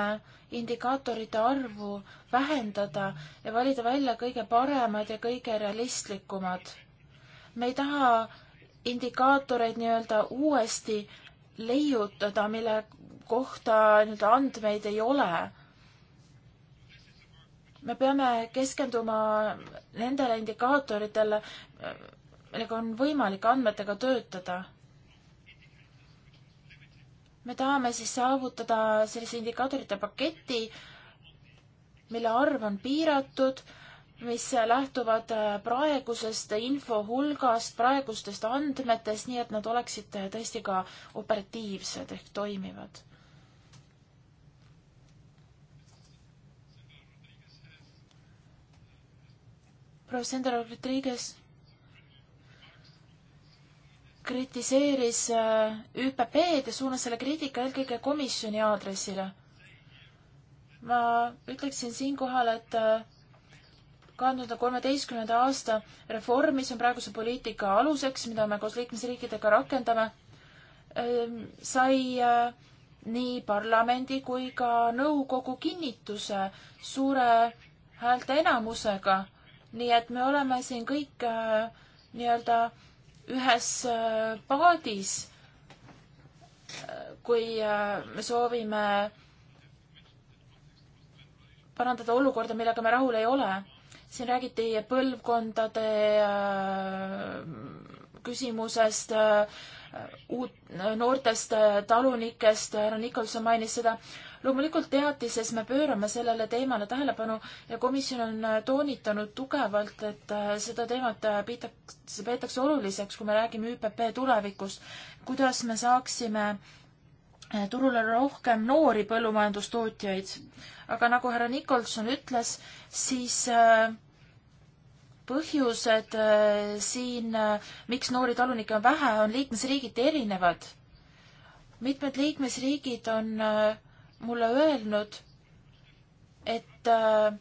indikaatorite arvu vähendada ja valida välja kõige paremad ja kõige realistlikumad. me ei taha indikaatoreid nii-öelda uuesti leiutada, mille kohta nii-öelda andmeid ei ole. me peame keskenduma nendele indikaatoritele, äh, millega on võimalik andmetega töötada me tahame siis saavutada sellise indikaatorite paketi, mille arv on piiratud, mis lähtuvad äh, praegusest infohulgast, praegustest andmetest, nii et nad oleksid äh, tõesti ka operatiivsed ehk toimivad. proua Sandra Rodriguez kritiseeris äh, ÜPP-d ja suunas selle kriitika eelkõige komisjoni aadressile. ma ütleksin siinkohal, et äh, kahe tuhande kolmeteistkümnenda aasta reform, mis on praeguse poliitika aluseks, mida me koos liikmesriikidega rakendame, ähm, sai äh, nii parlamendi kui ka nõukogu kinnituse suure häälteenamusega. nii et me oleme siin kõik nii-öelda äh, ühes äh, paadis, äh, kui äh, me soovime parandada olukorda, millega me rahul ei ole. siin räägiti põlvkondade küsimusest, uut, noortest talunikest, härra Nikolson mainis seda, loomulikult teatises me pöörame sellele teemale tähelepanu ja komisjon on äh, toonitanud tugevalt, et äh, seda teemat äh, peetakse, peetakse oluliseks, kui me räägime ÜPP tulevikust. kuidas me saaksime turule rohkem noori põllumajandustootjaid. aga nagu härra Nikolson ütles, siis põhjused siin, miks noori talunikke on vähe, on liikmesriigiti erinevad. mitmed liikmesriigid on äh, mulle öelnud, et äh,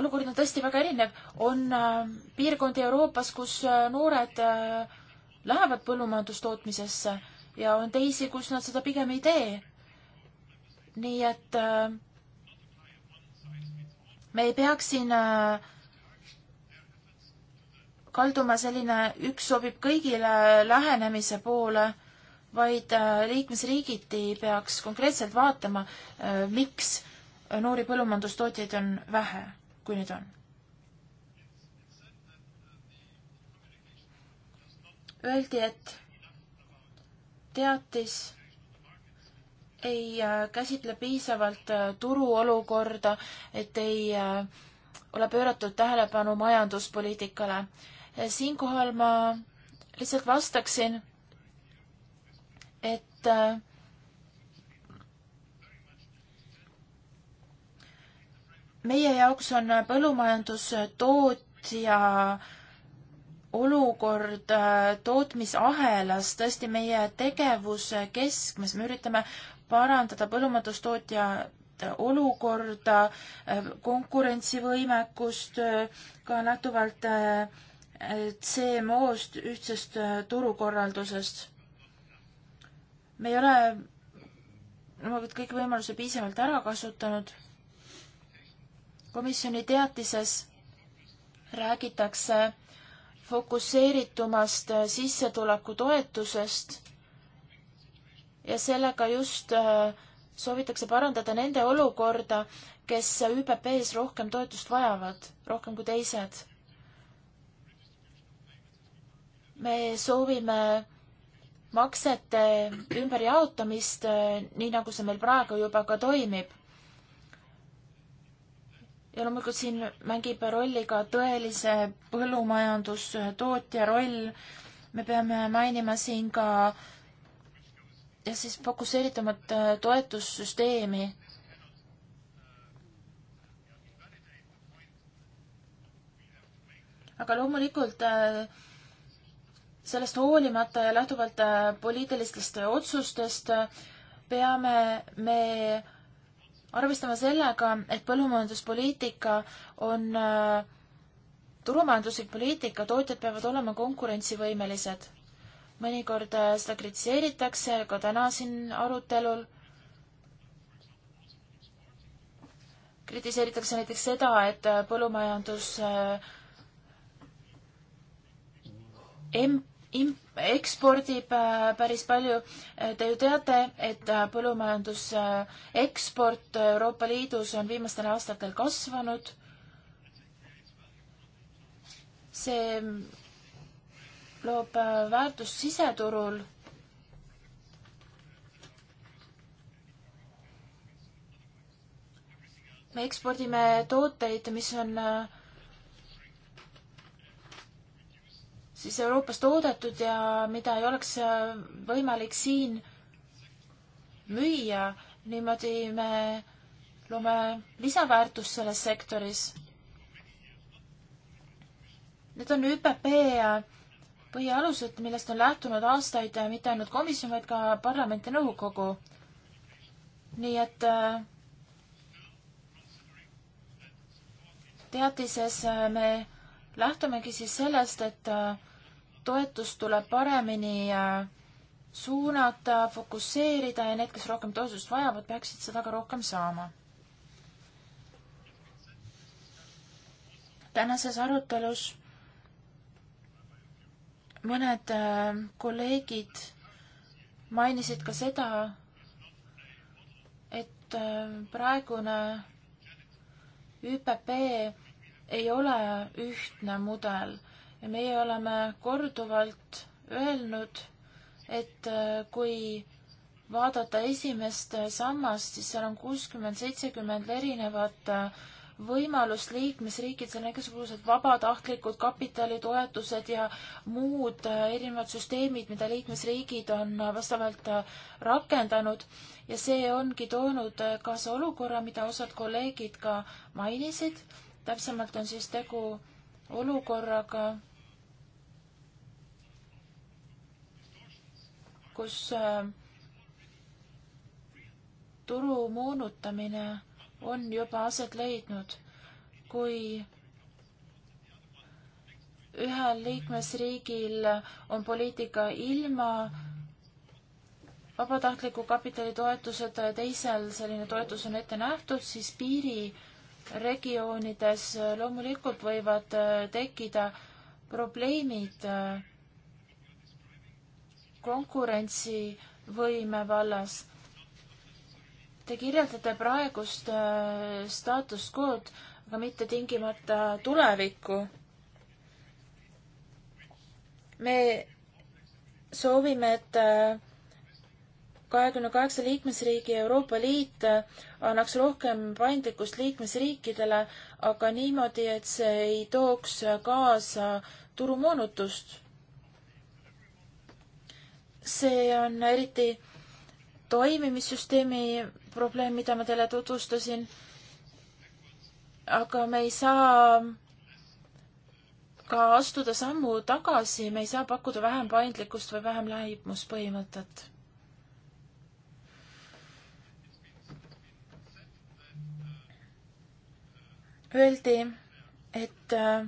olukord on tõesti väga erinev. on äh, piirkondi Euroopas, kus äh, noored äh, lähevad põllumajandustootmisesse ja on teisi, kus nad seda pigem ei tee. nii et äh, me ei peaks siin äh, kalduma selline üks sobib kõigile lähenemise poole vaid äh, liikmesriigiti peaks konkreetselt vaatama, äh, miks noori põllumajandustootjaid on vähe, kui neid on. Öeldi, et teatis ei äh, käsitle piisavalt turuolukorda, et ei ole pööratud tähelepanu majanduspoliitikale. siinkohal ma lihtsalt vastaksin et äh, meie jaoks on põllumajandustootja olukord äh, tootmisahelas tõesti meie tegevuse keskmes, me üritame parandada põllumajandustootja olukorda, äh, konkurentsivõimekust ka lähtuvalt CMO-st, ühtsest turukorraldusest me ei ole omavad kõiki võimalusi piisavalt ära kasutanud. komisjoni teatises räägitakse fokusseeritumast sissetulekutoetusest ja sellega just äh, soovitakse parandada nende olukorda, kes ÜPP-s rohkem toetust vajavad, rohkem kui teised. me soovime maksete ümberjaotamist, eh, nii nagu see meil praegu juba ka toimib. ja loomulikult siin mängib rolli ka tõelise põllumajandustootja roll. me peame mainima siin ka ja siis fokusseeritumat eh, toetussüsteemi aga loomulikult eh, sellest hoolimata ja lähtuvalt äh, poliitilistest otsustest äh, peame me arvestama sellega, et põllumajanduspoliitika on äh, turumajanduslik poliitika, tootjad peavad olema konkurentsivõimelised. mõnikord seda kritiseeritakse ka täna siin arutelul. kritiseeritakse näiteks seda, et põllumajandus emp ekspordib äh, päris palju. Äh, te ju teate, et äh, põllumajanduseksport Euroopa Liidus on viimastel aastatel kasvanud. see loob väärtust siseturul. me ekspordime tooteid, mis on äh, siis Euroopas toodetud ja mida ei oleks võimalik siin müüa. niimoodi me loome lisaväärtust selles sektoris. Need on ÜPP põhialused, millest on lähtunud aastaid mitte ainult komisjon, vaid ka parlament ja nõukogu. nii et äh, teatises äh, me lähtumegi siis sellest, et äh, toetust tuleb paremini suunata, fokusseerida ja need, kes rohkem toetust vajavad, peaksid seda ka rohkem saama. tänases arutelus mõned äh, kolleegid mainisid ka seda, et äh, praegune ÜPP ei ole ühtne mudel ja meie oleme korduvalt öelnud, et äh, kui vaadata esimest sammast, siis seal on kuuskümmend, seitsekümmend erinevat äh, võimalust liikmesriikidel, igasugused vabatahtlikud kapitalitoetused ja muud äh, erinevad süsteemid, mida liikmesriigid on vastavalt rakendanud ja see ongi toonud kaasa olukorra, mida osad kolleegid ka mainisid. täpsemalt on siis tegu olukorraga, kus äh, turu moonutamine on juba aset leidnud, kui ühel liikmesriigil on poliitika ilma vabatahtliku kapitali toetuseta ja teisel selline toetus on ette nähtud, siis piiriregioonides loomulikult võivad äh, tekkida probleemid äh, konkurentsivõime vallas. Te kirjeldate praegust äh, status quo'd, aga mitte tingimata tulevikku. me soovime, et äh, kahekümne kaheksa liikmesriigi Euroopa Liit äh, annaks rohkem paindlikkust liikmesriikidele, aga niimoodi, et see ei tooks kaasa turumoonutust see on eriti toimimissüsteemi probleem, mida ma teile tutvustasin. aga me ei saa ka astuda sammu tagasi, me ei saa pakkuda vähem paindlikkust või vähem lähimuspõhimõtet. Öeldi, et äh,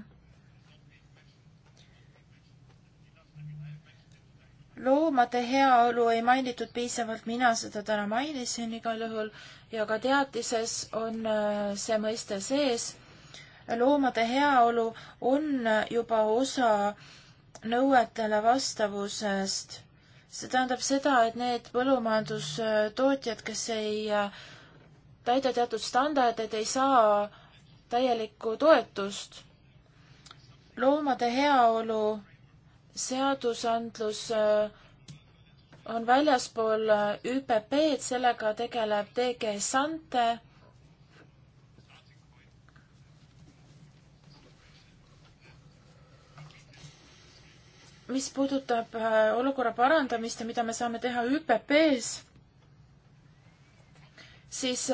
loomade heaolu ei mainitud piisavalt, mina seda täna mainisin igal juhul ja ka teatises on äh, see mõiste sees. loomade heaolu on juba osa nõuetele vastavusest. see tähendab seda, et need põllumajandustootjad, kes ei äh, täida teatud standardeid, ei saa täielikku toetust. loomade heaolu seadusandlus äh, on väljaspool äh, ÜPP-d, sellega tegeleb DG Sante. mis puudutab äh, olukorra parandamist ja mida me saame teha ÜPP-s, siis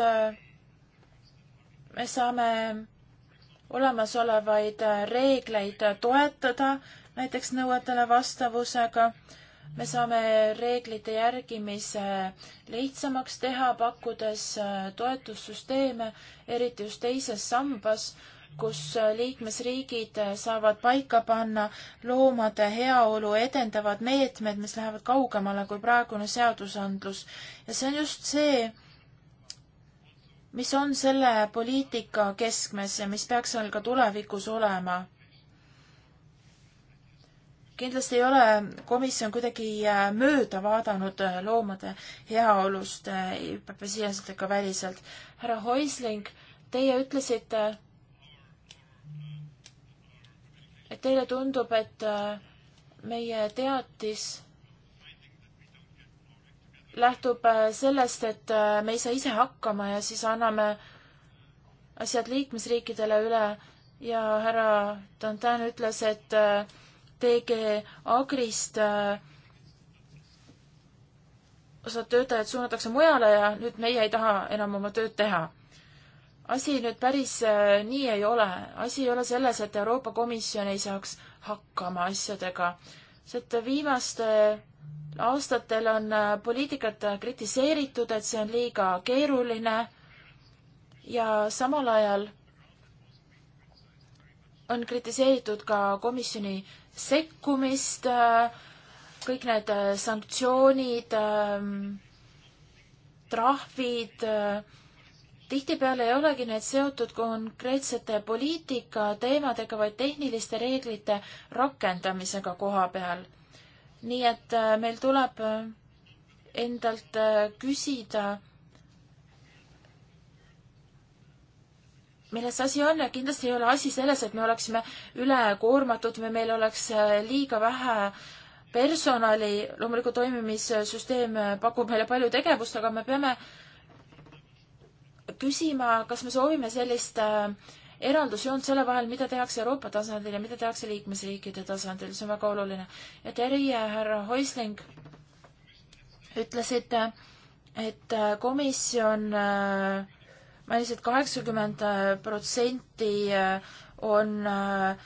me saame olemasolevaid reegleid toetada näiteks nõuetele vastavusega. me saame reeglite järgimise lihtsamaks teha, pakkudes äh, toetussüsteeme, eriti just teises sambas, kus äh, liikmesriigid äh, saavad paika panna loomade heaolu edendavad meetmed, mis lähevad kaugemale kui praegune seadusandlus. ja see on just see, mis on selle poliitika keskmes ja mis peaks seal ka tulevikus olema kindlasti ei ole komisjon kuidagi äh, mööda vaadanud äh, loomade heaolust hüppepesiseselt äh, ega väliselt. härra Häusling, teie ütlesite, et teile tundub, et meie teatis lähtub sellest, et me ei saa ise hakkama ja siis anname asjad liikmesriikidele üle ja härra Dantin ütles, et äh, TG Agrist äh, osad töötajad suunatakse mujale ja nüüd meie ei taha enam oma tööd teha. asi nüüd päris äh, nii ei ole. asi ei ole selles, et Euroopa Komisjon ei saaks hakkama asjadega. sest viimaste aastatel on äh, poliitikat kritiseeritud, et see on liiga keeruline ja samal ajal on kritiseeritud ka komisjoni sekkumist, äh, kõik need äh, sanktsioonid, ähm, trahvid, äh, tihtipeale ei olegi need seotud konkreetsete poliitikateemadega, vaid tehniliste reeglite rakendamisega koha peal. nii et meil tuleb endalt küsida milles asi on, kindlasti ei ole asi selles, et me oleksime ülekoormatud või meil oleks äh, liiga vähe personali, loomulikult toimimissüsteem äh, pakub meile palju tegevust, aga me peame küsima, kas me soovime sellist äh, eraldusjoont selle vahel, mida tehakse Euroopa tasandil ja mida tehakse liikmesriikide tasandil, see on väga oluline. ja teie, härra Häusling, ütlesite, et komisjon äh, ma lihtsalt kaheksakümmend protsenti äh, on äh,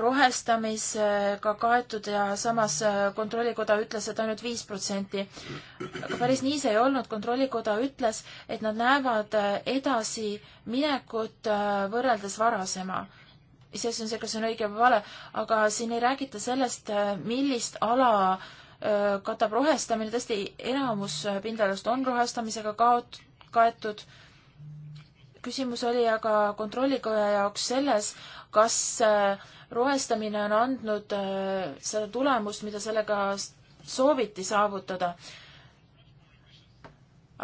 rohestamisega kaetud ja samas äh, Kontrollikoda ütles, et ainult viis protsenti. aga päris nii see ei olnud, Kontrollikoda ütles, et nad näevad edasiminekut võrreldes varasema. iseasi on see, kas see on õige või vale, aga siin ei räägita sellest, millist ala katab rohestamine, tõesti enamus pindalast on rohestamisega kaot-, kaetud. küsimus oli aga kontrollikoja jaoks selles, kas äh, rohestamine on andnud äh, seda tulemust, mida sellega sooviti saavutada.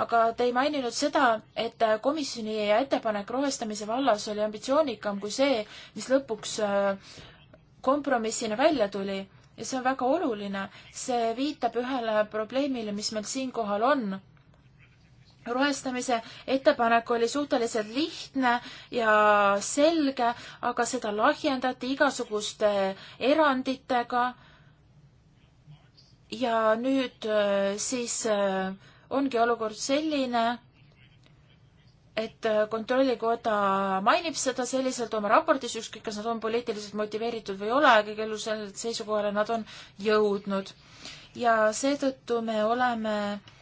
aga te ei maininud seda, et äh, komisjoni ettepanek rohestamise vallas oli ambitsioonikam kui see, mis lõpuks kompromissina välja tuli ja see on väga oluline, see viitab ühele probleemile, mis meil siinkohal on rohestamise ettepanek oli suhteliselt lihtne ja selge, aga seda lahjendati igasuguste eranditega. ja nüüd äh, siis äh, ongi olukord selline, et äh, Kontrollikoda mainib seda selliselt oma raportis, ükskõik kas nad on poliitiliselt motiveeritud või ei ole, aga igal juhul sellele seisukohale nad on jõudnud. ja seetõttu me oleme äh,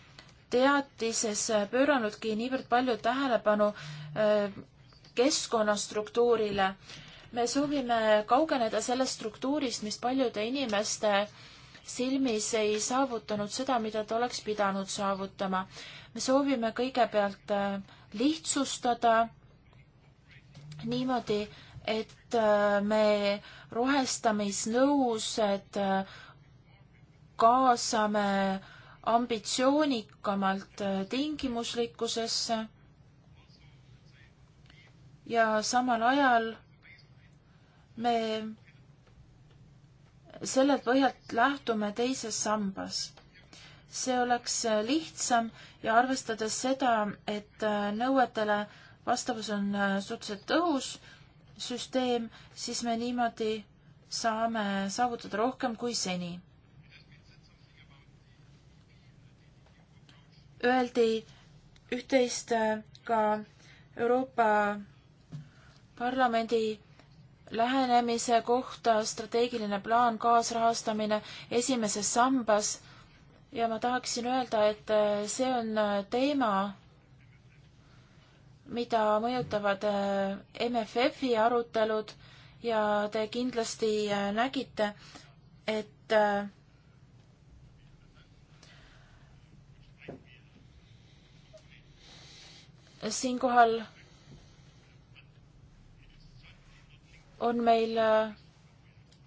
teatises pööranudki niivõrd palju tähelepanu äh, keskkonnastruktuurile. me soovime kaugeneda sellest struktuurist, mis paljude inimeste silmis ei saavutanud seda, mida ta oleks pidanud saavutama. me soovime kõigepealt äh, lihtsustada niimoodi, et äh, me rohestamisnõused kaasame äh, kaasame ambitsioonikamalt äh, tingimuslikkusesse ja samal ajal me selle põhjalt lähtume teises sambas. see oleks äh, lihtsam ja arvestades seda, et äh, nõuetele vastavus on suhteliselt tõhus süsteem, siis me niimoodi saame saavutada rohkem kui seni öeldi üht-teist äh, ka Euroopa Parlamendi lähenemise kohta, strateegiline plaan, kaasrahastamine esimeses sambas ja ma tahaksin öelda, et äh, see on äh, teema, mida mõjutavad MFF-i arutelud ja te kindlasti nägite, et siinkohal on meil äh,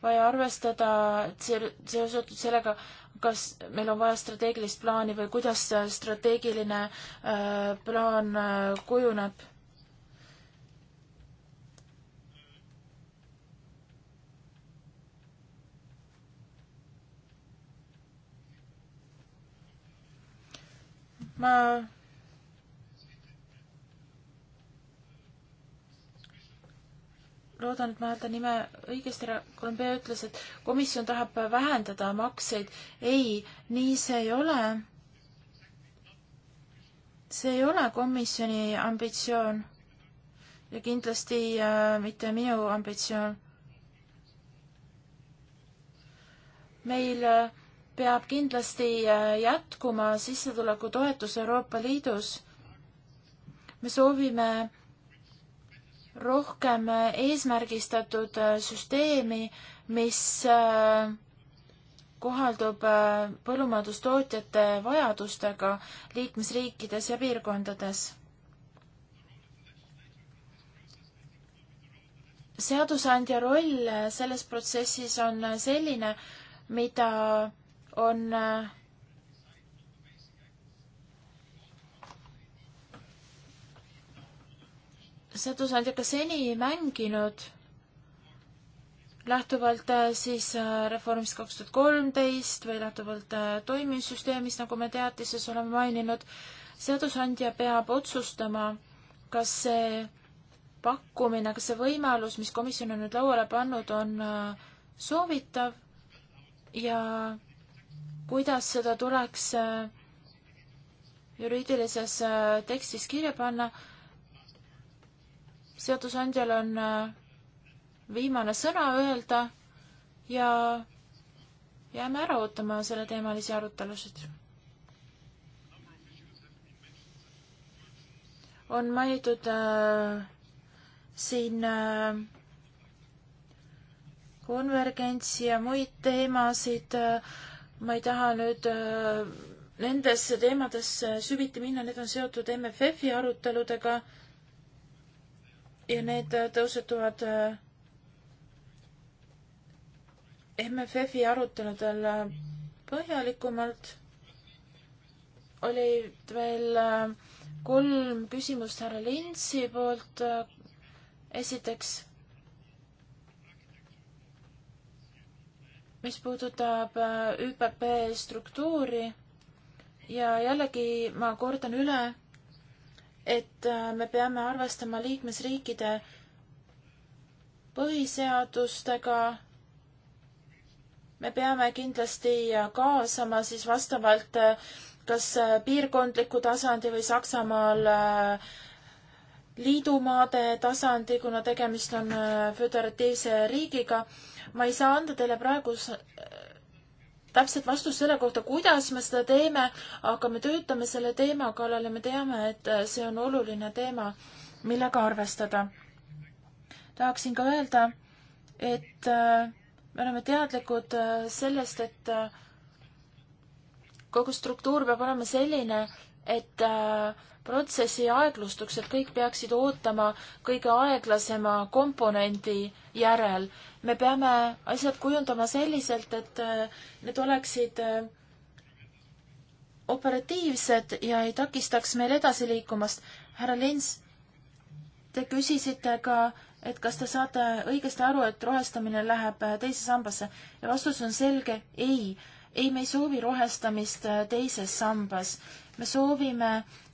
vaja arvestada, et see, see on seotud sellega, kas meil on vaja strateegilist plaani või kuidas see strateegiline äh, plaan äh, kujuneb? ma loodan, et ma hääldan nime õigesti ära, Kolmbee ütles, et komisjon tahab vähendada makseid. ei, nii see ei ole. see ei ole komisjoni ambitsioon ja kindlasti äh, mitte minu ambitsioon. meil äh, peab kindlasti äh, jätkuma sissetulekutoetus Euroopa Liidus. me soovime äh, rohkem eesmärgistatud äh, süsteemi, mis äh, kohaldub äh, põllumajandustootjate vajadustega liikmesriikides ja piirkondades. seadusandja roll selles protsessis on selline, mida on seadusandjaga seni mänginud lähtuvalt äh, siis äh, reformist kaks tuhat kolmteist või lähtuvalt äh, toimimissüsteemist, nagu me teatises oleme maininud, seadusandja peab otsustama, kas see pakkumine, kas see võimalus, mis komisjon on nüüd lauale pannud, on soovitav ja kuidas seda tuleks juriidilises tekstis kirja panna seadusandjal on äh, viimane sõna öelda ja jääme ära ootama selleteemalisi arutelusid. on mainitud äh, siin äh, konvergentsi ja muid teemasid äh,. ma ei taha nüüd äh, nendesse teemadesse süviti minna, need on seotud MFF-i aruteludega äh, ja need äh, tõusetuvad äh, MFF-i aruteludel äh, põhjalikumalt. olid veel kolm küsimust härra Lintsi poolt. esiteks, mis puudutab ÜPP struktuuri ja jällegi ma kordan üle et äh, me peame arvestama liikmesriikide põhiseadustega. me peame kindlasti kaasama siis vastavalt äh, kas äh, piirkondliku tasandi või Saksamaal liidumaade tasandi, kuna tegemist on föderatiivse riigiga. ma ei saa anda teile praegu täpset vastust selle kohta, kuidas me seda teeme, aga me töötame selle teema kallal ja me teame, et äh, see on oluline teema, millega arvestada. tahaksin ka öelda, et äh, me oleme teadlikud äh, sellest, et kogu struktuur peab olema selline, et protsess ei aeglustuks, et kõik peaksid ootama kõige aeglasema komponendi järel me peame asjad kujundama selliselt, et äh, need oleksid äh, operatiivsed ja ei takistaks meil edasi liikumast. härra Lins, te küsisite ka, et kas te saate õigesti aru, et rohestamine läheb äh, teise sambasse ja vastus on selge ei. ei, me ei soovi rohestamist teises sambas me soovime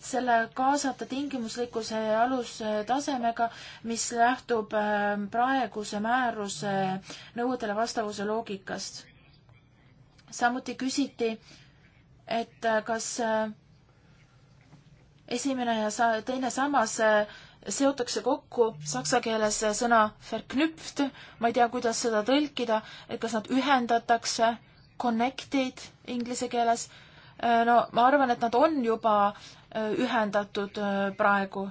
selle kaasata tingimuslikkuse alustasemega, mis lähtub äh, praeguse määruse nõuetele vastavuse loogikast. samuti küsiti, et äh, kas äh, esimene ja sa-, teine sammas seotakse kokku saksa keeles sõna verknüpft, ma ei tea, kuidas seda tõlkida, et kas nad ühendatakse, connected inglise keeles Äh, no ma arvan, et nad on juba äh, ühendatud äh, praegu.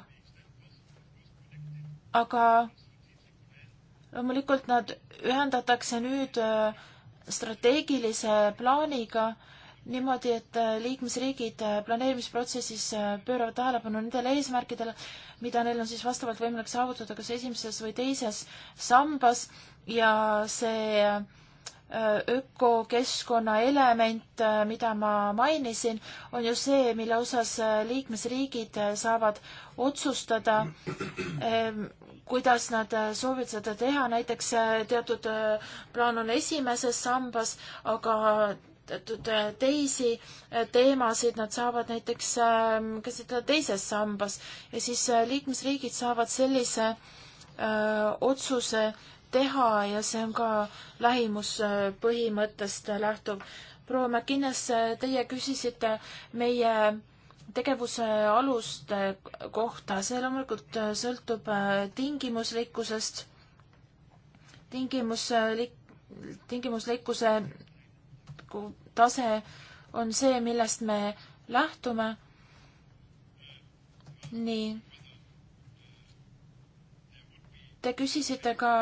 aga loomulikult nad ühendatakse nüüd strateegilise plaaniga niimoodi, et liikmesriigid planeerimisprotsessis pööravad tähelepanu nendele eesmärkidele, mida neil on siis vastavalt võimalik saavutada kas esimeses või teises sambas ja see ökokeskkonna element, äh, mida ma mainisin, on ju see, mille osas äh, liikmesriigid äh, saavad otsustada, ähm, kuidas nad soovivad seda teha, näiteks teatud plaan on esimeses sambas, aga teatud teisi teemasid nad saavad näiteks ähm, käsitleda teises sambas ja siis liikmesriigid saavad sellise öö, otsuse teha ja see on ka lähimuspõhimõttest lähtuv. proua Mäkinnas, teie küsisite meie tegevuse aluste kohta, see loomulikult sõltub äh, tingimuslikkusest, tingimuslik-, äh, tingimuslikkuse tase on see, millest me lähtume. nii. Te küsisite ka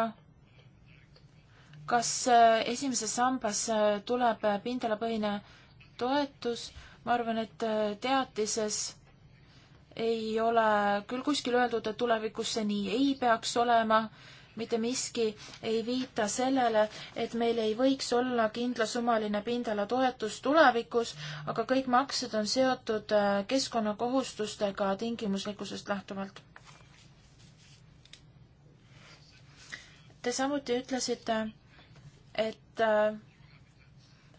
kas äh, esimeses sambas äh, tuleb äh, pindalapõhine toetus, ma arvan, et teatises ei ole küll kuskil öeldud, et tulevikus see nii ei peaks olema, mitte miski ei viita sellele, et meil ei võiks olla kindlasummaline pindalatoetus tulevikus, aga kõik maksed on seotud keskkonnakohustustega tingimuslikkusest lähtuvalt. Te samuti ütlesite, et äh,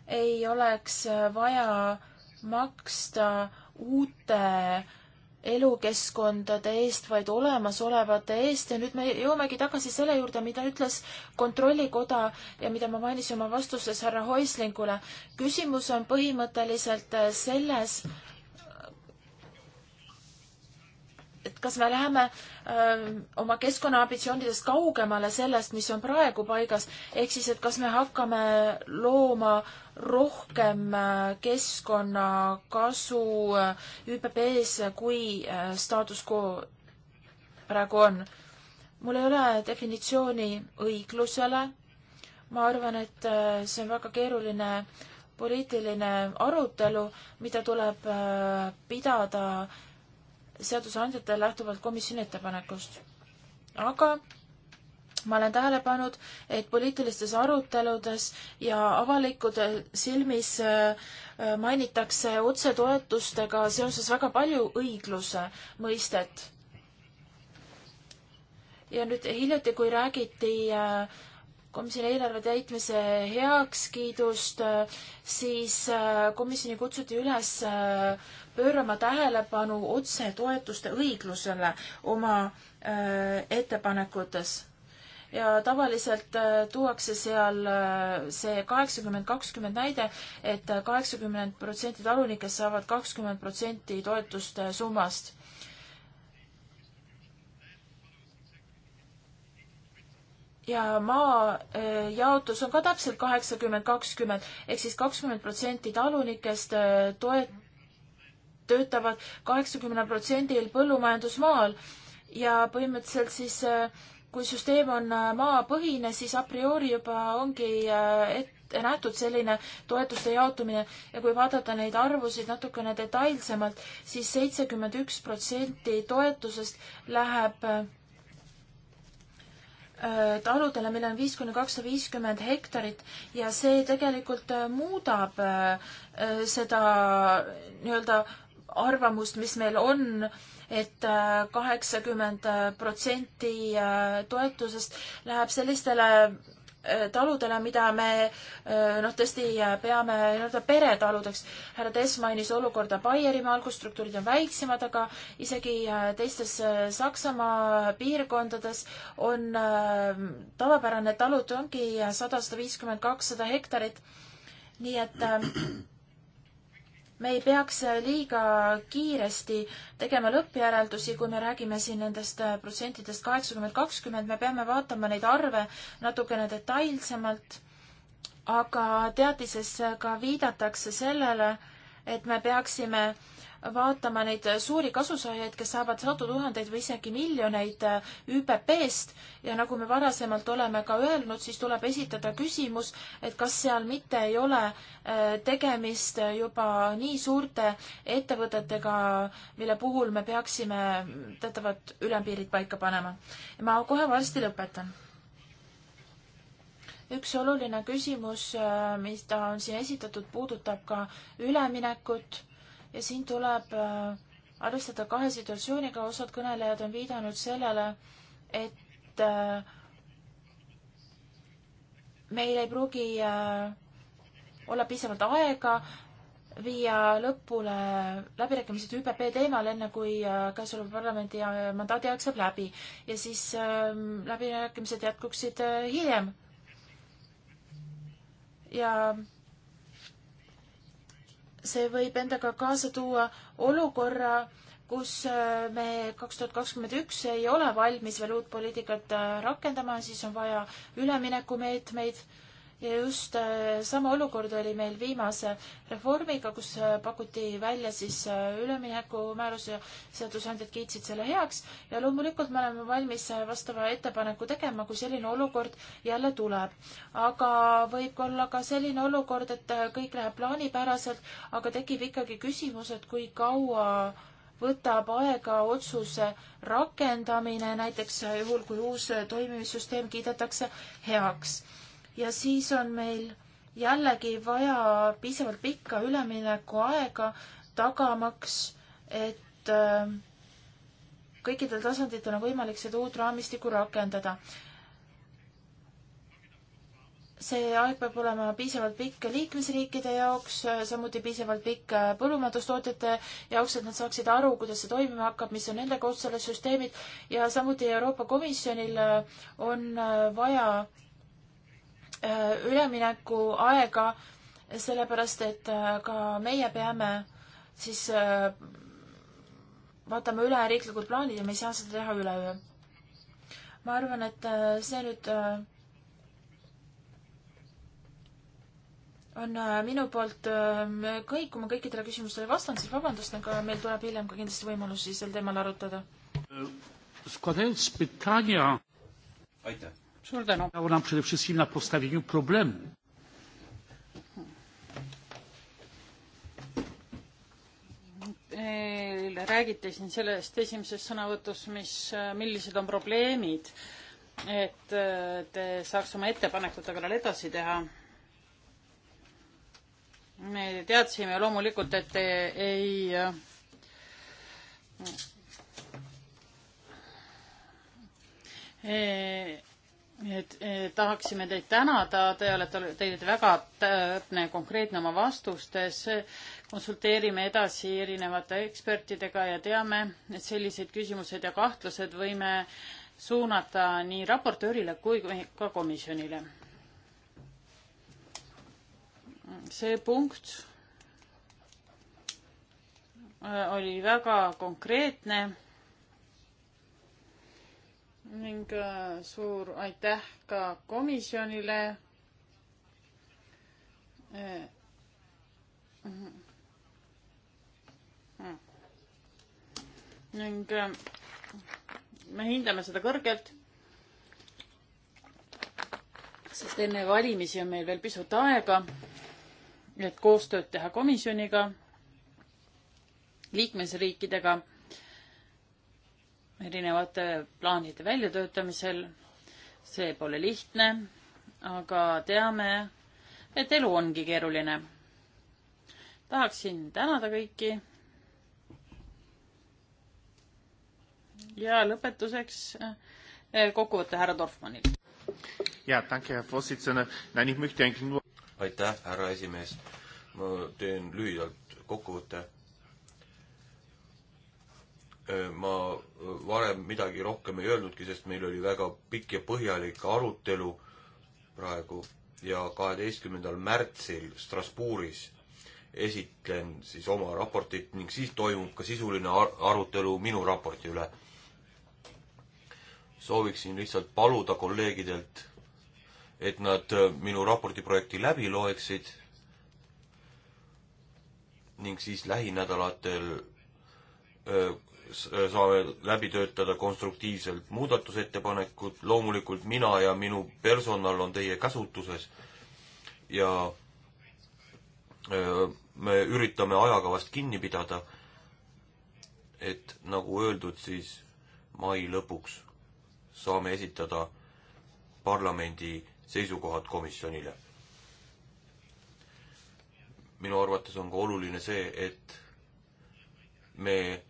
ei oleks äh, vaja maksta uute elukeskkondade eest, vaid olemasolevate eest ja nüüd me jõuamegi tagasi selle juurde, mida ütles Kontrollikoda ja mida ma mainisin oma vastuses härra Hoislingule. küsimus on põhimõtteliselt äh, selles, et kas me läheme öö, ähm, oma keskkonnaambitsioonidest kaugemale sellest, mis on praegu paigas, ehk siis, et kas me hakkame looma rohkem äh, keskkonnakasu äh, ÜPP-s, kui äh, staatus quo praegu on. mul ei ole definitsiooni õiglusele. ma arvan, et see on väga keeruline poliitiline arutelu, mida tuleb pidada seadusandjatel lähtuvalt komisjoni ettepanekust. aga ma olen tähele pannud, et poliitilistes aruteludes ja avalikkude silmis äh, äh, mainitakse otsetoetustega seoses väga palju õigluse mõistet. ja nüüd hiljuti, kui räägiti äh, komisjoni eelarve täitmise heakskiidust, siis komisjoni kutsuti üles pöörama tähelepanu otsetoetuste õiglusele oma äh, ettepanekutes. ja tavaliselt äh, tuuakse seal äh, see kaheksakümmend, kakskümmend näide et, et kaheksakümmend protsenti talunikest saavad kakskümmend protsenti toetuste summast ja maa jaotus on ka täpselt kaheksakümmend, kakskümmend ehk siis kakskümmend protsenti talunikest toet-, töötavad kaheksakümnel protsendil põllumajandusmaal ja põhimõtteliselt siis äh, kui süsteem on äh, maapõhine, siis a priori juba ongi äh, ette nähtud selline toetuste jaotumine ja kui vaadata neid arvusid natukene detailsemalt siis, siis seitsekümmend üks protsenti toetusest läheb taludele, millel on viis kuni kakssada viiskümmend hektarit ja see tegelikult muudab seda nii-öelda arvamust, mis meil on et, et äh, kaheksakümmend äh, protsenti äh, toetusest läheb sellistele taludele, mida me noh, tõesti peame nii-öelda peretaludeks. härra Tess mainis olukorda Baierimaal, kus struktuurid on väiksemad, aga isegi teistes Saksamaa piirkondades on tavapärane talud ongi sada, sada viiskümmend, kakssada hektarit. nii et me ei peaks liiga kiiresti tegema lõppjäreldusi, kui me räägime siin nendest äh, protsentidest kaheksakümmend, kakskümmend, me peame vaatama neid arve natukene detailsemalt, aga teadises ka viidatakse sellele, et me peaksime vaatama neid suuri kasusaajaid, kes saavad sadu tuhandeid või isegi miljoneid äh, ÜPP-st ja nagu me varasemalt oleme ka öelnud, siis tuleb esitada küsimus, et kas seal mitte ei ole äh, tegemist juba nii suurte ettevõtetega, mille puhul me peaksime teatavad ülempiirid paika panema. ma kohe varsti lõpetan üks oluline küsimus, äh, mida on siin esitatud, puudutab ka üleminekut ja siin tuleb äh, arvestada kahe situatsiooniga, osad kõnelejad on viidanud sellele, et äh, meil ei pruugi äh, olla piisavalt aega viia lõpule läbirääkimised ÜPP teemal, enne kui käesolev parlamendi mandaadi aeg saab läbi ja siis ähm, läbirääkimised jätkuksid hiljem. ja see võib endaga kaasa tuua olukorra, kus äh, me kaks tuhat kakskümmend üks ei ole valmis veel uut poliitikat äh, rakendama, siis on vaja üleminekumeetmeid ja just äh, sama olukord oli meil viimase reformiga, kus äh, pakuti välja siis äh, üleminekumäärus ja seadusandjad kiitsid selle heaks ja loomulikult me oleme valmis vastava ettepaneku tegema, kui selline olukord jälle tuleb. aga võib olla ka selline olukord, et kõik läheb plaanipäraselt, aga tekib ikkagi küsimus, et kui kaua võtab aega otsuse rakendamine, näiteks juhul, kui uus toimimissüsteem kiidetakse heaks ja siis on meil jällegi vaja piisavalt pikka üleminekuaega, tagamaks, et äh, kõikidel tasanditel on võimalik seda uut raamistikku rakendada. see aeg peab olema piisavalt pikk liikmesriikide jaoks, samuti piisavalt pikk põllumajandustootjate jaoks, et nad saaksid aru, kuidas see toimima hakkab, mis on nende kohustused, süsteemid ja samuti Euroopa Komisjonil on vaja Äh, üleminekuaega, sellepärast et äh, ka meie peame siis äh, vaatame üle riiklikud plaanid ja me ei saa seda teha üleöö. ma arvan, et see nüüd on minu poolt kõik, kui ma kõikidele küsimustele vastan, siis vabandust, aga meil tuleb hiljem ka kindlasti võimalusi sel teemal arutada. aitäh! suur tänu. räägiti siin sellest esimeses sõnavõtus, mis, äh, millised on probleemid, et äh, te saaks oma ettepanekutega veel edasi teha. me teadsime loomulikult, et te ei e, et eh, tahaksime teid tänada, te olete, te olete väga täpne, konkreetne oma vastustes. konsulteerime edasi erinevate ekspertidega ja teame, et sellised küsimused ja kahtlused võime suunata nii raportöörile kui ka komisjonile. see punkt eh, oli väga konkreetne ning äh, suur aitäh ka komisjonile. ning äh, me hindame seda kõrgelt, sest enne valimisi on meil veel pisut aega, et koostööd teha komisjoniga, liikmesriikidega erinevate plaanide väljatöötamisel. see pole lihtne, aga teame, et elu ongi keeruline. tahaksin tänada kõiki. ja lõpetuseks eh, kokkuvõte härra Dorfmannilt. aitäh, härra esimees. ma teen lühidalt kokkuvõtte Äh, ma äh, varem midagi rohkem ei öelnudki, sest meil oli väga pikk ja põhjalik arutelu praegu ja kaheteistkümnendal märtsil Strasbourgis esitlen siis oma raportit ning siis toimub ka sisuline ar arutelu minu raporti üle. sooviksin lihtsalt paluda kolleegidelt, et nad äh, minu raporti projekti läbi loeksid ning siis lähinädalatel saame läbi töötada konstruktiivselt muudatusettepanekud, loomulikult mina ja minu personal on teie käsutuses ja me üritame ajakavast kinni pidada, et nagu öeldud, siis mai lõpuks saame esitada parlamendi seisukohad komisjonile. minu arvates on ka oluline see, et me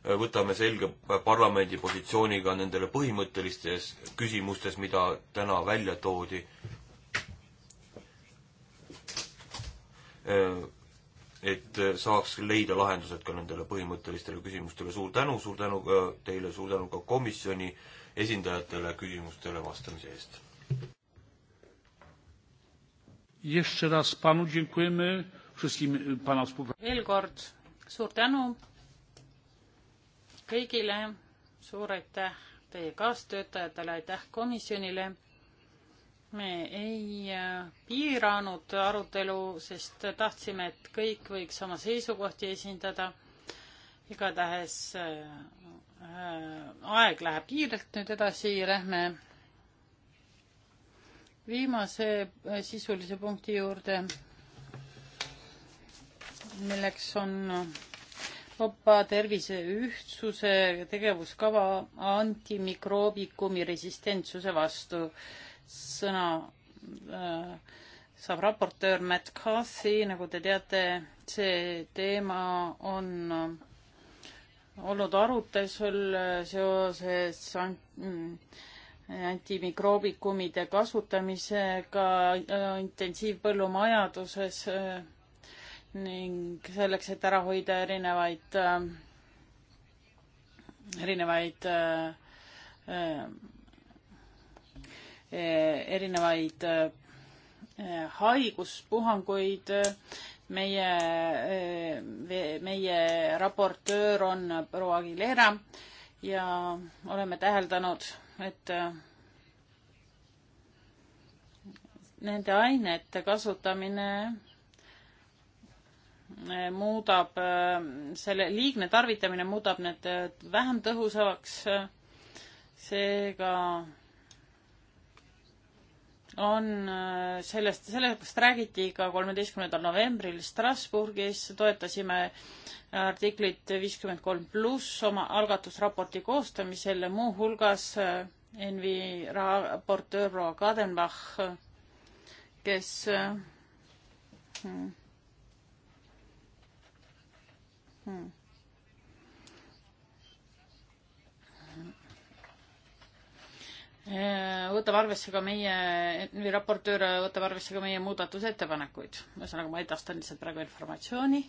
Äh, võtame selge parlamendi positsiooniga nendele põhimõttelistes küsimustes, mida täna välja toodi. Äh, et äh, saaks leida lahendused ka nendele põhimõttelistele küsimustele. suur tänu, suur tänu ka teile, suur tänu ka komisjoni esindajatele küsimustele vastamise eest. veel kord suur tänu kõigile, suur aitäh teie kaastöötajatele, aitäh komisjonile. me ei äh, piiranud arutelu, sest tahtsime, et kõik võiks oma seisukohti esindada. igatahes äh, äh aeg läheb kiirelt nüüd edasi, lähme viimase äh, sisulise punkti juurde, milleks on Euroopa Tervise Ühtsuse tegevuskava antimikroobikumi resistentsuse vastu. sõna äh, saab raportöör Matt Cathy, nagu te teate, see teema on äh, olnud arutelul äh, seoses mm, antimikroobikummide kasutamisega intensiivpõllumajanduses äh, ning selleks, et ära hoida erinevaid, äh, erinevaid, äh, äh, erinevaid haiguspuhanguid. meie, meie raportöör on proua Aguilera ja oleme täheldanud, et nende ainete kasutamine muudab selle liigne tarvitamine muudab need vähem tõhusaks. seega on äh, sellest, sellest räägiti ka kolmeteistkümnendal novembril Strasbourgis, toetasime artiklit viiskümmend kolm pluss oma algatusraporti koostamisel, muuhulgas äh, Envi raportöör proua Kadenbach, kes äh, hmm, hmm.. võtab arvesse ka meie, või raportöör võtab arvesse ka meie muudatusettepanekuid. ühesõnaga, ma edastan lihtsalt praegu informatsiooni.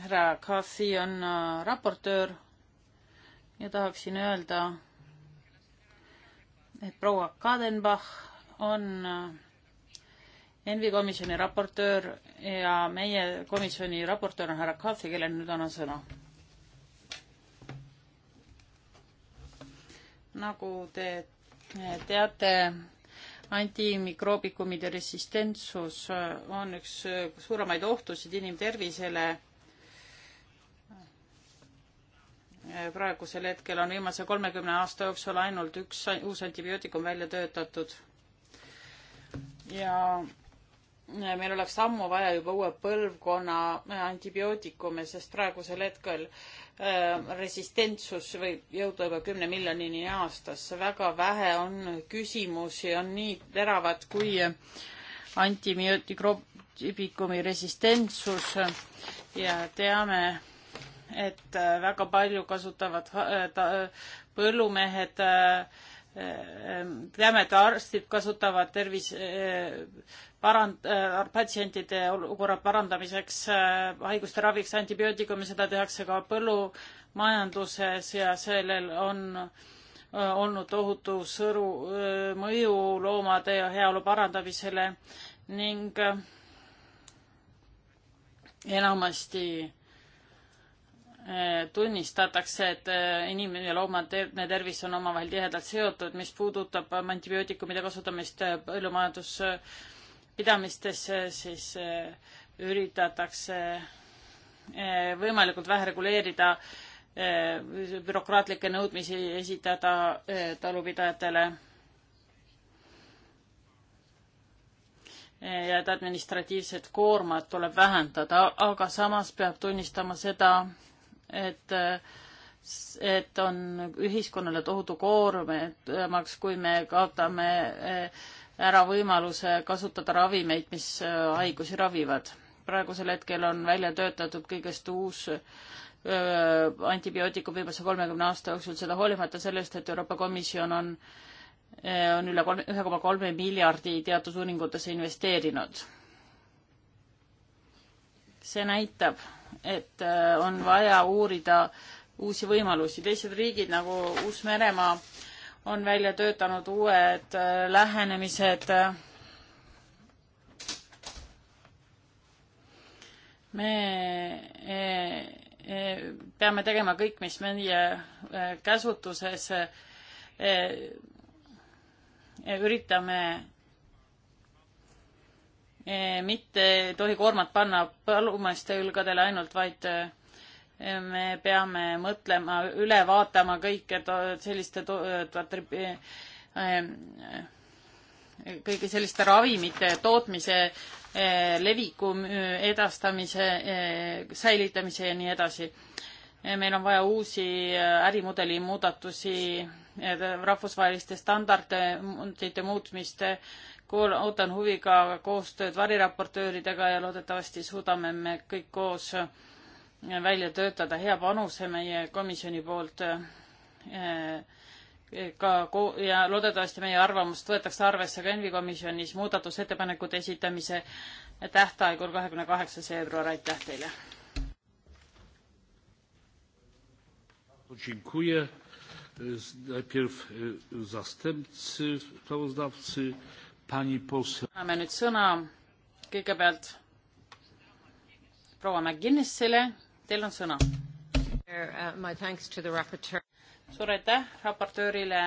härra Kasi on äh, raportöör ja tahaksin öelda, et proua Kadenbach on äh, Envi komisjoni raportöör ja meie komisjoni raportöör on härra Katsi, kellel nüüd annan sõna. nagu te teate, antimikroobikuumide resistentsus on üks suuremaid ohtusid inimtervisele. praegusel hetkel on viimase kolmekümne aasta jooksul ainult üks uus antibiootikum välja töötatud ja meil oleks ammu vaja juba uue põlvkonna äh, antibiootikume, sest praegusel hetkel äh, resistentsus võib jõuda juba kümne miljonini aastas. väga vähe on küsimusi, on nii teravad kui äh, antimikroobikumi resistentsus ja teame, et äh, väga palju kasutavad põllumehed teame, et arstid kasutavad tervise parand- äh,, patsientide olukorra parandamiseks äh,, haiguste raviks antibiootikume, seda tehakse ka põllumajanduses ja sellel on äh, olnud tohutu sõru äh, mõju loomade heaolu parandamisele ning äh, enamasti tunnistatakse, et inimene ja loomade tervis on omavahel tihedalt seotud, mis puudutab antibiootikumide kasutamist põllumajandus- pidamistes eh, siis eh, üritatakse eh, võimalikult vähe reguleerida bürokraatlikke nõudmisi esitada talupidajatele ja et administratiivset koormat tuleb vähendada, aga samas peab tunnistama seda, et, et on ühiskonnale tohutu koormaks, kui me kaotame ära võimaluse kasutada ravimeid, mis äh, haigusi ravivad. praegusel hetkel on välja töötatud kõigest uus äh, antibiootikum viimase kolmekümne aasta jooksul, seda hoolimata sellest, et Euroopa Komisjon on, äh, on üle kolme, ühe koma kolme miljardi teadusuuringutesse investeerinud. see näitab, et on vaja uurida uusi võimalusi, teised riigid nagu Uus-Meremaa on välja töötanud uued äh, lähenemised. me e, e, peame tegema kõik, mis meie e, käsutuses. üritame mitte tohi koormat panna põllumeeste õlgadele ainult, vaid me peame mõtlema, üle vaatama kõike to, selliste to, to, ähm, kõigi selliste ravimite tootmise, äh, leviku edastamise, äh, säilitamise ja nii edasi. Äh, meil on vaja uusi ärimudeli muudatusi, rahvusvaheliste standardite muutmist. ootan huviga koostööd variraportööridega ja loodetavasti suudame me kõik koos välja töötada hea panuse meie komisjoni poolt eh, eh, ka ja loodetavasti meie arvamust võetakse arvesse ka ENVI komisjonis muudatusettepanekute esitamise tähtaeg on kahekümne kaheksas veebruar, aitäh teile. Dziękuję. Najpierw e, zastępcy sprawozdawcy, pani poseł. Anname nüüd sõna kõigepealt proua McGinnisele Teil on sõna. Uh, suur aitäh raportöörile,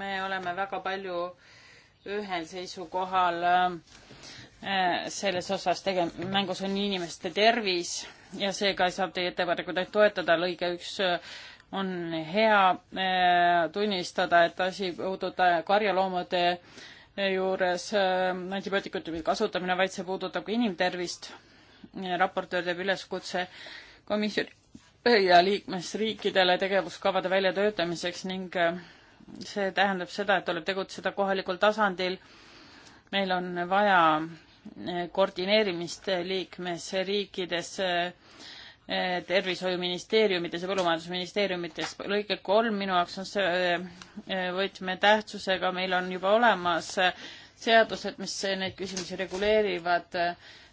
me oleme väga palju ühel seisukohal uh, selles osas tege-, mängus on inimeste tervis ja seega saab teie ettepanekuid ainult toetada, lõige üks uh, on hea tunnistada, et asi puudutab karjaloomade juures antibiootikumide kasutamine, vaid see puudutab ka inimtervist. raportöör teeb üleskutse komisjoni ja liikmesriikidele tegevuskavade väljatöötamiseks ning äh, see tähendab seda, et tuleb tegutseda kohalikul tasandil. meil on vaja äh, koordineerimist liikmesriikides, äh, tervishoiuministeeriumides ja põllumajandusministeeriumites. lõige kolm minu jaoks on see võtmetähtsusega, meil on juba olemas seadused, mis neid küsimusi reguleerivad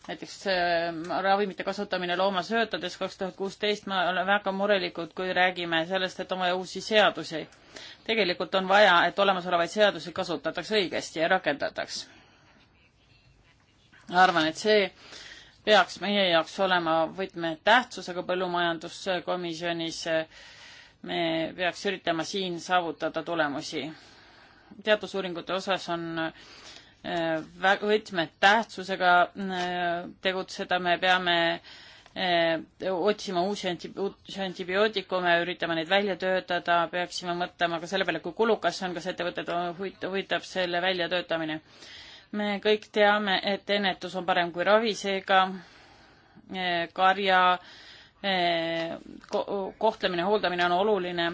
näiteks ehm, ravimite kasutamine loomasöötades kaks tuhat kuusteist, me oleme väga murelikud, kui räägime sellest, et on vaja uusi seadusi. tegelikult on vaja, et olemasolevaid seadusi kasutataks õigesti ja rakendataks. arvan, et see peaks meie jaoks olema võtmetähtsusega põllumajanduskomisjonis. me peaks üritama siin saavutada tulemusi. teadusuuringute osas on Äh, võtmetähtsusega äh, tegutseda, me peame äh, otsima uusi antibiootikume, üritame neid välja töötada, peaksime mõtlema ka selle peale, kui kulukas see on, kas ettevõtted huvitab selle väljatöötamine. me kõik teame, et ennetus on parem kui ravi, seega karja kohtlemine, hooldamine on oluline,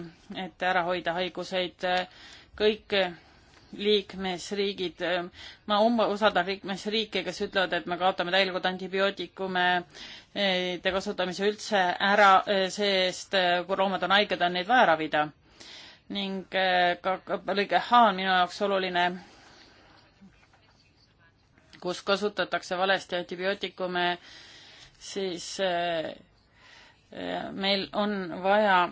et ära hoida haiguseid. kõik liikmesriigid, ma usaldan liikmesriike, kes ütlevad, et me kaotame täielikult antibiootikumide eh, kasutamise üldse ära, eh, sest eh, kui loomad on haiged, on neid vaja ravida. ning ka lõige H on minu jaoks oluline, kus kasutatakse valesti antibiootikume, siis meil on vaja,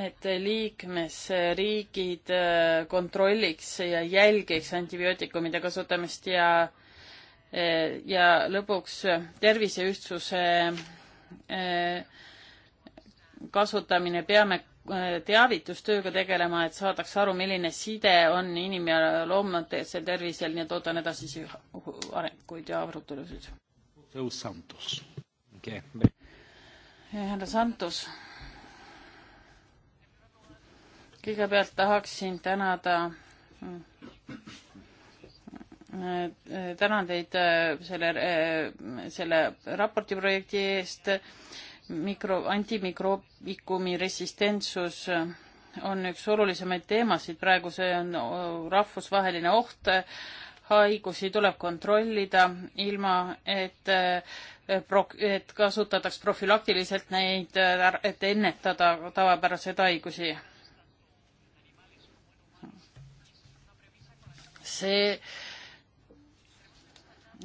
et liikmesriigid äh, kontrolliks ja jälgiks antibiootikumide kasutamist ja, äh, ja lõpuks terviseühtsuse äh, kasutamine, peame teavitustööga tegelema, et saadaks aru, milline side on inim- ja loomadel tervisel, nii et ootan edasisi arenguid ja arutelusid. Santos okay härra Santos. kõigepealt tahaksin tänada, äh, tänan teid äh, selle, äh, selle raporti projekti eest. mikro, antimikroobikumi resistentsus on üks olulisemaid teemasid, praegu see on rahvusvaheline oht haigusi tuleb kontrollida, ilma et Eh, et kasutataks profülaktiliselt neid, et ennetada tavapäraseid haigusi. see,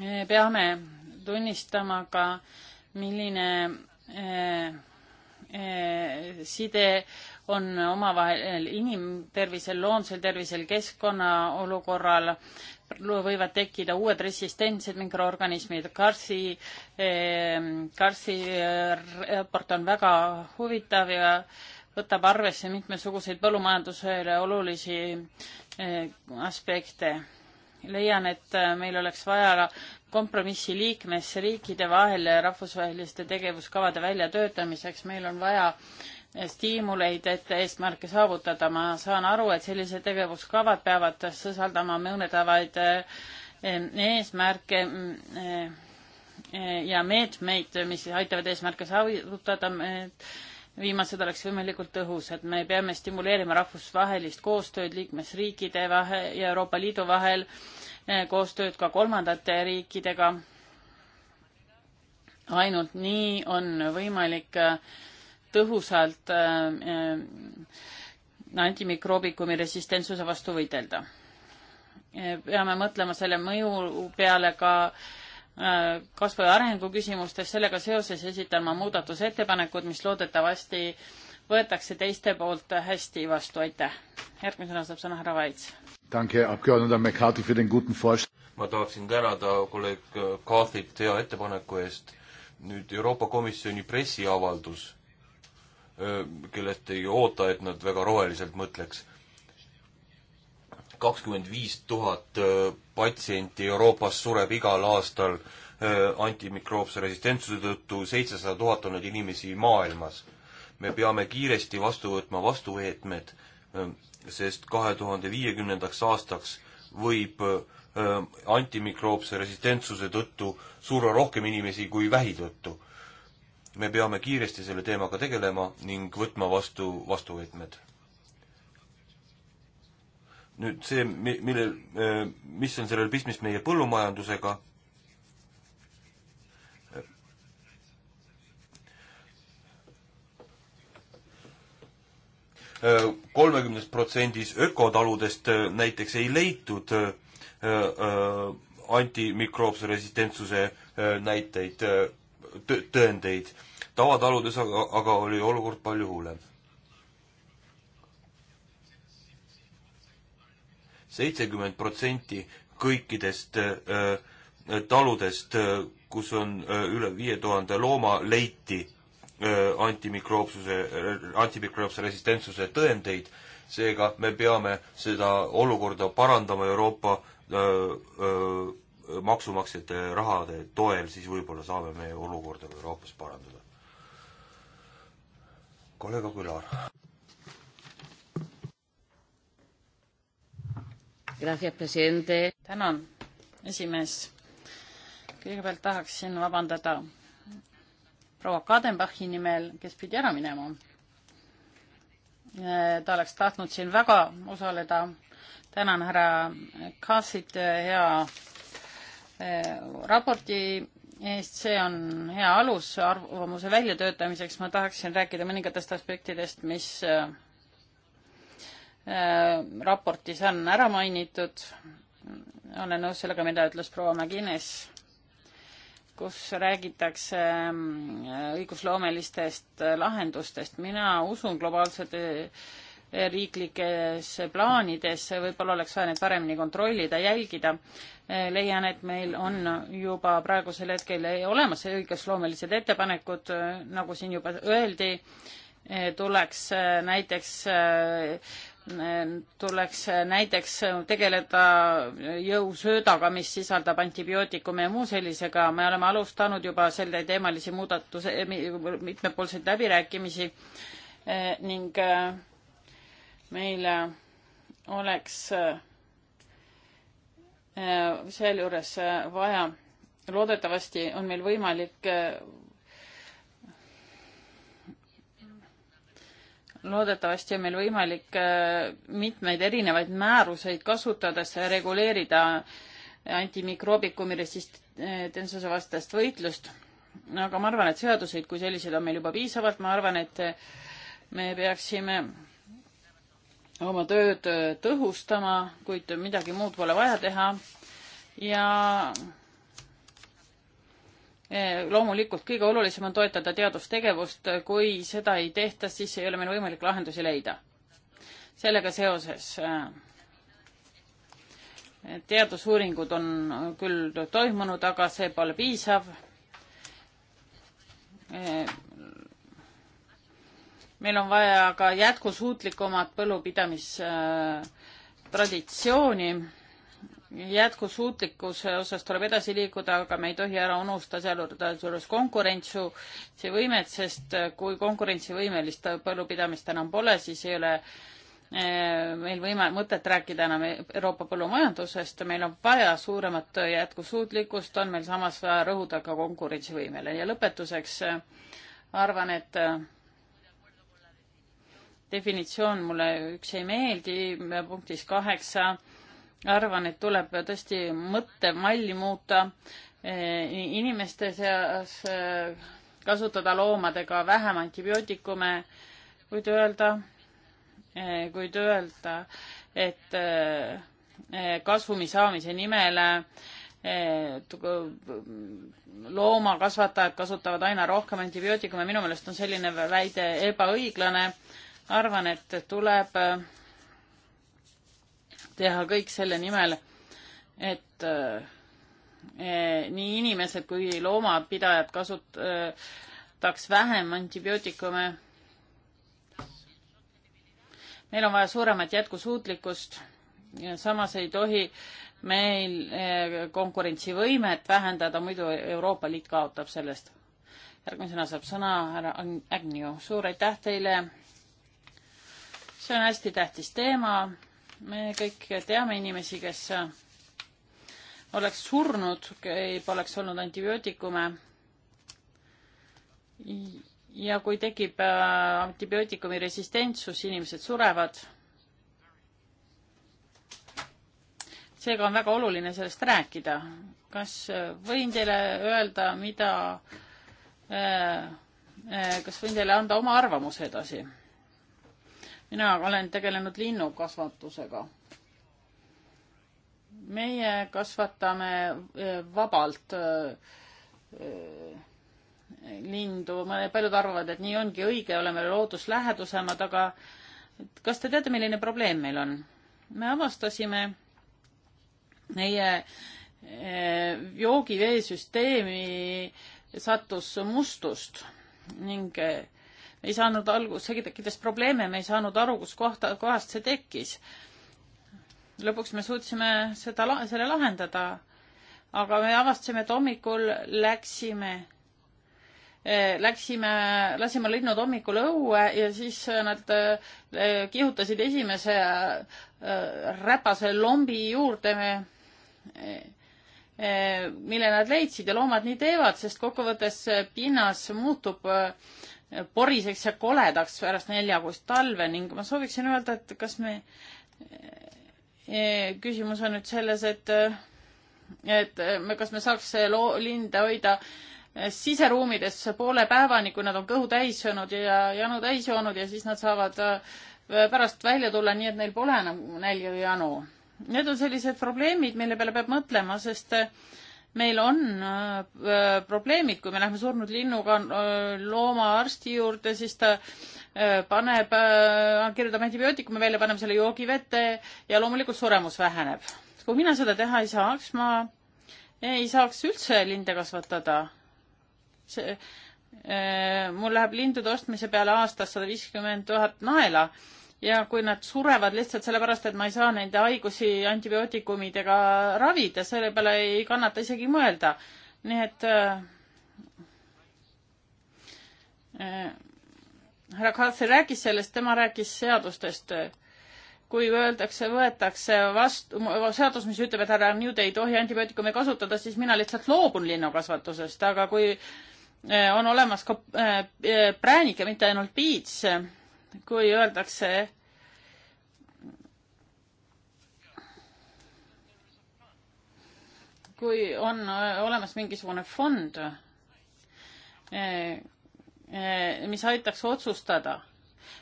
eh, peame tunnistama ka, milline eh, side on omavahel inimtervisel, loomsel tervisel, keskkonna olukorral võivad tekkida uued resistentsed mikroorganismid. Karsi, ehm, Karsi eh, raport on väga huvitav ja võtab arvesse mitmesuguseid põllumajandusele olulisi eh, aspekte. leian, et eh, meil oleks vaja kompromissi liikmesriikide vahel rahvusvaheliste tegevuskavade väljatöötamiseks. meil on vaja stiimuleid, et eesmärke saavutada. ma saan aru, et sellised tegevuskavad peavad sisaldama mõnedavaid eh, eesmärke mm, eh, ja meetmeid, mis aitavad eesmärke saavutada. viimased oleks võimalikult tõhusad. me peame stimuleerima rahvusvahelist koostööd liikmesriikide vahel ja Euroopa Liidu vahel, eh, koostööd ka kolmandate riikidega. ainult nii on võimalik tõhusalt äh, äh, antimikroobikumi resistentsuse vastu võidelda. Äh, peame mõtlema selle mõju peale ka kasvu ja arengu küsimustes, sellega seoses esitan ma muudatusettepanekud, mis loodetavasti võetakse teiste poolt hästi vastu, aitäh. järgmisena saab sõna härra Vaits. ma tahaksin tänada kolleeg Kaatlit hea ettepaneku eest. nüüd Euroopa Komisjoni pressiavaldus kellest ei oota, et nad väga roheliselt mõtleks. kakskümmend viis tuhat patsienti Euroopas sureb igal aastal antimikroopse resistentsuse tõttu, seitsesada tuhat on neid inimesi maailmas. me peame kiiresti vastu võtma vastuveetmed, sest kahe tuhande viiekümnendaks aastaks võib antimikroopse resistentsuse tõttu surra rohkem inimesi kui vähi tõttu me peame kiiresti selle teemaga tegelema ning võtma vastu vastuvõtmed. nüüd see, millel, äh, mis on sellel pistmist meie põllumajandusega, äh, kolmekümnes protsendis ökotaludest äh, näiteks ei leitud antimikroopse resistentsuse näiteid tõendeid. tavataludes aga, aga oli olukord palju hullem. seitsekümmend protsenti kõikidest öö, äh, taludest, äh, kus on öö, äh, üle viie tuhande looma, leiti antimikroopsuse, antimikroopse resistentsuse tõendeid, seega me peame seda olukorda parandama Euroopa öö, öö, maksumaksjate rahade toel, siis võib-olla saame me olukorda Euroopas parandada. kolleeg Aguilar. tänan, esimees. kõigepealt tahaksin vabandada proua Kadenbachi nimel, kes pidi ära minema. Äh, ta oleks tahtnud siin väga osaleda. tänan härra Kaasit, hea Äh, raporti eest, see on hea alus arvamuse väljatöötamiseks, ma tahaksin rääkida mõningatest aspektidest, mis äh, äh, raportis on ära mainitud. olen nõus sellega, mida ütles proua Mägines, kus räägitakse õigusloomelistest lahendustest. mina usun globaalsete riiklikes plaanides, võib-olla oleks vaja neid paremini kontrollida, jälgida. leian, et meil on juba praegusel hetkel olemas õigusloomelised ettepanekud, nagu siin juba öeldi, tuleks näiteks tuleks näiteks tegeleda jõusöödaga, mis sisaldab antibiootikume ja muu sellisega. me oleme alustanud juba selle teemalisi muudatuse, mitmepoolseid läbirääkimisi ning meil äh, oleks äh, sealjuures äh, vaja, loodetavasti on meil võimalik loodetavasti on meil võimalik mitmeid erinevaid määruseid kasutades reguleerida antimikroobikumi resistentsuse vastast võitlust. aga ma arvan, et seaduseid kui selliseid on meil juba piisavalt, ma arvan, et me peaksime oma tööd äh, tõhustama, kuid midagi muud pole vaja teha. ja äh, loomulikult kõige olulisem on toetada teadustegevust, kui seda ei tehta, siis ei ole meil võimalik lahendusi leida. sellega seoses äh, teadusuuringud on küll toimunud, aga see pole piisav meil on vaja ka jätkusuutlikumat põllupidamistraditsiooni. jätkusuutlikkuse osas tuleb edasi liikuda, aga me ei tohi ära unustada sealjuures konkurentsivõimet, sest kui konkurentsivõimelist põllupidamist enam pole, siis ei ole eh, meil võima-, mõtet rääkida enam e-, Euroopa põllumajandusest, meil on vaja suuremat jätkusuutlikkust, on meil samas vaja rõhuda ka konkurentsivõimele ja lõpetuseks eh, arvan, et eh, definitsioon mulle üks ei meeldi, punktis kaheksa arvan, et tuleb tõesti mõttemalli muuta eh, inimeste seas, eh, kasutada loomadega vähem antibiootikume, kuid öelda, eh, kuid öelda, et kasumi saamise nimel loomakasvatajad kasutavad aina rohkem antibiootikume, minu meelest on selline väide ebaõiglane arvan, et tuleb äh, teha kõik selle nimel, et äh, eh, nii inimesed kui loomapidajad kasutaks äh, vähem antibiootikume. meil on vaja suuremat jätkusuutlikkust ja samas ei tohi meil konkurentsivõimet vähendada, muidu Euroopa Liit kaotab sellest. järgmisena saab sõna härra Agnew. suur aitäh teile see on hästi tähtis teema. me kõik teame inimesi, kes oleks surnud, kui poleks olnud antibiootikume. ja kui tekib äh, antibiootikumi resistentsus, inimesed surevad. seega on väga oluline sellest rääkida. kas äh, võin teile öelda, mida, äh, kas võin teile anda oma arvamuse edasi? mina olen tegelenud linnukasvatusega. meie kasvatame e, vabalt e, e, lindu, paljud arvavad, et nii ongi õige, oleme looduslähedasemad, aga kas te teate, milline probleem meil on? me avastasime meie joogiveesüsteemi sattus mustust ning ei saanud algus, see tekitas probleeme, me ei saanud aru, kus kohta, kohast see tekkis. lõpuks me suutsime seda, selle lahendada. aga me avastasime, et hommikul läksime eh, läksime, lasime linnud hommikul õue ja siis nad eh, kihutasid esimese eh, räpase lombi juurde, mille nad leidsid ja loomad nii teevad, sest kokkuvõttes pinnas muutub poriseks ja koledaks pärast neljakuist talve ning ma sooviksin öelda, et kas me, e, küsimus on nüüd selles, et, et me, kas me saaks loo-, linde hoida siseruumides poole päevani, kui nad on kõhu täis söönud ja janu täis joonud ja siis nad saavad e, pärast välja tulla, nii et neil pole enam nälja ja janu. Need on sellised probleemid, mille peale peab mõtlema, sest äh, meil on äh, äh, probleemid, kui me lähme surnud linnuga äh, loomaarsti juurde, siis ta äh, paneb, äh, kirjutab antibiootikume välja, paneb selle joogivette ja loomulikult suremus väheneb. kui mina seda teha ei saaks, ma ei saaks üldse linde kasvatada. see, äh, mul läheb lindude ostmise peale aastas sada viiskümmend tuhat naela ja kui nad surevad lihtsalt sellepärast, et ma ei saa nende haigusi antibiootikumidega ravida, selle peale ei kannata isegi mõelda. nii et äh, äh härra Kalfi rääkis sellest, tema rääkis seadustest. kui öeldakse, võetakse vastu seadus, mis ütleb, et härra nüüd ei tohi antibiootikume kasutada, siis mina lihtsalt loobun linnukasvatusest, aga kui äh, on olemas ka äh, äh präänik ja mitte ainult piits, kui öeldakse, kui on olemas mingisugune fond, eh, eh, mis aitaks otsustada,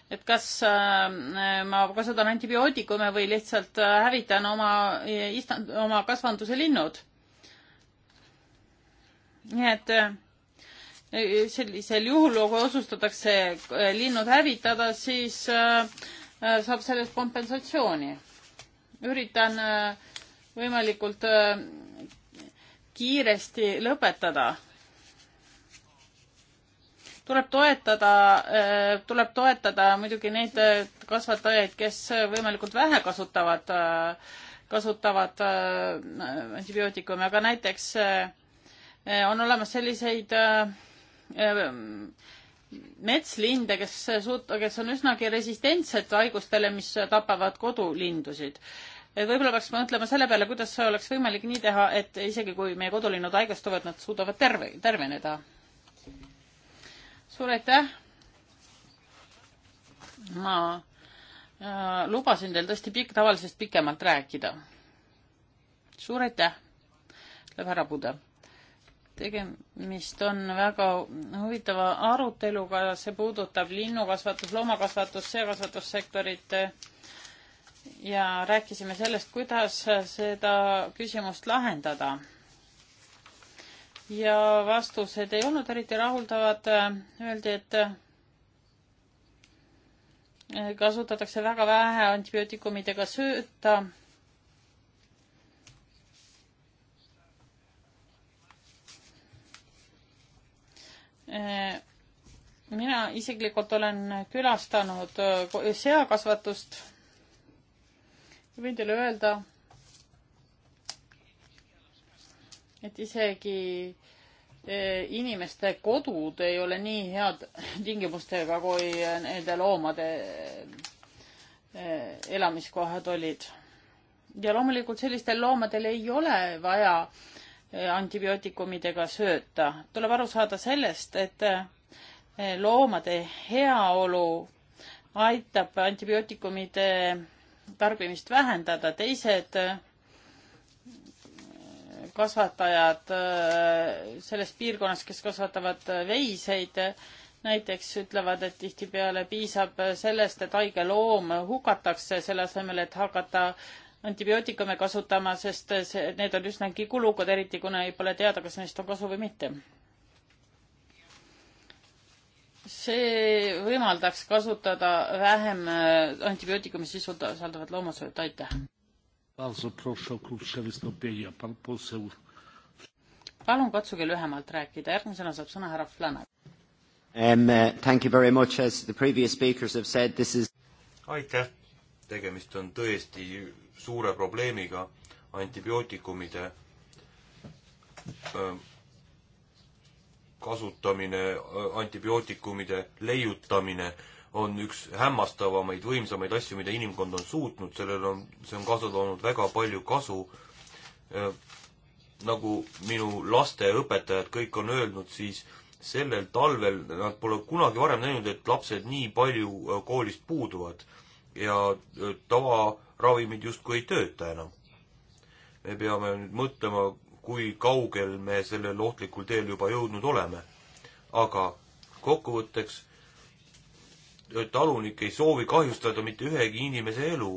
et kas eh, ma kasutan antibiootikume või lihtsalt hävitan oma, oma kasvanduse linnud. nii et sellisel juhul, kui otsustatakse äh, linnud hävitada, siis äh, äh, saab sellest kompensatsiooni. üritan võimalikult kiiresti lõpetada. tuleb toetada, tuleb toetada muidugi neid kasvatajaid, kes võimalikult vähe kasutavad, kasutavad antibiootikume, aga näiteks on olemas selliseid äh, Ehm, metslinde, kes suut-, kes on üsnagi resistentsed haigustele, mis tapavad kodulindusid. võib-olla peaks mõtlema selle peale, kuidas oleks võimalik nii teha, et isegi kui meie kodulinnud haigestuvad, nad suudavad terve, terveneda. suur aitäh. ma äh, lubasin teil tõesti pikk, tavalisest pikemalt rääkida. suur aitäh, ütleb härra Puda tegemist on väga huvitava aruteluga, see puudutab linnukasvatus, loomakasvatus, seakasvatussektorit eh, ja rääkisime sellest, kuidas seda küsimust lahendada. ja vastused ei olnud eriti rahuldavad, öeldi, et eh, kasutatakse väga vähe antibiootikumidega sööta Äh, mina isiklikult olen külastanud äh, seakasvatust. võin teile öelda, et isegi äh, inimeste kodud ei ole nii head tingimustega, kui nende loomade elamiskohad olid. ja loomulikult sellistel loomadel ei ole vaja äh, antibiootikumidega sööta. tuleb aru saada sellest, et eh, loomade heaolu aitab antibiootikumide tarbimist vähendada, teised eh, kasvatajad eh, selles piirkonnas, kes kasvatavad veiseid, näiteks ütlevad, et tihtipeale piisab sellest, et haige loom hukatakse, selle asemel, et hakata antibiootikume kasutama, sest see, need on üsnagi kulukad, eriti kuna ei pole teada, kas neist on kasu või mitte. see võimaldaks kasutada vähem äh, antibiootikume sisaldavat loomasööta, aitäh. palun katsuge lühemalt rääkida, järgmisena saab sõna härra Flanagan. Um, uh, thank you very much, as the previous speakers have said, this is aitäh, tegemist on tõesti suure probleemiga antibiootikumide ähm, kasutamine, äh, antibiootikumide leiutamine on üks hämmastavamaid, võimsamaid asju, mida inimkond on suutnud, sellel on, see on kaasa toonud väga palju kasu. Ähm, nagu minu laste õpetajad kõik on öelnud, siis sellel talvel nad pole kunagi varem näinud, et lapsed nii palju äh, koolist puuduvad ja äh, tava ravimid justkui ei tööta enam. me peame nüüd mõtlema, kui kaugel me sellel ohtlikul teel juba jõudnud oleme. aga kokkuvõtteks, talunik ei soovi kahjustada mitte ühegi inimese elu.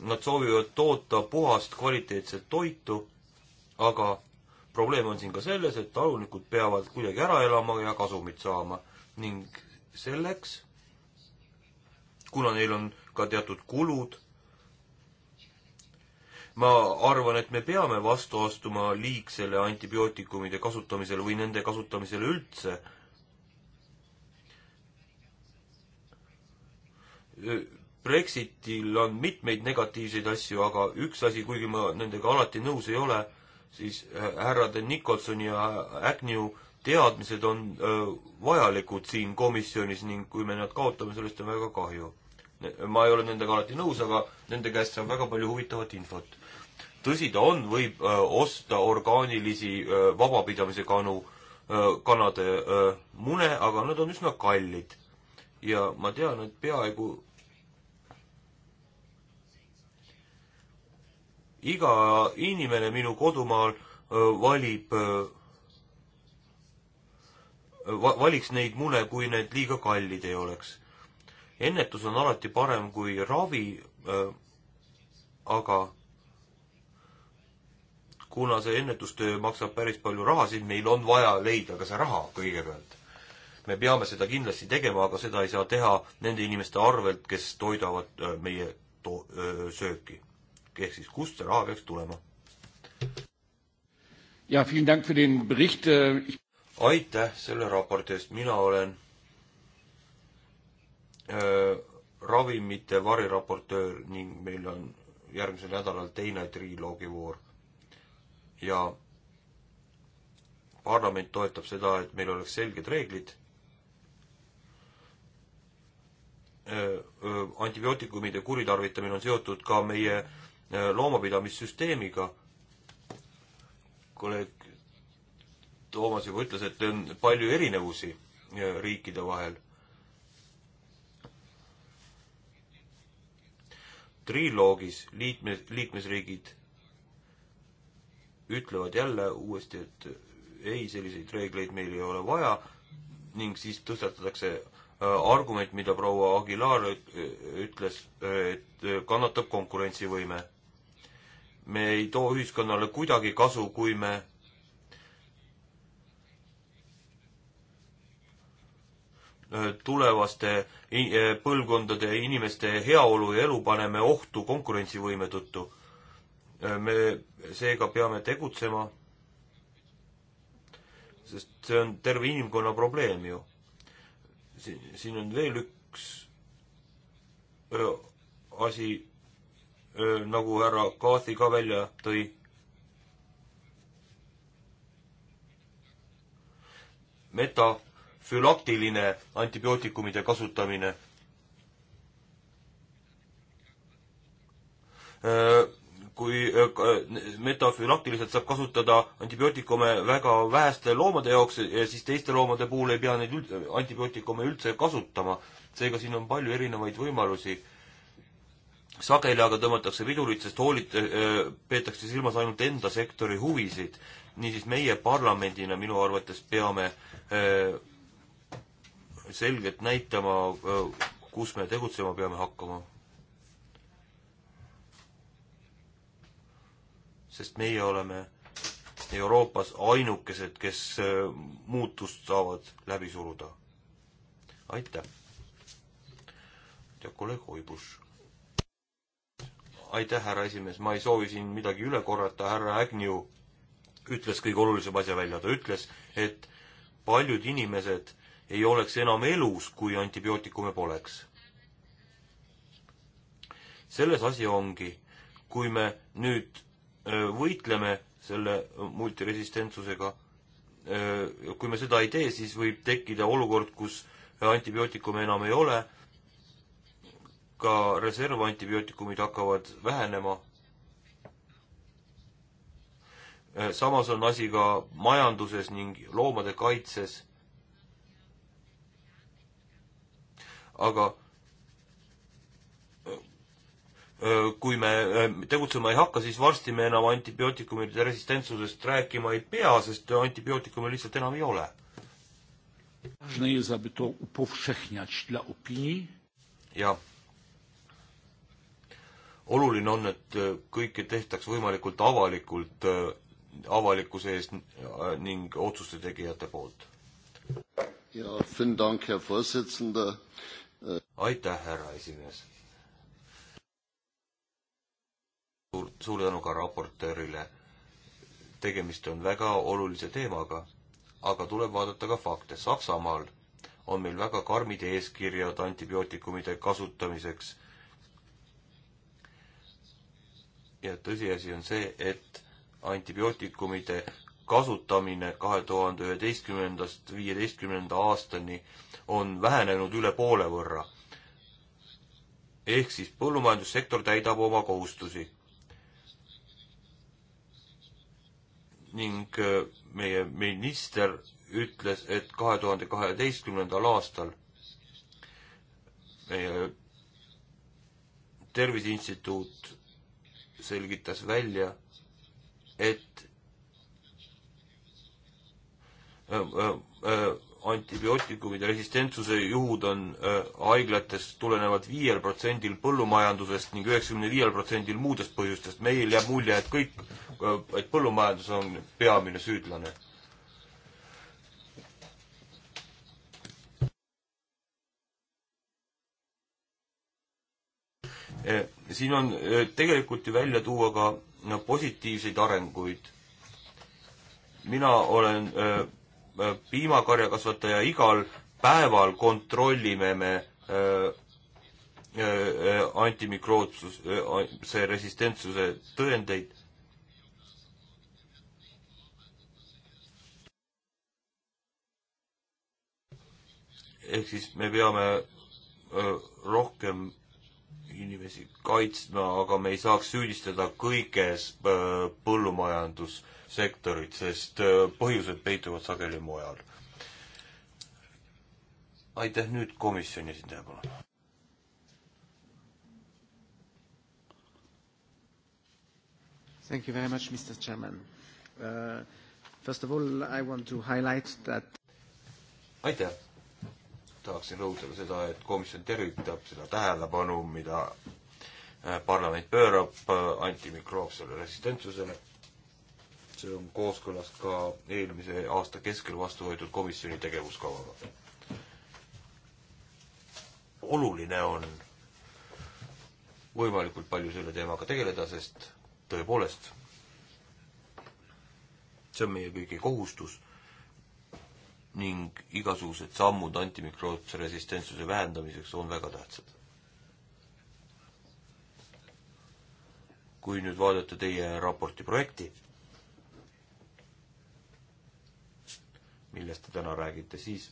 Nad soovivad toota puhast kvaliteetset toitu, aga probleem on siin ka selles, et talunikud peavad kuidagi ära elama ja kasumit saama ning selleks, kuna neil on ka teatud kulud, ma arvan, et me peame vastu astuma liigsele antibiootikumide kasutamisele või nende kasutamisele üldse. Brexitil on mitmeid negatiivseid asju, aga üks asi, kuigi ma nendega alati nõus ei ole, siis äh, härrade Nicholson ja Agnew teadmised on öö, äh, vajalikud siin komisjonis ning kui me nad kaotame, sellest on väga kahju ma ei ole nendega alati nõus, aga nende käest saab väga palju huvitavat infot tõsi ta on, võib öö, äh, osta orgaanilisi öö, äh, vabapidamise kanu, äh, kanade öö, mune, aga nad on üsna kallid. ja ma tean, et peaaegu iga inimene minu kodumaal öö, valib öö, va-, valiks neid mune, kui need liiga kallid ei oleks. ennetus on alati parem kui ravi, aga kuna see ennetustöö maksab päris palju raha, siis meil on vaja leida ka see raha kõigepealt. me peame seda kindlasti tegema, aga seda ei saa teha nende inimeste arvelt, kes toidavad äh, meie to-, sööki. ehk siis kust see raha peaks tulema? jaa, äh, aitäh selle raporti eest, mina olen öö, äh, ravimite variraportöör ning meil on järgmisel nädalal teine triloogivoor ja parlament toetab seda, et meil oleks selged reeglid äh, äh, antibiootikumide kuritarvitamine on seotud ka meie äh, loomapidamissüsteemiga. kolleeg Toomas juba ütles, et on palju erinevusi riikide vahel. triloogis liikmes, liikmesriigid ütlevad jälle uuesti, et ei, selliseid reegleid meil ei ole vaja ning siis tõstatatakse äh, argument, mida proua Aguilar ütles, et äh, kannatab konkurentsivõime. me ei too ühiskonnale kuidagi kasu, kui me äh, tulevaste põlvkondade inimeste heaolu ja elu paneme ohtu konkurentsivõime tõttu Äh, me seega peame tegutsema, sest see on terve inimkonna probleem ju. siin, siin on veel üks öö, äh, asi, äh, nagu härra Kaathi ka välja tõi metafülaktiline antibiootikumide kasutamine kui äh, äh, metafülaktiliselt saab kasutada antibiootikume väga väheste loomade jaoks ja siis teiste loomade puhul ei pea neid üldse, antibiootikume üldse kasutama. seega siin on palju erinevaid võimalusi. sageli aga tõmmatakse pidurit, sest hoolit-, äh, peetakse silmas ainult enda sektori huvisid. niisiis meie parlamendina minu arvates peame selgelt näitama, kus me tegutsema peame hakkama sest meie oleme Euroopas ainukesed, kes äh, muutust saavad läbi suruda. aitäh! ja kolleeg Oibus. aitäh, härra esimees, ma ei soovi siin midagi üle korrata, härra Agnew ütles kõige olulisema asja välja, ta ütles, et paljud inimesed ei oleks enam elus, kui antibiootikume poleks. selles asi ongi, kui me nüüd võitleme selle multiresistentsusega. kui me seda ei tee, siis võib tekkida olukord, kus antibiootikume enam ei ole, ka reservantibiootikumid hakkavad vähenema. samas on asi ka majanduses ning loomade kaitses. aga kui me tegutsema ei hakka, siis varsti me enam antibiootikumide resistentsusest rääkima ei pea, sest antibiootikume lihtsalt enam ei ole. jah. oluline on, et kõike tehtaks võimalikult avalikult, avalikkuse ees ning otsuste tegijate poolt. aitäh, härra esimees suur, suur tänu ka raportöörile. tegemist on väga olulise teemaga, aga tuleb vaadata ka fakte. Saksamaal on meil väga karmid eeskirjad antibiootikumide kasutamiseks. ja tõsiasi on see, et antibiootikumide kasutamine kahe tuhande üheteistkümnendast viieteistkümnenda aastani on vähenenud üle poole võrra. ehk siis põllumajandussektor täidab oma kohustusi ning äh, meie minister ütles, et kahe tuhande kaheteistkümnendal aastal meie Tervise Instituut selgitas välja, et äh, äh, äh antibiootikumide resistentsuse juhud on äh, haiglates tulenevad viiel protsendil põllumajandusest ning üheksakümne viiel protsendil muudest põhjustest. meil jääb mulje, et kõik, äh, et põllumajandus on peamine süüdlane. Äh, siin on tegelikult ju välja tuua ka positiivseid arenguid. mina olen öö, Äh, piimakarjakasvataja igal päeval kontrollime me äh, äh, antimikrootsus, see resistentsuse tõendeid. ehk siis me peame rohkem inimesi kaitsma, aga me ei saaks süüdistada kõiges põllumajandus äh, sektorit, sest äh, põhjused peituvad sageli mujal. aitäh, nüüd komisjoni esindaja, palun. Thank you very much, Mr Chairman uh,. First of all I want to highlight that aitäh! tahaksin rõhutada seda, et komisjon tervitab seda tähelepanu, mida äh, parlament pöörab äh, antimikroopsele resistentsusele see on kooskõlas ka eelmise aasta keskel vastu võetud komisjoni tegevuskavaga. oluline on võimalikult palju selle teemaga tegeleda, sest tõepoolest, see on meie kõigi kohustus ning igasugused sammud antimikrootse resistentsuse vähendamiseks on väga tähtsad. kui nüüd vaadata teie raporti projekti, millest te täna räägite, siis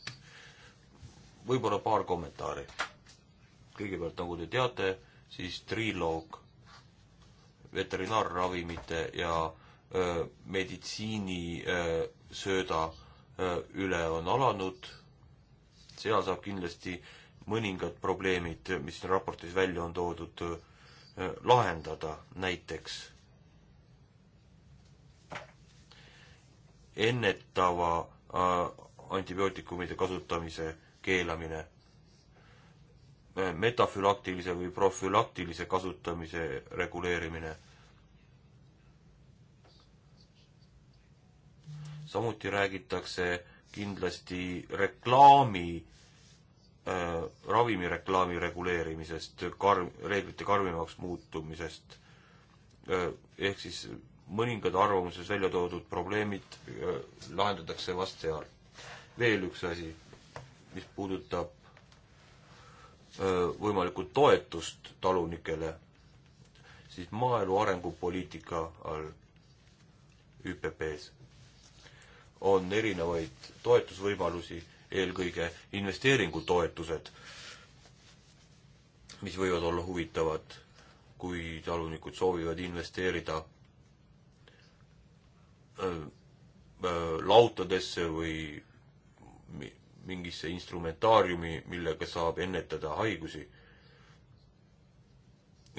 võib-olla paar kommentaari. kõigepealt, nagu te teate, siis triloog veterinaarravimite ja öö, meditsiini öö, sööda öö, üle on alanud. seal saab kindlasti mõningad probleemid, mis siin raportis välja on toodud, lahendada, näiteks ennetava antibiootikumide kasutamise keelamine, äh, metafülaktilise või profülaktilise kasutamise reguleerimine. samuti räägitakse kindlasti reklaami äh,, ravimireklaami reguleerimisest, karm, reeglite karmimaks muutumisest äh,, ehk siis mõningad arvamuses välja toodud probleemid äh, lahendatakse vast seal. veel üks asi, mis puudutab äh, võimalikku toetust talunikele, siis maaelu arengupoliitika all ÜPP-s on erinevaid toetusvõimalusi, eelkõige investeeringutoetused, mis võivad olla huvitavad, kui talunikud soovivad investeerida Äh, äh, lautadesse või mingisse instrumentaariumi, millega saab ennetada haigusi.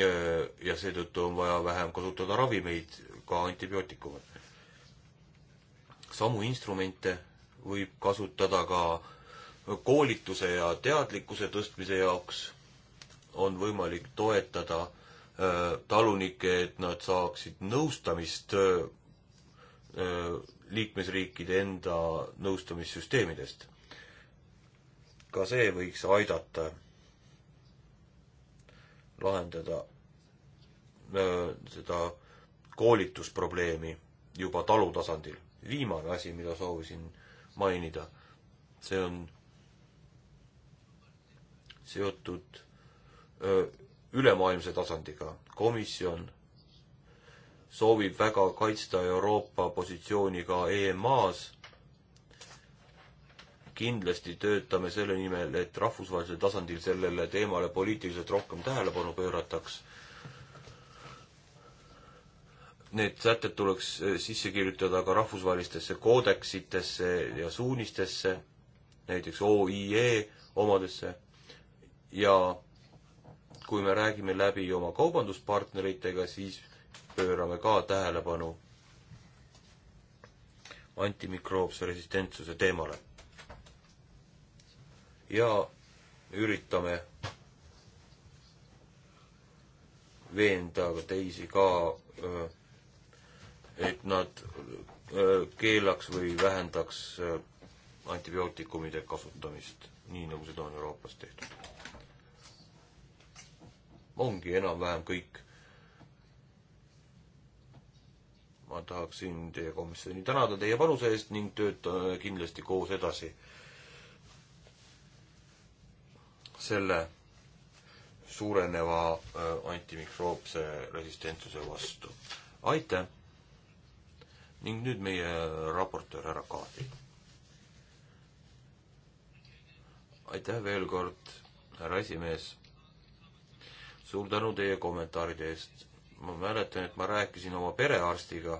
Äh, ja seetõttu on vaja vähem kasutada ravimeid, ka antibiootikume. samu instrumente võib kasutada ka koolituse ja teadlikkuse tõstmise jaoks. on võimalik toetada talunikke, et nad saaksid nõustamist liikmesriikide enda nõustamissüsteemidest. ka see võiks aidata lahendada seda koolitusprobleemi juba talu tasandil. viimane asi, mida soovisin mainida, see on seotud ülemaailmse tasandiga. komisjon soovib väga kaitsta Euroopa positsiooni ka EMA-s. kindlasti töötame selle nimel, et rahvusvahelisel tasandil sellele teemale poliitiliselt rohkem tähelepanu pöörataks. Need sätted tuleks eh, sisse kirjutada ka rahvusvahelistesse koodeksitesse ja suunistesse, näiteks OIE omadesse ja kui me räägime läbi oma kaubanduspartneritega, siis pöörame ka tähelepanu antimikroopse resistentsuse teemale. ja üritame veenda ka teisi ka, et nad keelaks või vähendaks antibiootikumide kasutamist, nii nagu seda on Euroopas tehtud. ongi enam-vähem kõik ma tahaksin teie komisjoni tänada teie panuse eest ning töötame äh, kindlasti koos edasi selle suureneva äh, antimikroobse resistentsuse vastu. aitäh! ning nüüd meie raportöör härra Kaadri. aitäh veel kord, härra esimees! suur tänu teie kommentaaride eest ma mäletan, et ma rääkisin oma perearstiga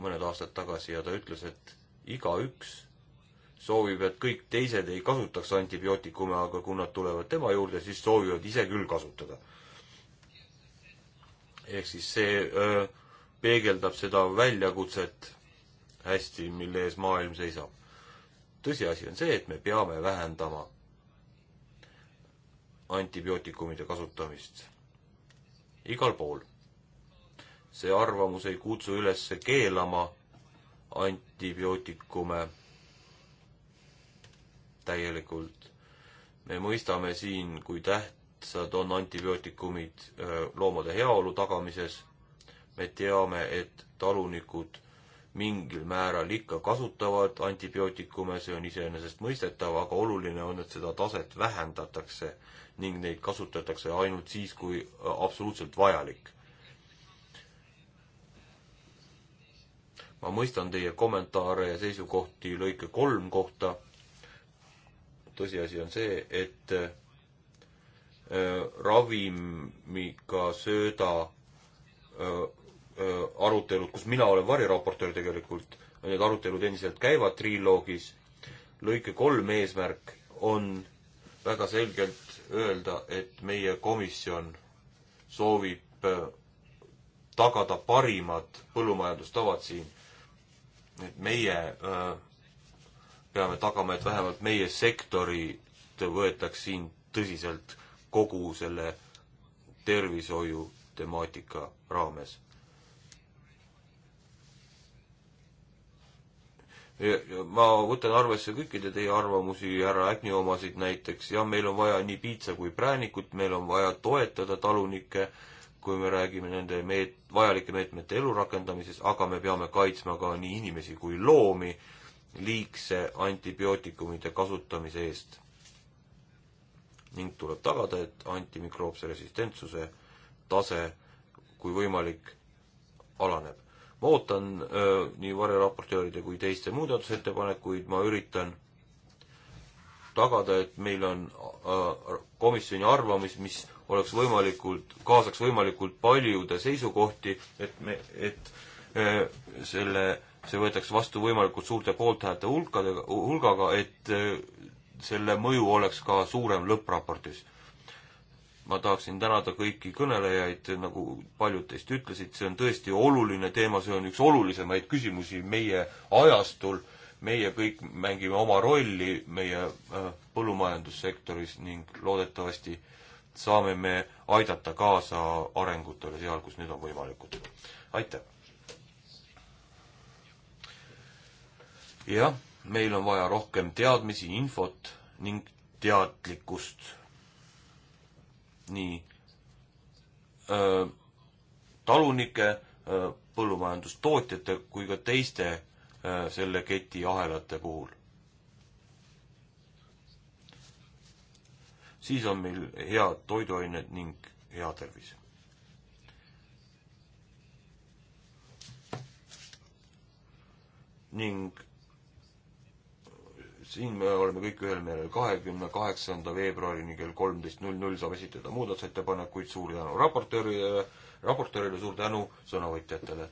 mõned aastad tagasi ja ta ütles, et igaüks soovib, et kõik teised ei kasutaks antibiootikume, aga kui nad tulevad tema juurde, siis soovivad ise küll kasutada. ehk siis see öö, peegeldab seda väljakutset hästi, mille ees maailm seisab. tõsiasi on see, et me peame vähendama antibiootikumide kasutamist igal pool. see arvamus ei kutsu üles keelama antibiootikume täielikult. me mõistame siin, kui tähtsad on antibiootikumid äh, loomade heaolu tagamises. me teame, et talunikud mingil määral ikka kasutavad antibiootikume, see on iseenesestmõistetav, aga oluline on, et seda taset vähendatakse ning neid kasutatakse ainult siis, kui äh, absoluutselt vajalik. ma mõistan teie kommentaare ja seisukohti lõike kolm kohta. tõsiasi on see, et äh, ravimiga sööda äh, arutelud, kus mina olen variraportöör tegelikult, need arutelud endiselt käivad triloogis lõike kolm eesmärk on väga selgelt öelda, et meie komisjon soovib äh, tagada parimad põllumajandustavad siin. et meie öö, äh, peame tagama, et vähemalt meie sektorit võetaks siin tõsiselt kogu selle tervishoiu temaatika raames ma võtan arvesse kõikide teie arvamusi, härra Ägni omasid näiteks, jah, meil on vaja nii piitsa kui präänikut, meil on vaja toetada talunikke, kui me räägime nende meet-, vajalike meetmete elurakendamises, aga me peame kaitsma ka nii inimesi kui loomi liigse antibiootikumide kasutamise eest. ning tuleb tagada, et antimikroopse resistentsuse tase, kui võimalik, alaneb ma ootan öö, äh, nii varjeraportööride kui teiste muudatusettepanekuid, ma üritan tagada, et meil on öö, äh, komisjoni arvamus, mis oleks võimalikult, kaasaks võimalikult paljude seisukohti, et me, et öö, äh, selle, see võetakse vastu võimalikult suurte poolthäälte hulkadega, hulgaga, et öö, selle mõju oleks ka suurem lõppraportis ma tahaksin tänada kõiki kõnelejaid, nagu paljud teist ütlesid, see on tõesti oluline teema, see on üks olulisemaid küsimusi meie ajastul, meie kõik mängime oma rolli meie äh, põllumajandussektoris ning loodetavasti saame me aidata kaasa arengutele seal, kus need on võimalikud. aitäh! jah, meil on vaja rohkem teadmisi, infot ning teadlikkust nii öö, talunike, põllumajandustootjate kui ka teiste öö, selle keti ahelate puhul. siis on meil head toiduained ning hea tervis. ning siin me oleme kõik ühel meelel, kahekümne kaheksanda veebruarini kell kolmteist null null saab esitada muudatusettepanekuid, suur tänu raportöörile, raportöörile suur tänu sõnavõtjatele.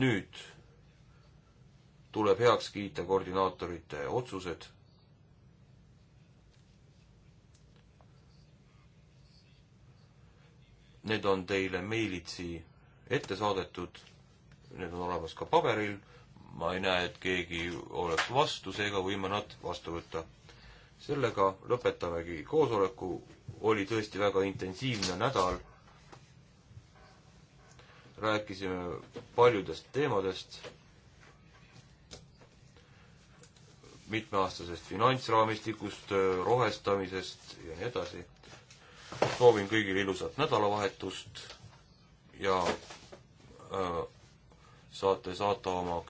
nüüd tuleb heaks kiita koordinaatorite otsused. Need on teile meilitsi ette saadetud, need on olemas ka paberil ma ei näe, et keegi oleks vastu, seega võime nad vastu võtta. sellega lõpetamegi koosoleku, oli tõesti väga intensiivne nädal. rääkisime paljudest teemadest, mitmeaastasest finantsraamistikust, rohestamisest ja nii edasi. soovin kõigile ilusat nädalavahetust ja äh, saate saata oma